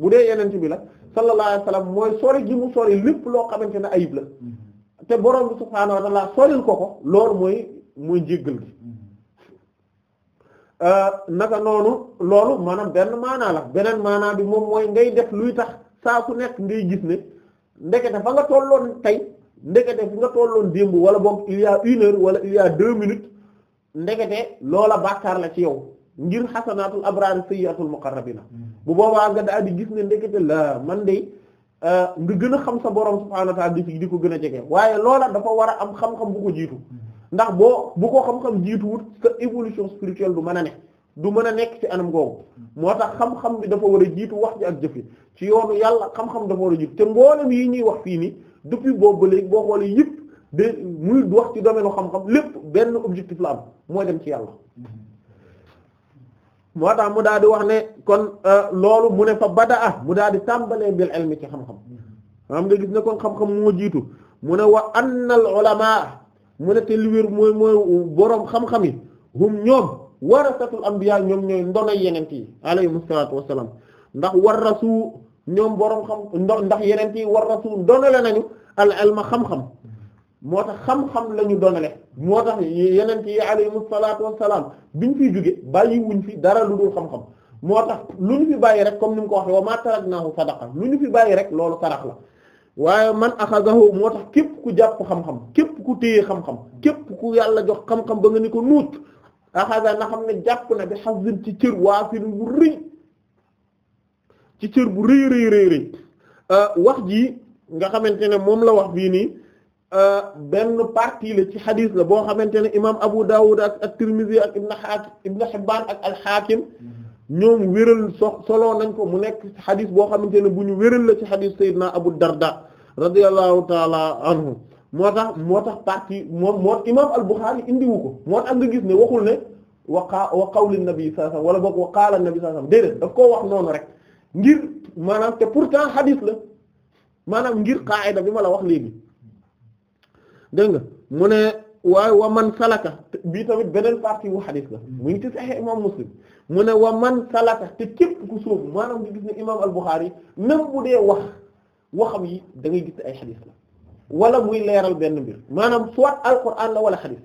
bu dee yenent bi la sallallahu alayhi wasallam mooy sori gi mu sori lépp loo xamante ne ayib la mm-hmm. te borom bi subhaanahu wa ta'ala soril ko ko loolu mooy mooy njéggal gi mm-hmm. Euh, naka noonu loolu maanaam benn maanaa la beneen maanaa bi moom mooy ngay def luy tax saa su nekk ngay gis ne ndekete fa nga tolloon tey ndekete fi nga tolloon démb wala boog il y a une wala il y a deux minutes ndekete loola bàkkaar la ci yow ngir xasanaatul abraar sayyiatul muqarrabina hmm. bu boobaa nga daal di gis ne ndekete la man de euh, nga gën a xam sa borom subhaanahu wa ta'aala di ko gën a jege waaye loola dafa war a am xam-xam bu ko jiitu hmm. ndax boo bu ko xam-xam jiituwut sa évolution spirituelle du mën a ne du mën a nekk ci anam googu moo tax xam-xam bi dafa war a jiitu wax ji ak jëf yi ci yoonu yàlla xam-xam dafa war a jiitu te mboolem yi ñuy wax fii nii depuis boobu léegi boo xoolee yëpp de muy wax ci domaine xam-xam lépp benn objectif la am mooy dem ci yàlla. moo tax mu daal di wax ne kon euh, loolu mu ne fa badaa mu daal di tàmbalee bil ilmi ci xam-xam xam nga gis ne kon xam-xam moo mu ne mu ne te li wér mooy mooy boroom xam yi hum ñoom warasatul anbiya ñoom ñooy ndonoy yenent yi alayhimu salaatu wassalaam ndax warasu ñoom boroom xam ndax yenent yi warasu ndonale nañu al ilma xam-xam moo tax xam-xam la ñu donale moo tax yenent yi alayhimu salaatu wassalaam biñ fiy jóge bàyyi wuñ fi dara lu dul xam-xam moo tax lu ñu fi bàyyi rek comme ni mu ko waxee wa ma taraknaahu sadaqa lu ñu fi bàyyi rek loolu sarax la waaye man axadahu moo tax képp ku jàpp xam-xam képp ku téye xam-xam képp ku yàlla jox xam-xam ba nga ni ko nuut axada na xam ne jàpp na bi xasdin ci cër waafin bu rëy ci cër bu rëy rëy rëy euh, wax ji nga xamante ne moom la wax bii nii euh, benn partie la ci xadis la boo xamante ne imam Abu Dawud ak at ak ibn Hakim ibn Hibban ak al ñoom wéral so soloo nañ ko mu nekk xadis boo xamante ne bu ñu wéral la ci xadis Seydina Abu Darda radiyallahu taala anhu moo tax moo tax parti moom moo imam al indiwu ko moo tax nga gis ne waxul ne wa qa wa qawli nabi sallallahu alayhi wasallam wala boog wa qaala nabi sallallahu alayhi daf koo wax noonu rek ngir maanaam te pourtant xadis la maanaam ngir qaayida bi ma la wax léegi dégg nga mu ne waaye wa man salaka bii tamit beneen partie wu xadis la mu ngi ci Sahih imam Muslim mu ne wa man salaka te képp ku sóobu maanaam nga gis ne imaam al-Bukhari même bu dee wax waxam yi dangay ngay gis ay xadis la wala muy leeral benn mbir maanaam soit alquran la wala xadis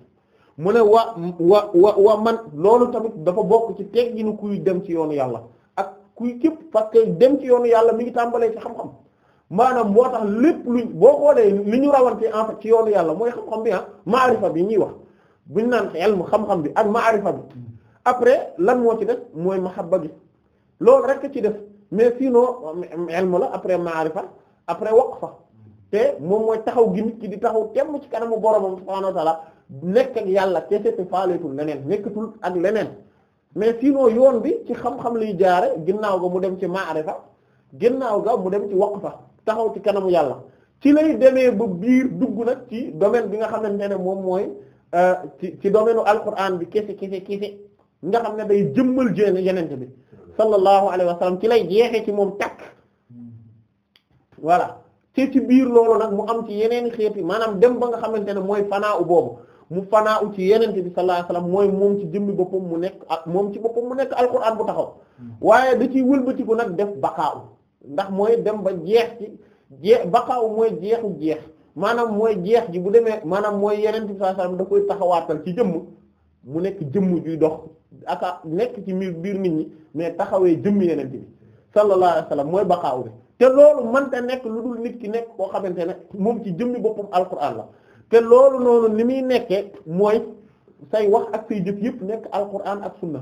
mu ne wa wa wa wa man loolu tamit dafa bokk ci teex tegginu kuy dem ci yoonu yàlla ak kuy képp parce dem ci yoonu yàlla mi ngi tàmbalee ci xam-xam maanaam moo tax lépp luñ boo xoolee li ñu rawante ci yoonu yàlla mooy xam-xam bi ah maarifa bi ñuy wax buñ naan xel mu xam-xam bi ak maarifa bi après lan moo ci def mooy maxaba gi loolu rek ci def mais sinon ilmu la après maarifa après waqfa te moom mooy taxaw gi nit ki di taxaw tem ci kanamu boromam subhaanahu wa ta'ala nekk ak yàlla te te faaleetul leneen nekkatul ak leneen mais sinon yoon bi ci xam-xam liy jaare ginnaaw ga mu dem ci maarifa ginnaaw ga mu dem ci fa taxaw ci kanamu yàlla ci lay demee ba biir dugg nag ci domaine bi nga xamante ne moom mooy euh, ci ci domaine u alquran bi kese kese kese nga xam ne day jëmmal jéem yenente bi sallallahu alayhi wa sallam ci lay jeexe ci moom takk voilà te ci biir loolu nag mu am ci yeneen xeeti maanaam dem ba nga xamante ne mooy fanaa u boobu mu fanaa u ci yenente bi sallallahu alayhi mooy moom ci jëmmi boppam mu nekk ak moom ci boppam mu nekk alquran bu taxaw waaye da ciy wëlbatiku nag def baqaaw ndax mooy dem ba jeex ci jeex baqaaw mooy jeexu jeex maanaam mooy jeex ji bu demee maanaam mooy yenente bi sallallahu da koy taxawaatal ci jëmm mu nekk jëmm juy dox aka nekk ci biir biir nit ñi mais taxawee jëmm yeneen bi sallallahu alayhi wa sallam bi te loolu mënta nekk lu dul nit ki nekk koo xamante ne moom ci jëmmi boppam alquran la te loolu noonu li muy nekkee mooy say wax ak say jëf yëpp nekk alquran ak sunna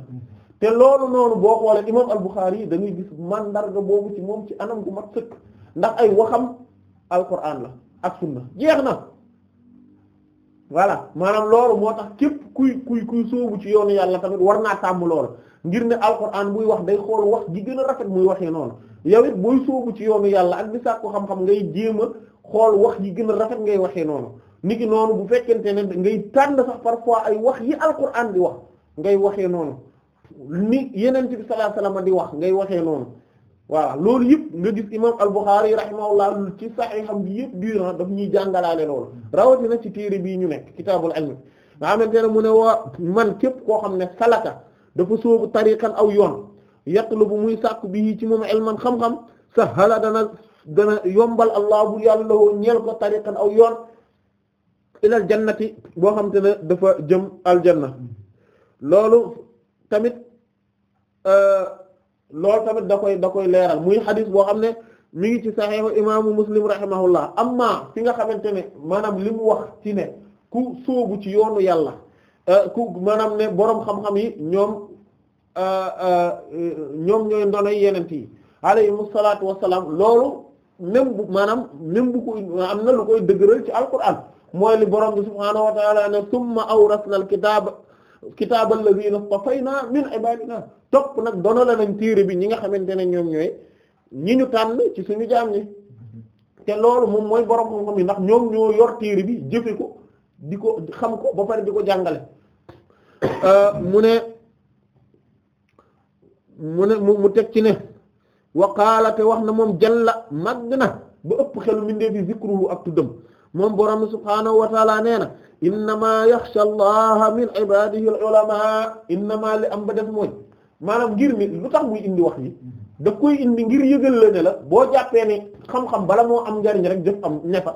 te loolu noonu boo xoolee imam al-Bukhari yi dañuy gis mandarga boobu ci moom ci anam gu mat sëkk ndax ay waxam alquran la ak sunna jeex na voilà maanaam loolu moo tax képp kuy kuy kuy sóobu ci yoonu yàlla tamit war naa tàmm loolu ngir ne alxuraan buy wax day xool wax gi gën a rafet muy waxee noonu yow it booy sóobu ci yoonu yàlla ak di sàkku xam-xam ngay jéem a xool wax gi gën a rafet ngay waxee noonu ki noonu bu fekkente ne ngay tànn sax parfois ay wax yi alxuraan di wax ngay waxee noonu ni yeneen bi sallallahu alayhi wasallam di wax ngay waxee noonu waaw loolu yëpp nga gis imam al-Bukhari rahimahullah ci saxiixam bi yëpp durant daf ñuy jàngalaale loolu rawatina ci téere bii ñu nekk kitaabul ilm nga xamante ne mu ne waa man képp koo xam ne salaka dafa sóobu tariqan aw yoon yatlubu muy sàkku bi ci moom ilman xam-xam sahala yombal allah bu yàlla lawoo ñeel ko tariqan aw yoon ilal jannati boo xam te ne dafa jëm aljanna loolu tamit euh, loolu tamit da koy da koy leeral muy xadis boo xam ne mi ngi ci saxiixu imaamu muslim rahimahullah amma fi nga xamante ne maanaam li mu wax ci ne ku sóobu ci yoonu yàlla euh, ku maanaam ne boroom xam-xam yi ñoom euh, euh, ñoom ñooy ndonoy yenent yi alayhimu salaatu wassalaam loolu même bu maanaam même ko am na lu koy dëgëral ci alquran mooy li borom bi subhaanahu wa ta'ala ne summa awrasna al kitaaba kitaabal lazina istafaynaa min ibaadinaa topp nag donale nañ téere bi ñi nga xamante ne ñoom ñooy ñi ñu tànn ci suñu jaam ñi te loolu moom mooy borom xam-xam yi ndax ñoom ñoo yor téere bi jëfe ko di ko xam ko ba pare di ko jàngale euh, mu ne mu ne mu teg ci ne waqaala te wax na moom jalla màgg na ba ëpp xelu mindee fi zikruhu ak tuddam moom borom subhaanahu wa taala nee na innamaa yaxsha allaha min ibadihi al ulama ma li am ba def mooy maanaam ngir ni lu tax muy indi wax yi da koy indi ngir yëgal la ne la boo jàppee ne xam-xam bala moo am njariñ rek jëf am ne fa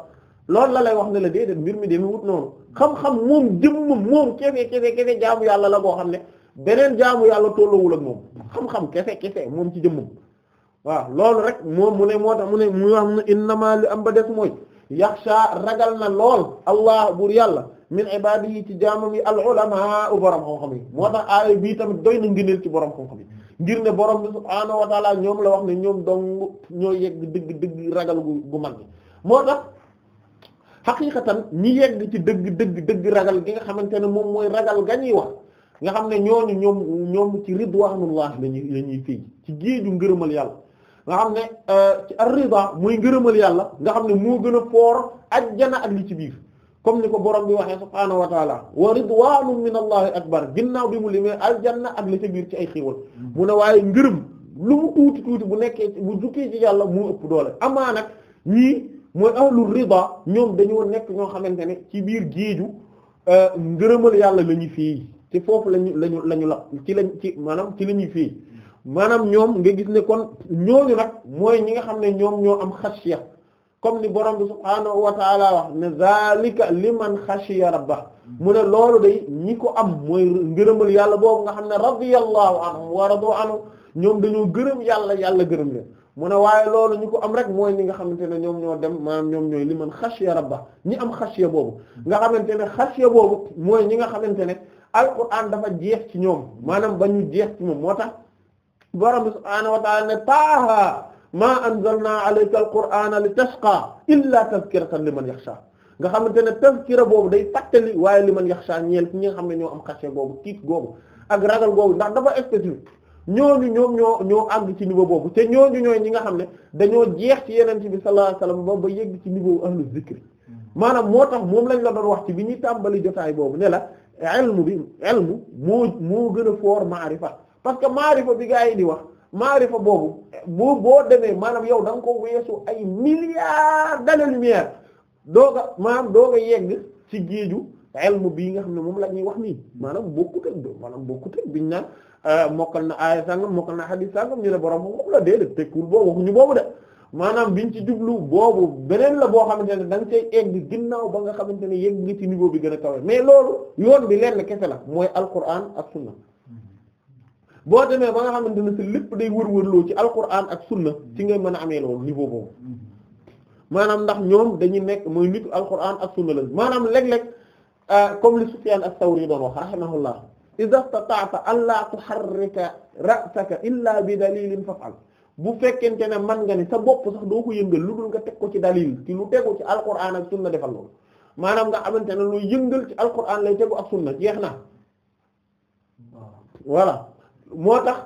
loolu la lay wax ne la déedéet mbir mi demee wut noonu xam-xam moom jëmmam moom kefe kefe kefe jaamu yàlla la boo xam ne beneen jaamu yàlla tolloowul ak moom xam-xam kefe kefe moom ci jëmmam waaw loolu rek moom mu ne moo mu ne mu wax ne innamaa li am ba def mooy yaxsha ragal na lool allah buur yàlla min ibadihi ci jaamam yi al ulama borom xam-xam yi moo tax aaya bii tamit doy na ngëneel ci borom xam-xam yi ngir ne borom bi subhaanahu wa ñoom la wax ne ñoom dong ñoo yegg dëgg dëgg ragal gu gu mag moo tax xaqiiqatan ñi yegg ci dëgg dëgg dëgg ragal gi nga xamante ne moom mooy ragal ga ñuy wax nga xam ne ñooñu ñoom ñoom ci ridwaanullah lañuy lañuy fii ci géeju ngërëmal yàlla nga xam ne euh, ci ar-rida muy ngërëmal yàlla nga xam ne moo gën a foor ajjana ak li ci biir comme ni ko borom bi waxee subhaanahu wa taala wa ridwaanun min allahi akbar ginnaaw bi mu limee aljanna ak li ci biir ci ay xéewal mu ne waaye ngërëm lu mu tuuti tuuti bu nekkee bu jukkee ci yàlla mu ëpp doole amaa nag ñii mooy ahlu rida ñoom dañoo nekk ñoo xamante ne ci biir géeju euh, ngërëmal yàlla la ñuy fii ci foofu lañu lañu lañu la ci lañ ci maanaam ci la ñuy fii maanaam ñoom nga gis ne kon ñooñu nag mooy ñi nga xam ne ñoom ñoo am xashiya comme ni borom bi subhaanahu wa taala wax ne zalika liman xashiya rabba mu ne loolu day ñi ko am mooy ngërëmal yàlla boobu nga xam ne radiyallahu anhum wa radu anhu ñoom dañoo gërëm yàlla yàlla gërëm leen mu ne waaye loolu ñu ko am rek mooy ñi nga xamante ne ñoom ñoo dem maanaam ñoom ñooy liman xashiya rabba ñi am xashiya boobu nga xamante ne xashiya boobu mooy ñi nga xamante ne alquran dafa jeex ci ñoom maanaam ba ñu jeex ci moom moo tax borom bi subhaanahu wa ta'ala ne taaha maa anzalnaa alayka al-qur'aana li tashqaa illaa tazkiratan liman yaxshaa nga xamante ne tazkira boobu day fàttali waaye li liman yaxshaa ñeel ñi nga xam ne ñoo am xasee boobu tiit googu ak ragal googu ndax dafa spécifique ñooñu ñoom ñoo ñoo àgg ci niveau boobu te ñooñu ñooy ñi nga xam ne dañoo jeex ci yeneen bi sallallahu alayhi wasallam ba ba ci niveau ahlu zikri maanaam moo tax moom lañ la doon wax ci bi ñu tàmbali jotaay boobu ne la ilmu bi ilmu moo moo gën a foor maarifa parce que maarifa bi gaa yi di wax maarifa boobu bu boo demee maanaam yow da nga ko weesu ay a d'années-lumière doog a maanaam doog a yegg ci géeju ilmu bii nga xam ne moom la ñuy wax nii maanaam bokkut ak maanaam bokkut ak biñ naan euh, mokkal na aaya sàngam mokkal na xadiis sàngam ñu ne borom moom la déedéet tekkul boobu waxuñu boobu de maanaam biñ ci jublu boobu beneen la boo xamante ne da nga cay egg ginnaaw ba nga xamante ne yegg nga ci niveau bi gën a kawe mais loolu yoon bi lenn kese la mooy Alquran ak sunna boo demee ba nga xamante ne ci lépp day wër-wërloo ci alquran ak sunna ci ngay mën a amee loolu niveau boobu maanaam ndax ñoom dañuy nekk mooy nitu alquran ak sunna la maanaam léeg-léeg euh, comme li Sufyan as-Sawri doon wax rahimahullah idha istata'ta alla tuharrika ra'saka illa bi dalilin faf'al bu fekkente ne man nga ni sa bopp sax doo ko yëngal lu dul nga teg ko ci dalil ci lu tegu ci alquran ak sunna defal lool maanaam nga xamante ne lu yëngal ci alquran lay tegu ak sunna jeex na moo tax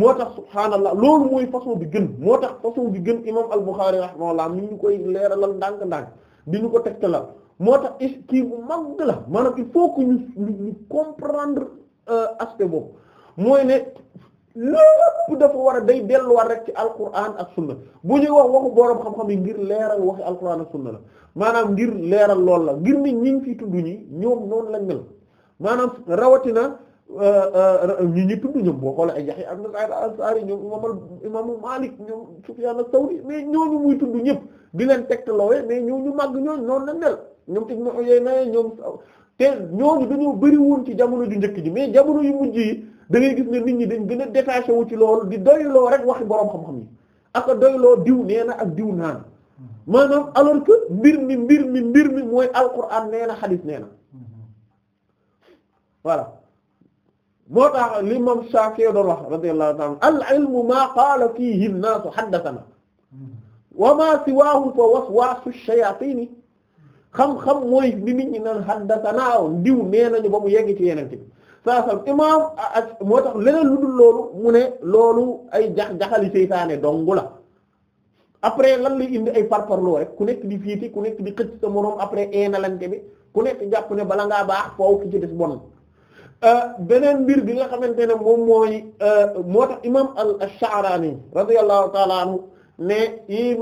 moo tax subhaanallah loolu mooy façon bi gën moo tax façon bi gën imam al-Bukhari rahimahullah ni ñu koy leeralal ndànk-ndànk di ñu ko tegte la moo tax kii bu mag la maanaam il faut que ñu ñu comprendre euh, aspect boobu mooy ne lépp dafa war a day delluwaat rek ci alquran ak sunna bu ñuy wax waxu borom xam-xam yi ngir leeral waxi alquran ak sunna la maanaam ngir leeral lool la ngir ni ñi ngi fi tudd ñi ñoom noonu lañ mel maanaam rawatina. Euh, euh, ñi ñu tudd ñoom boo xoolee ay Yahya ibn Sa'id al-Ansari ñoom imam imaamu Malik ñoom Sufyan as-Sawri mais ñooñu muy tudd ñëpp di leen teg loowe mais ñu màgg ñooñu noonu la mel ñoom te ñoo yooyu na ñoom te ñooñu dañoo bëri woon ci jamono ju njëkk ji mais jamono yu mujj yi da ngay gis ne nit ñi dañ gën a détaché wu ci loolu di doyloo rek waxi boroom xam-xam yi ak doyloo diw nee ak diw naan maanaam alors que mbir mi mbir mi mbir mi mooy alquran nee na hadith nee moo tax li moom Shaafi'i doon wax radiyallahu ta'ala al ilmu maa qaala fiihi an-naasu haddathanaa wa maa siwaahu fa waswaasu ash-shayaatiini xam-xam mooy li nit ñi naan haddathanaa diw nee nañu ba mu yegg ci yeneen bi saa sam imaam moo tax leneen lu dul loolu mu ne loolu ay jax-jaxali seytaane dongu la après lan lay indi ay parparloo rek ku nekk di fiiti ku nekk di xëcc sa moroom après eenalante bi ku nekk jàpp ne bala ngaa baax foofu ki ci des bon Euh, beneen mbir bi nga xamante ne moom mooy euh, moo tax imam al-Sha'rani radiyallahu ta'ala anhu ne i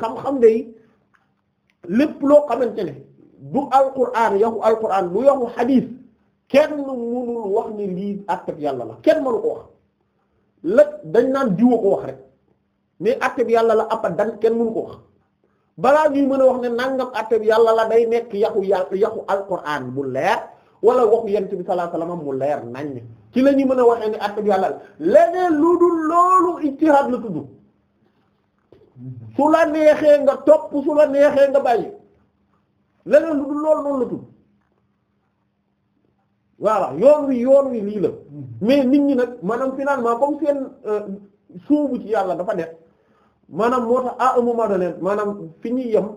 xam-xam day lépp loo xamante ne du alquran yaxu alquran du yaxu xadiis kenn mënul wax ni lii atteb yàlla la kenn mënu ko wax dañ naan diwa wax rek mais yàlla la appa dan kenn mënu ko wax balaa ñuy mën a wax ne nangam atteb yàlla la day nekk yaxu yàqu yaxu alquran bu leer wala waxu yent bi sallallahu alayhi wasallam mu leer naññ ci la ñu mën a waxee ni atte bi yàlla leneen lu dul loolu ijtihaad la tudd su la neexee nga topp su la neexee nga bàyyi leneen lu dul loolu noonu la tudd voilà yoon wi yoon wi lii la mais nit ñi nag maanaam finalement comme seen euh, suubu ci yàlla dafa def maanaam moo tax à un moment donné maanaam fi ñuy yem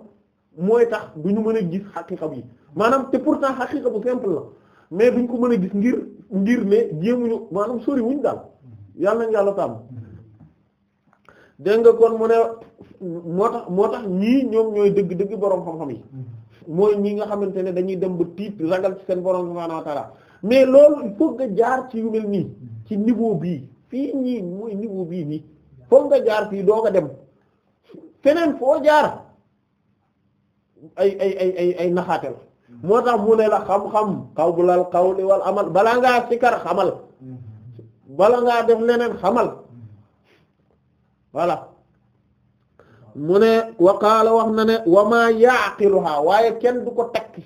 mooy tax du ñu mën a gis xaqiqa yi maanaam te pourtant xaqiqa bu simple la mais duñ ko mën a gis ngir ngir ne jéemuñu maanaam sori wuñ daal yàlla nañ yàlla tàmm dégg nga kon mu ne moo tax moo tax ñii ñoom ñooy dëgg dëgg boroom xam-xam yi mooy ñi nga xamante ne dañuy dem ba tiit ragal ci seen boroom subhaanahu naa ta'ala mais loolu il nga jaar ci yu mel nii ci niveau bii fii ñii mooy niveau bii nii foog nga jaar fii doo nga dem feneen foo jaar ay ay ay ay ay naxaate la moo tax mu ne la xam-xam xawlal xawli wal amal balaa ngaa sikar xamal bala ngaa def leneen xamal voilà mu ne waqaala wax na ne wamaa yaaqiluhaa waaye kenn du ko takki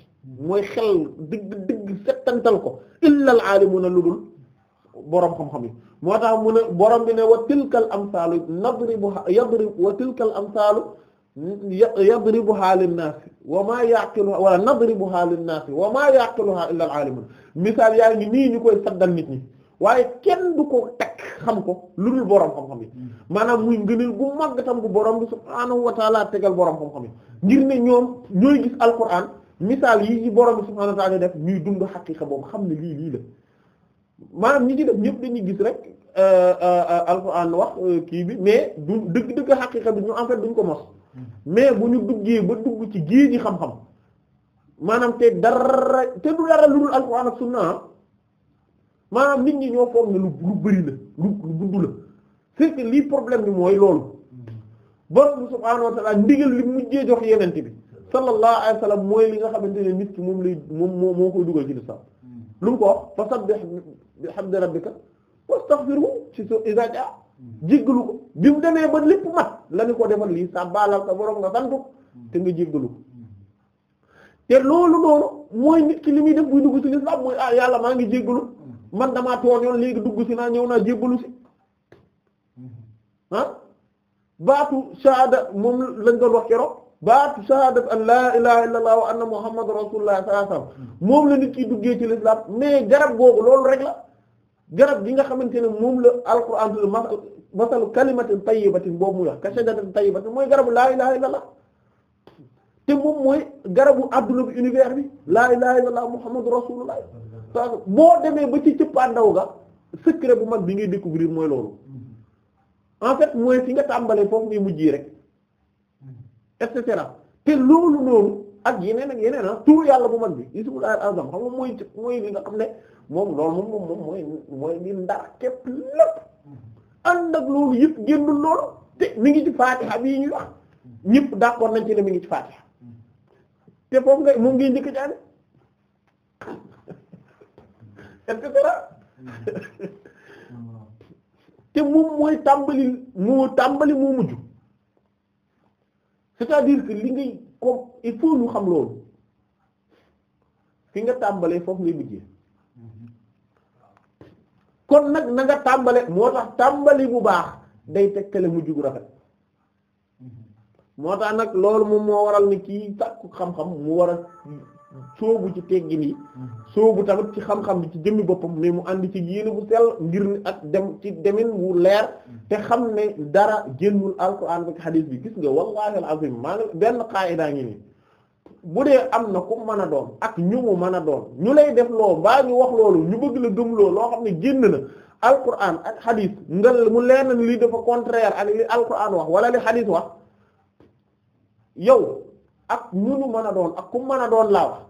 mooy xel digg digg settantal ko illal aalimuna lu dul boroom xam-xam yi moo tax mu ne borom bi ne wa tilkal amsaalu nadribuhaa yadribu wa tilkal amsaalu yadribuhaa linnaas wa maa yaqiluha wala nadribuha linnaasi wa maa yaqiluha illa al misaal yaa ngi nii ñu koy saddal nit ñi waaye kenn du ko takk xam ko lu dul boroom xam-xam yi maanaam muy ngëneel bu màgg tam bu boroom bi subhaanahu wa taala tegal boroom xam-xam yi ngir ne ñoom ñooy gis alquran misaal yi yi boroom bi subhaanahu wa taala def ñuy dund xaqiiqa boobu xam ne lii lii la maanaam ñi ci def ñëpp dañuy gis rek euh, euh, euh, alquran wax kii bi mais du dëgg-dëgg xaqiiqa bi ñu en fait ko mos mais bu ñu duggee ba dugg ci géej gi xam-xam maanaam te dara te du dara lu dul alxuraan ak sunna maanaam nit ñi ñoo foog ne lu lu bari la lu lu gudd la c'est lii problème bi mooy loolu borom subhaanahu wa ta'ala ndigal li mu mujjee jox yeneen bi sallallahu alayhi wa sallam mooy li nga xamante ne nit ki moom lay moom moo moo koy dugal ci lislaam lu mu ko wax fasabbih bihamdi rabbika wastaghfirhu ci so iza jaa jéggalu ko bi mu demee ba lépp mat la ñu ko defal lii sa baalal sa borom nga santu te nga jéggalu te loolu noonu mooy nit ki li muy def buy dugg ci lislaam mooy ah yàlla maa ngi jéggalu man damaa tooñoon léegi dugg si naa ñëw naa jéggalu si ah? baatu saada moom lañ doon wax keroog baatu saada an laa ilaha illa allah wa anna muhammadur rasulullah sallallahu alayhi wasallam moom la nit ki duggee ci lislaam mais garab googu loolu rek la garab gi nga xamante ne moom la alquran tudd masalu kalimatin tayyibatin boobu muy wax ka shajaratin tayyibatin mooy garabu laa ilaha illallah te moom mooy garabu adduna bi univers bi laa ilaha illallah muhammadu rasulullah boo demee ba ci ndaw ga secret bu mag bi ngay découvrir mooy loolu en fait mooy fi nga tàmbalee foofu ngay mujjee rek et cetera te loolu noonu ak yeneen ak yeneen ah yàlla bu mag bi ismul azam xam nga mooy mooy li nga xam ne moom loolu moom moom moom mooy mooy li ndar képp lépp ànd ak loolu yëpp génnul loolu te mi ci faatiha bii ñuy wax ñëpp d'accord nañ ci mi ngi ci faatiha te foofu nga moom ngay njëkk jaane <laughs> et <laughs> te moom mooy tàmbali moo tàmbali moo mujj c'est-à-dire que comme il faut ñu xam loolu ki nga tàmbalee foofu ngay mujjee kon nag na nga tàmbale moo tax tàmbali bu baax day tekkale mu gu rafet moo tax nag loolu moom moo waral ni kii sàkku xam-xam mu war a soobu ci teggin yi hmm. soobu tamit ci xam-xam bi ci jëmmi boppam mais mu ànd ci yéene bu sell ngir ni ak dem ci demin wu leer hmm. te xam ne dara génnul alquran ak xadiis bi gis nga wallahi alazim maa ngi benn xaayidaa ngi nii bu dee am na ku mën a doon ak ñu mu mën a doon ñu lay def loo baa ñu wax loolu ñu bëgg la gëmloo loo xam ne génn na alquran ak xadiis nga mu leer na lii dafa contraire ak li alquran wax wala li xadiis wax yow ak ñunu mën a doon ak ku mën a doon laa wax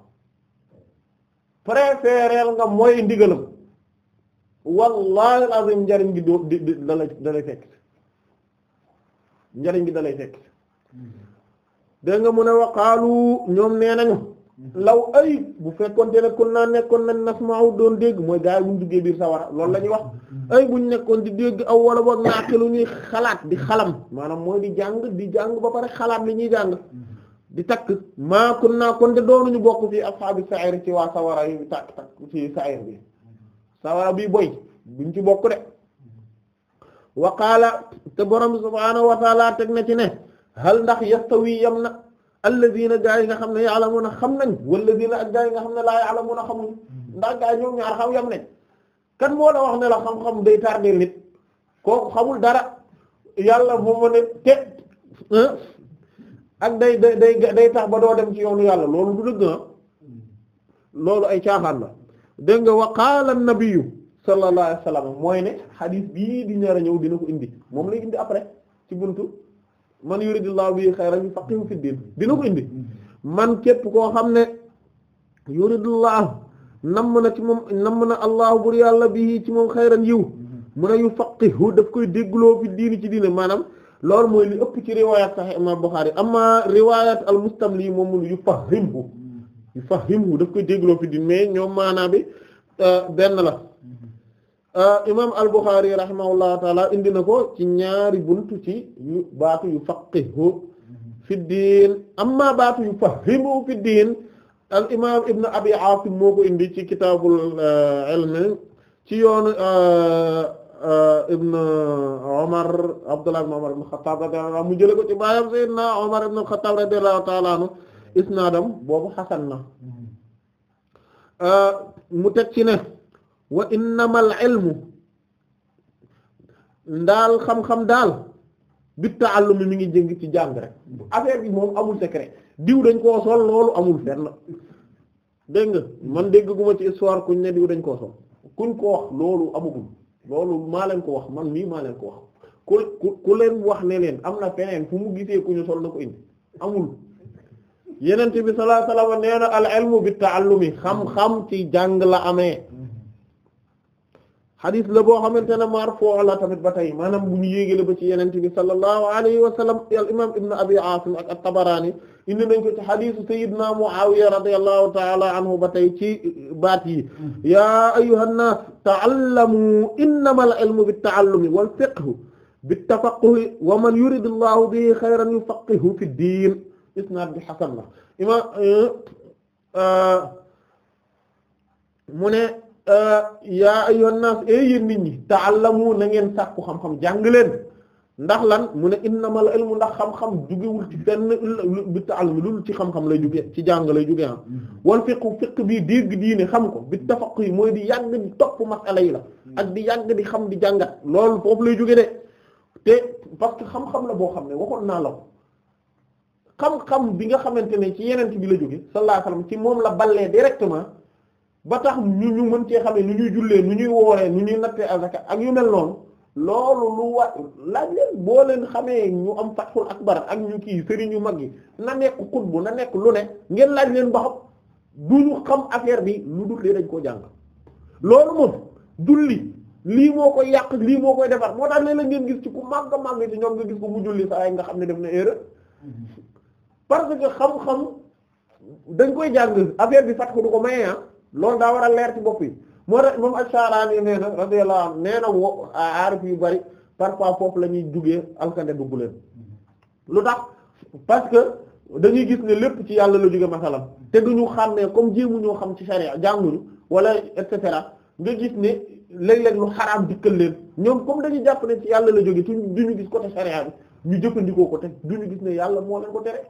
préféreel nga mooy ndigalam wallahi azim njariñ gi doo di di dalay dalay fekk njariñ gi dalay fekk dégg nga mu ne waqaalu ñoom nee nañu mm-hmm. law ay bu fekkonte ne kun naa nekkoon na nañ nasma'u doon dégg mooy gaa yi buñ duggee biir sawara loolu la wax mm-hmm. ay buñ nekkoon di dégg aw wala boog naaqilu ñuy xalaat di xalam maanaam mooy di jàng di jàng ba pare xalaat li ñuy jàng mm-hmm. di takk maa kon naa kon de doonuñu bokk fii ashaabi sa'ir ci waa sawara yu takk takk ci bi sawara bi boy buñ ci bokk de wa qaala te borom bi subhaanahu wa ta'aala teg na ci ne hal ndax yastawi yam na alladina gaa yi nga xam ne ya'lamuna xam nañ walladina ak gaa yi nga xam ne laa ya'lamuna xamuñ ndax gaa yi ñoom ñaar xaw yam nañ kan moo wax ne la xam-xam day tardeel nit kooku xamul dara yàlla mooma ne te ak day day day day tax ba doo dem ci yoonu yàlla loolu du dëgg ah loolu ay caaxaan la dégg nga wa qaala an-nabiyyu sallallahu mooy ne xadiis bii di ñaar a ñëw dina ko indi moom lay indi après ci buntu man yuridillahu bi xayran yufaqihu fi diin dina ko indi man képp koo xam ne yuridillahu namm na ci moom namm na allahu bur yàlla bii ci moom xayran yiw mu ne yufaqihu daf koy déggloo fi diini ci diine maanaam lool mooy li ëpp ci riwaayat Sahih imam Bukhari amma riwaayat al moom mu yu fahimhu yu fahimhu daf koy dégloo fi din mais ñoom maanaa bi euh, benn la euh, imam al Bukhari rahimahullahu indi na ko ci ñaari buntu ci yu baatu yu faqihu fi diin amma baatu yu fahimu fi diin al imam ibn abi Asim moo ko indi ci kitaabul euh, ilm ci yoonu ibn Omar Abdullah ibn Omar ibn Khattab radiyallahu anhu mu jëlee ko ci baayam Seydina Omar ibn Khattab radiyallahu ta'ala anhu isnaadam boobu xasan na mu teg ci ne wa innamal ilmu ndaal xam-xam daal bi ta'allum mi ngi jëng ci jàng rek affaire bi moom amul secret diw dañ koo sol loolu amul fenn dégg nga man dégg gu ma ci histoire kuñ ne diw dañ koo sol kuñ ko wax loolu amagul loolu maa leen ko wax man mii maa leen ko wax ku ku leen wax ne leen am na feneen fu mu gisee ku ñu sol na ko indi amul yenente bi sallallahu alayhi wasallam nee na al ilmu bi ta'allumi xam-xam ci jàng la amee xadis la boo xamante ne marfo la tamit ba tey maanaam bu ñu yéegale ba ci yenente bi sallallahu alayhi wa sallam al imam ibn abi asim ak at-tabarani indi nañ ko ci xadisu sayidna muawiya radiyallahu taala anhu ba tey ci baat yi ya ayyuha an-nas ta'allamu innama al-ilmu bit-ta'allumi wal-fiqhu bit-tafaqquhi wa man yurid allahu bihi xayran yufaqihu fi ddin isnad bi hasan la imam uh, mu ne Euh, yaa ayyuhan naas e yéen nit ñi ta'allamu na ngeen sàkku xam-xam jàng leen ndax lan mu ne innamal ilmu ndax xam-xam jugewul ci benn bi ta'allum lul ci xam-xam lay juge ci jàng lay juge ah mm-hmm. wal fiqhu fiqh bii xam ko bi tafaqquh yi mooy di yàgg di topp masala yi la mm-hmm. ak di yàgg di xam di jàngat loolu foofu lay juge de te parce que xam-xam la boo xam ne waxoon naa la ko xam-xam bi nga xamante ne ci yeneen bi la jóge sallallahu alayhi ci moom la ballee directement ba tax ñu ñu mën cee xamee nu ñuy jullee nu ñuy wooree ñu ñuy nattee azaka ak yu mel noonu loolu lu wa laaj leen boo leen xamee ñu am fatxul akbar ak ñu kii sëriñ yu mag yi na nekk xutbu na nekk lu ne ngeen laaj leen ba xam du ñu xam affaire bi lu dul de dañ koo jàng loolu moom julli lii moo ko yàq lii moo koy defar moo tax leen la ngeen gis ci ku màgg a màgg ci ñoom nga gis ko mu julli saa yi nga xam ne def na erreur mm-hmm. parce que xam-xam dañ koy jàng affaire bi fatxu du ko maye ah. loolu daa war a leer ci bopp yi moo tax moom Ash-Sha'rani nee na radiyallahu anhu nee na wo aarif yu bari parfois foofu la ñuy jugee alkande dugg leen lu tax parce que dañuy gis ne lépp ci yàlla la jóge masalam te duñu comme jéemu ñoo xam ci sharia jànguñu wala et cetera nga gis ne léeg-léeg lu xaraam dikkal leen ñoom comme dañuy jàpp ne ci yàlla la jóge tu duñu gis côté sharia bi ñu jëfandikoo ko te duñu gis ne yàlla moo leen ko tere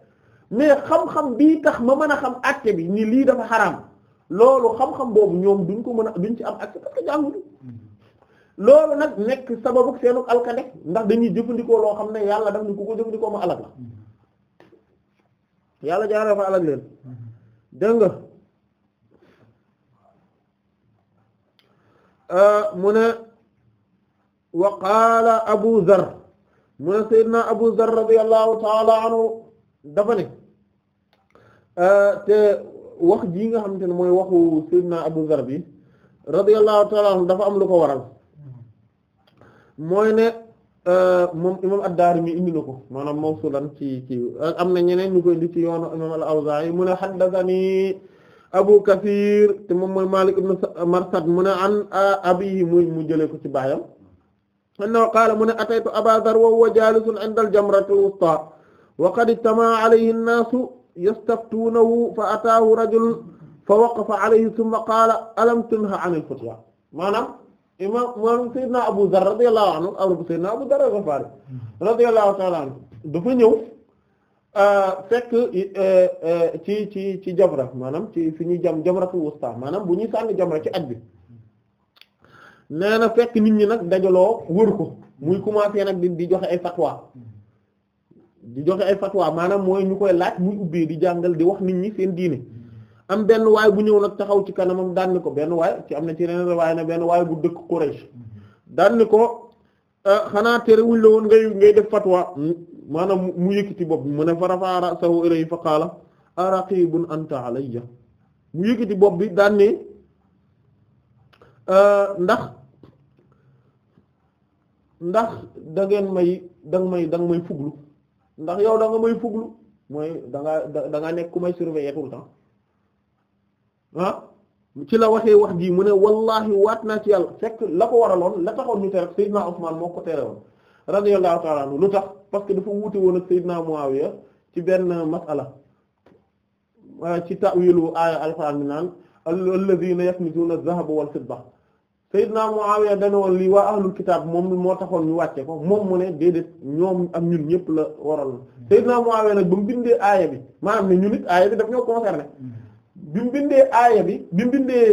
mais xam-xam bii tax ma mën a xam acte bi ni lii dafa xaraam loolu xam-xam boobu ñoom duñ ko mën a duñ ci am accès parce que jànguñu loolu nag nekk sababu seenu alkande ndax dañuy jëfandikoo loo xam ne yàlla daf ni ku ko jëfandikoo ma alal la yàlla jaaree fa alal leen dégg euh, mu ne wa qaala Abu Zar mu ne Seydina Abu Zar radiyallahu taala anhu dafa ne euh, te wax jii nga xamante ne mooy waxu Seydina Abu Zar bi radiyallahu ta'ala anhu dafa am lu ko waral mooy ne euh, moom imam ad mi indi na ko maanaam mawsulan ci ci am na ñeneen ñu koy indi ci yoonu imam al-Awzaa'i mu ne haddathanii Abu Kasiir te moom mooy Maalik ibn Marsad mu ne an abiihi muy mu jële ko ci baayam annahu qaala mu ne ataytu Abaa Zarr wa huwa jaalisun 'inda al-jamrati wa qad ijtama'a 'alayhi an yastaftuunahu fa ataahu rajulun fa waqafa alayhi thumma qaala alam tunha anil futwa maanaam imaam moom Seydina Abu Zarr radiyallahu anhu abu Seydina Abu Zarr al-Ghifari radiyallahu ta'ala anhu dafa ñëw euh, fekk euh, euh, ci ci ci jamra maanaam ci fi ñuy jam jamratul wusta maanaam bu ñuy sànni jamra ci at bi nee na fekk nit ñi nag dajaloo wër ko muy commencé nag di di joxe ay fatwa di joxe ay fatwa maanaam mooy ñu koy laaj muy ubbee di jàngal di wax nit ñi seen diine am benn waay bu ñëw nag taxaw ci kanamam daan ni ko benn waay ci am na ci yeneen waay na benn waaye bu dëkk Quraysh daan ni ko ah, xanaa terewuñ la woon ngay ngay def fatwa maanaam mu yëkkati bopp mu ne farafa ra'sahu ilayhi fa qaala araqibun anta alayya mu yëkkati bopp bi daan ne ah, ndax ndax da ngeen may danga may danga may fuglu ndax yow da nga may fuglu mooy da nga da nga nekk ku may surveiller tout le temps ah? ci la waxee wax jii mu ne wallahi waat naa ci yàlla fekk la ko waraloon la taxoon ñu tere ak Seydina moo ko tere woon radiyallahu ta'ala anhu lu tax parce que dafa wuute woon ak Seydina Muawiya ci benn mas'ala ah, ci ta'wilu aaya alquran mi naan alladhina yaknizuna adh-dhahaba wal fidda Sayyidna Muawiya dana woon lii waa ahlul kitaab moom moo taxoon ñu wàcce ko moom mu ne déedéet ñoom am ñun ñëpp la waral Sayyidna Muawiya nag ba mu bindee aaya bi maanaam ne ñun it aaya bi daf ñoo concerné bi mu bindee aaya bi bi mu bindee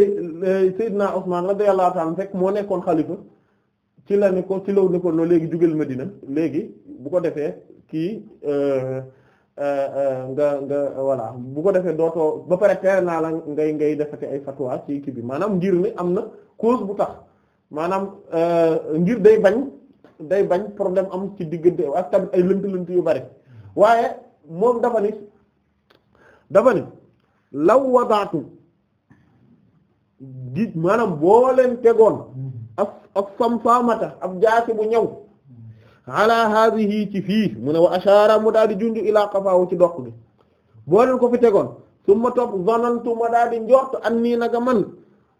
euh, Sayyidna Usmaan radiyallahu ta'ala fekk moo nekkoon xalifa ci la ne ko ci law ne ko noo léegi jugal dina léegi bu ko defee kii euh, Euh, euh, nga voilà bu ko defee dootoo ba pare teel naa la ngay ngay defati ay fatwa ci kii bi maanaam ngir ni am na cause bu tax maanaam euh, ngir day bañ day bañ problème am ci diggante ay lënt-lënt yu bari waaye moom dafa ni dafa ni law wadaatu di maanaam boo leen tegoon mm-hmm. ak ak fam faamata ab jaasi bu ñëw ala haadihi ci fii mu ne wa ashaara mu daal di junj ilaa qafaawu ci doq bi boo leen ko fi tegoon summa topp zanantu ma daal di njort an nii naka man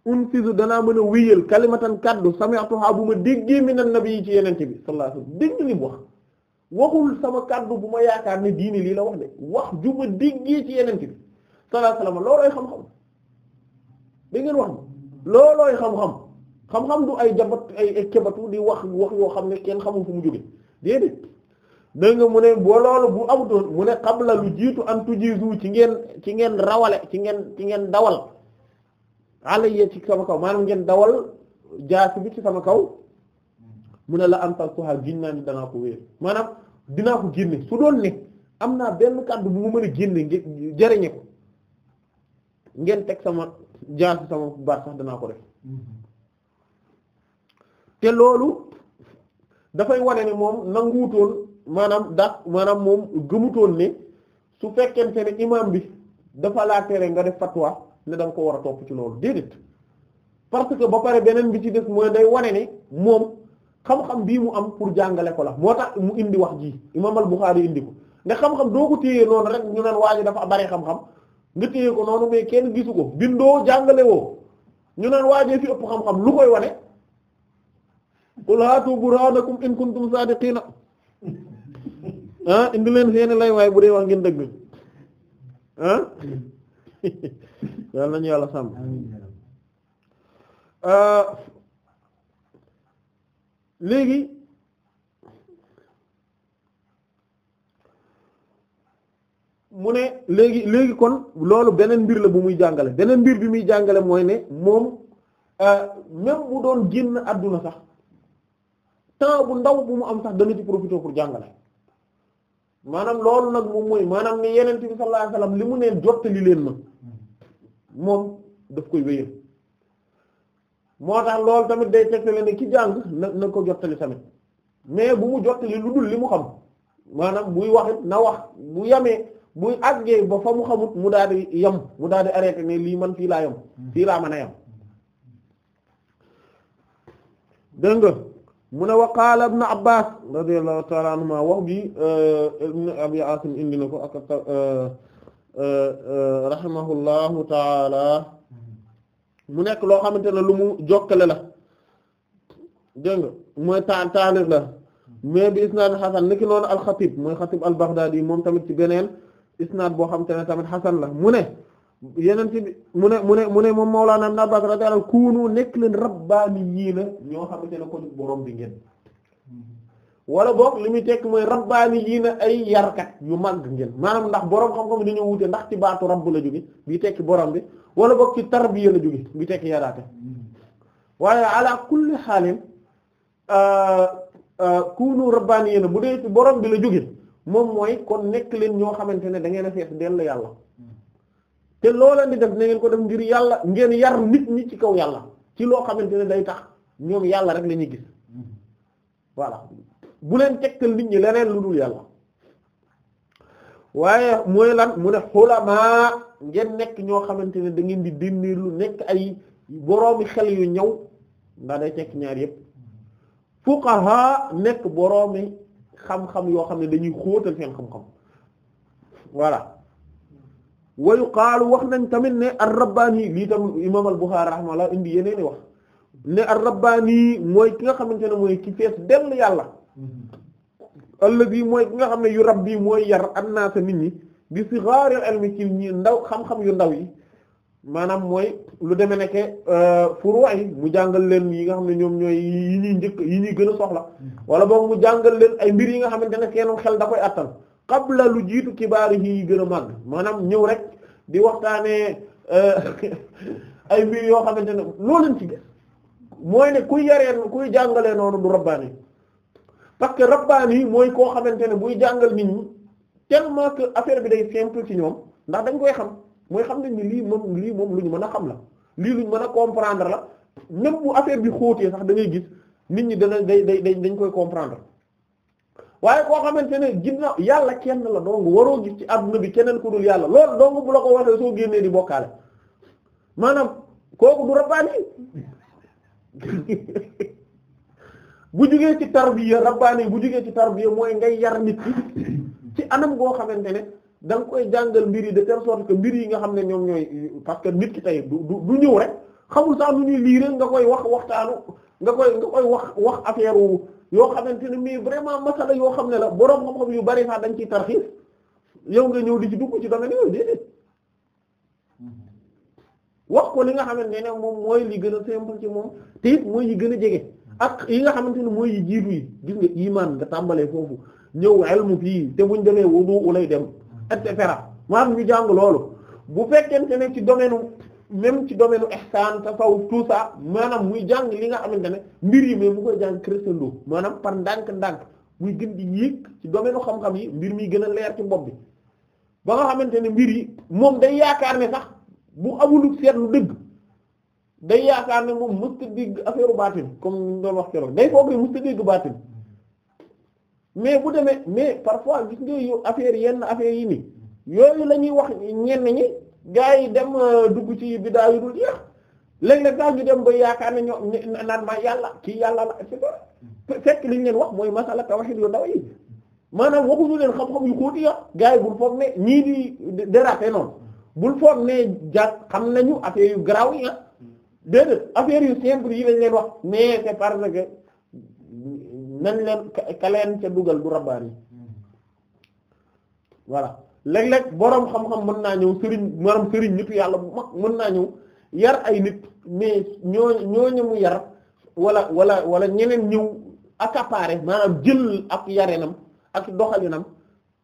unfizu danaa mën a wiyal kalimatan kaddu sami'tuha bu ma déggee min an-nabi ci yenente bi sallallahu alayhi wasallam dégg li mu wax waxul sama kaddu bu ma yaakaar ne diini lii la wax de wax ju bi sallallahu alayhi wasallam loolooy xam-xam da wax loolooy xam-xam xam du ay jabat ay kebatu di wax wax yoo xam ne kenn xamul fu mu jóge déedéet dégg nga mu ne boo loolu bu amutoon mu ne qabla lu jiitu an tujizu ci ngeen ci ngeen rawale ci ngeen ci ngeen dawal alayya ci sama kaw maanaam ngeen dawal jaasi bi ci sama kaw mu ne la am tal kuha gin naa ni danaa ko wéer maanaam dinaa ko génne su doon ne am naa benn kàddu bu mu mën a génne jëriñe ko ngeen teg sama jaasi sama baat sax danaa ko def mm-hmm. te loolu dafay wane ne moom nanguutoon maanaam da maanaam moom gëmutoon ne su fekkente ne imam bi dafa laa tere nga def fatwa ne da nga ko war a topp ci loolu déedéet parce que ba pare beneen bi ci des mooy day wane ne moom xam-xam bii mu am pour jàngale ko la moo tax mu indi wax ji imam al-Bukhari indi ko ndax xam-xam doo ko téye noonu rek ñu naan waa ji dafa bari xam-xam nga téye ko noonu mais kenn gisu ko bindoo jàngalewoo woo ñu naan waajee fi ëpp xam lu koy wane qul haatu burhanakum in kuntum sadiqina ah seeni lay waaye bu dee wax ngeen dëgg ah <laughs> yàlla nañu yàlla sàmm ah, léegi mu ne léegi léegi kon loolu beneen mbir la bu muy jàngale beneen mbir bi muy jàngale mooy ne moom ah, même bu doon génn àdduna sax temps bu ndaw bu mu am sax dana ci profité pour jàngale maanaam loolu nag moom mooy maanaam ni yeneen bi sallallahu alayhi wasallam li mu neen jottali leen ma moom daf koy wéyal moo tax loolu tamit day tegtale ne ki jàng na na ko jottali tamit mais bu mu jottali lu dul li mu xam maanaam buy waxit na wax bu yamee buy àggee ba fa mu xamut mu daal di yam mu daal di arrêté ne lii man fii laa yam fii laa man a yam dégg mu ne wa qaala ibn Abbas radiyallahu ta'ala wax bi euh, ibn Abi Asim ko ak euh, euh, rahimahullahu ta'ala mu nekk loo xamante ne lu mu jokkale la dégg nga mooy ta taalif la mais bi isnaad xasan niki noonu al-Xatib mooy Xatib al-Baghdadi moom tamit ci beneen isnaad boo xamante ne tamit xasan la mu ne yeneen bi mu ne mu ne mu ne moom Mawlana Ibn Abbas radiyallahu anhu kuunu nekk leen rabbaaniyiina ñoo xamante ne ko boroom bi ngeen wala boog li muy tekki mooy rabbaaniyiina ay yarkat yu màgg ngeen maanaam ndax borom xam-xam dañoo wute ndax ci baatu rabb la tekki borom bi wala boog ci tarbiya la jóge bi tekki yaraate waaye ala kulli xaalin euh, euh, kuunu rabbaaniyiina bu dee ci borom bi la jóge moom mooy kon nekk leen ñoo xamante ne da ngeen a fees dell yàlla. te loo leen di def na ko def ngir yàlla ngeen yar nit ñi ci kaw yàlla ci loo xamante ne day tax ñoom yàlla rek la ñuy gis voilà bu leen tegtal nit ñi leneen lu dul yàlla waaye mooy lan mu ne xulamaa ngeen nekk ñoo xamante ne dangeen di dindi lu nekk ay boroomi xel yu ñëw ndax day tekk ñaar yépp fuqaha nekk boroomi xam-xam yoo xam ne dañuy xóotal seen xam-xam voilà wa yuqaalu wax nañ tamit ne ar-rabbaani lii tamit imaam al-Bukhari rahimahullah indi yeneen i wax ne ar-rabbaani mooy ki nga xamante ne mooy ki fees dell yàlla alladhi mooy ki nga xam ne yu rabbi mooy yar annaasa nit ñi bi sighaaril ilmi ci ñi ndaw xam-xam yu ndaw yi maanaam mooy lu demee nekke furoo euh, yi mu jàngal leen yi nga xam ne ñoom ñooy yi ñuy njëkk yi ñuy gën a soxla mm-hmm. wala boog mu jàngal leen ay mbir yi nga xamante ne seen xel da koy attan la lu jiitu kibaari yi gën a màgg maanaam ñëw rek di waxtaanee euh, <laughs> ay mbir yoo xamante ne loolu lañ ci gis mooy ne kuy yareen kuy jàngalee noonu du rabbaani parce que rabbaani mooy koo xamante ne buy jàngal nit ñi tellement que affaire bi day simple ci ñoom ndax dañ koy xam mooy xam nañ ni lii moom lii moom lu ñu mën a xam la lii lu ñu mën a comprendre la même bu affaire bi xóotee sax da ngay gis nit ñi dana day day dañ koy comprendre waaye koo xamante ne ginnaaw yàlla kenn la dong waroo gis ci àdduna bi keneen ku dul yàlla loolu dongu bu la ko waxee soo génnee di bokkaale maanaam kooku du rabbaani <laughs> bu jugee ci tarbiya rabbaani bu jugee ci tarbiya mooy ngay yar nit ki ci anam goo xamante ne danga koy jàngal mbir yi de telle sorte que mbir yi nga xam ne ñoom ñooy parce que nit ki tey du du ñëw rek xamul sax nu ñuy lii rek nga koy wax waxtaanu nga koy nga koy wax wax affaire yoo xamante ne mii vraiment masala yoo xam ne la borom xam-xam yu bari sax dañ ciy tarxiis yow nga ñëw di ci dugg ci danga ne yow déedéet wax ko li nga xamante ne moom mooy li gën a simple ci moom te it mooy yi gën a jege ak yi nga xamante ne mooy yi jiitu yi gis nga iman nga tàmbalee foofu ñëw elmu fii te buñ demee wudu lay dem et cetera maanaam ñu jàng loolu bu fekkente ne ci domaine même ci domaine u ihsan tasawuf tout ça maanaam muy jàng li nga xamante ne mbir yi mais mu koy jàng crescendo maanaam par ndànk-ndànk muy gën di yéeg ci domaine u xam-xam yi mbir mi gën a leer ci mbob bi ba nga xamante ne mbir yi moom day yaakaar ne sax bu amulu seetlu dëgg day yaakaar ne moom mësta dégg affaire u baatin comme ñu doon wax keroog day foog ne mësta dégg baatin mais bu demee mais parfois gis nga yow affaire yenn affaire yi nii yooyu la ñuy wax ñenn ñi gars yi dem euh, dugg ci biddaa yu dul jeex léeg-léeg daal ñu dem ba yaakaar ne yàlla ki yàlla la et cetera fekk li ñu leen wax mooy masala tawhid yu ndaw yi maanaam waxuñu leen xam-xam yu xóoti ya gars yi bul foog ne ñii di déraper noonu bul foog ne ja xam nañu affaire yu garaaw yi ah déedéet affaire yu simple yi lañ leen wax mais c'est parce que nañ leen ka leen ca dugal du rabbaar yi voilà léeg-léeg boroom xam-xam mën naa ñëw sëriñ maanaam sëriñ nitu yàlla bu mag mën naa ñëw yar ay nit mais ñoo ñooñu mu yar wala wala wala ñeneen ñëw accaparer maanaam jël ak yarenam ak doxalinam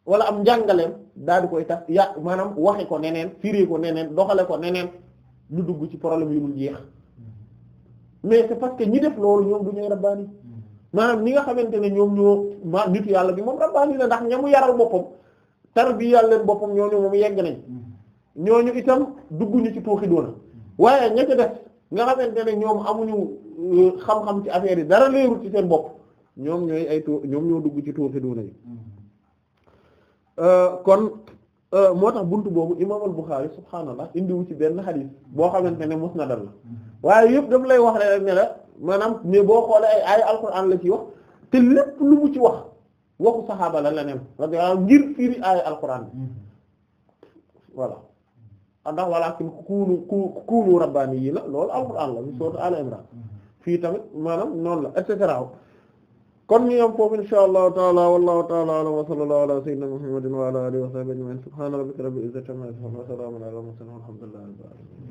wala am njàngaleem daal di koy tax ya maanaam waxe ko neneen firé ko neneen doxale ko neneen ñu dugg ci problème yu mu jeex mais c'est parce que ñi def loolu ñoom du ñooy rabbaani mm-hmm. maanaam ñi nga xamante ne ñoom ñoo ma nitu yàlla bi moom rabbaani la ndax ñamu yaral boppam tarbiyal leen boppam ñooñu moom yegg nañ mm-hmm. ñooñu itam dugguñu ci tuuxi doona waaye ña ca def nga xamante ne ñoom amuñu euh, xam-xam ci affaire yi dara leerul ci seen bopp ñoom ñooy ay tuux ñoom ñoo dugg ci tuuxi doona yi mm-hmm. euh, kon euh, moo tax buntu boobu imam al-Bukhari subhaanallah indiwu ci benn xadiis boo xamante ne musnadal la mm-hmm. waaye yëpp daf lay wax rek ne la maanaam mais boo xoolee ay ay alquran la ci wax te lépp lu mu ci wax waxu saxaaba la leneen radiyallahu ngir firi aaya alquran mhm. voilà ndax walaakin kuunu kuunu rabbaani yi la loolu alquran la bi sourate Al Imran mhm. fii tamit maanaam noonu la et cetera kon ñu yam foofu insha allahu taala wallahu taala alam wa sallallahu ala sayyidina wa ala alihi wa sahbihi ajma'in subhana rabbika rabbil izzati amma yasifun wa salamun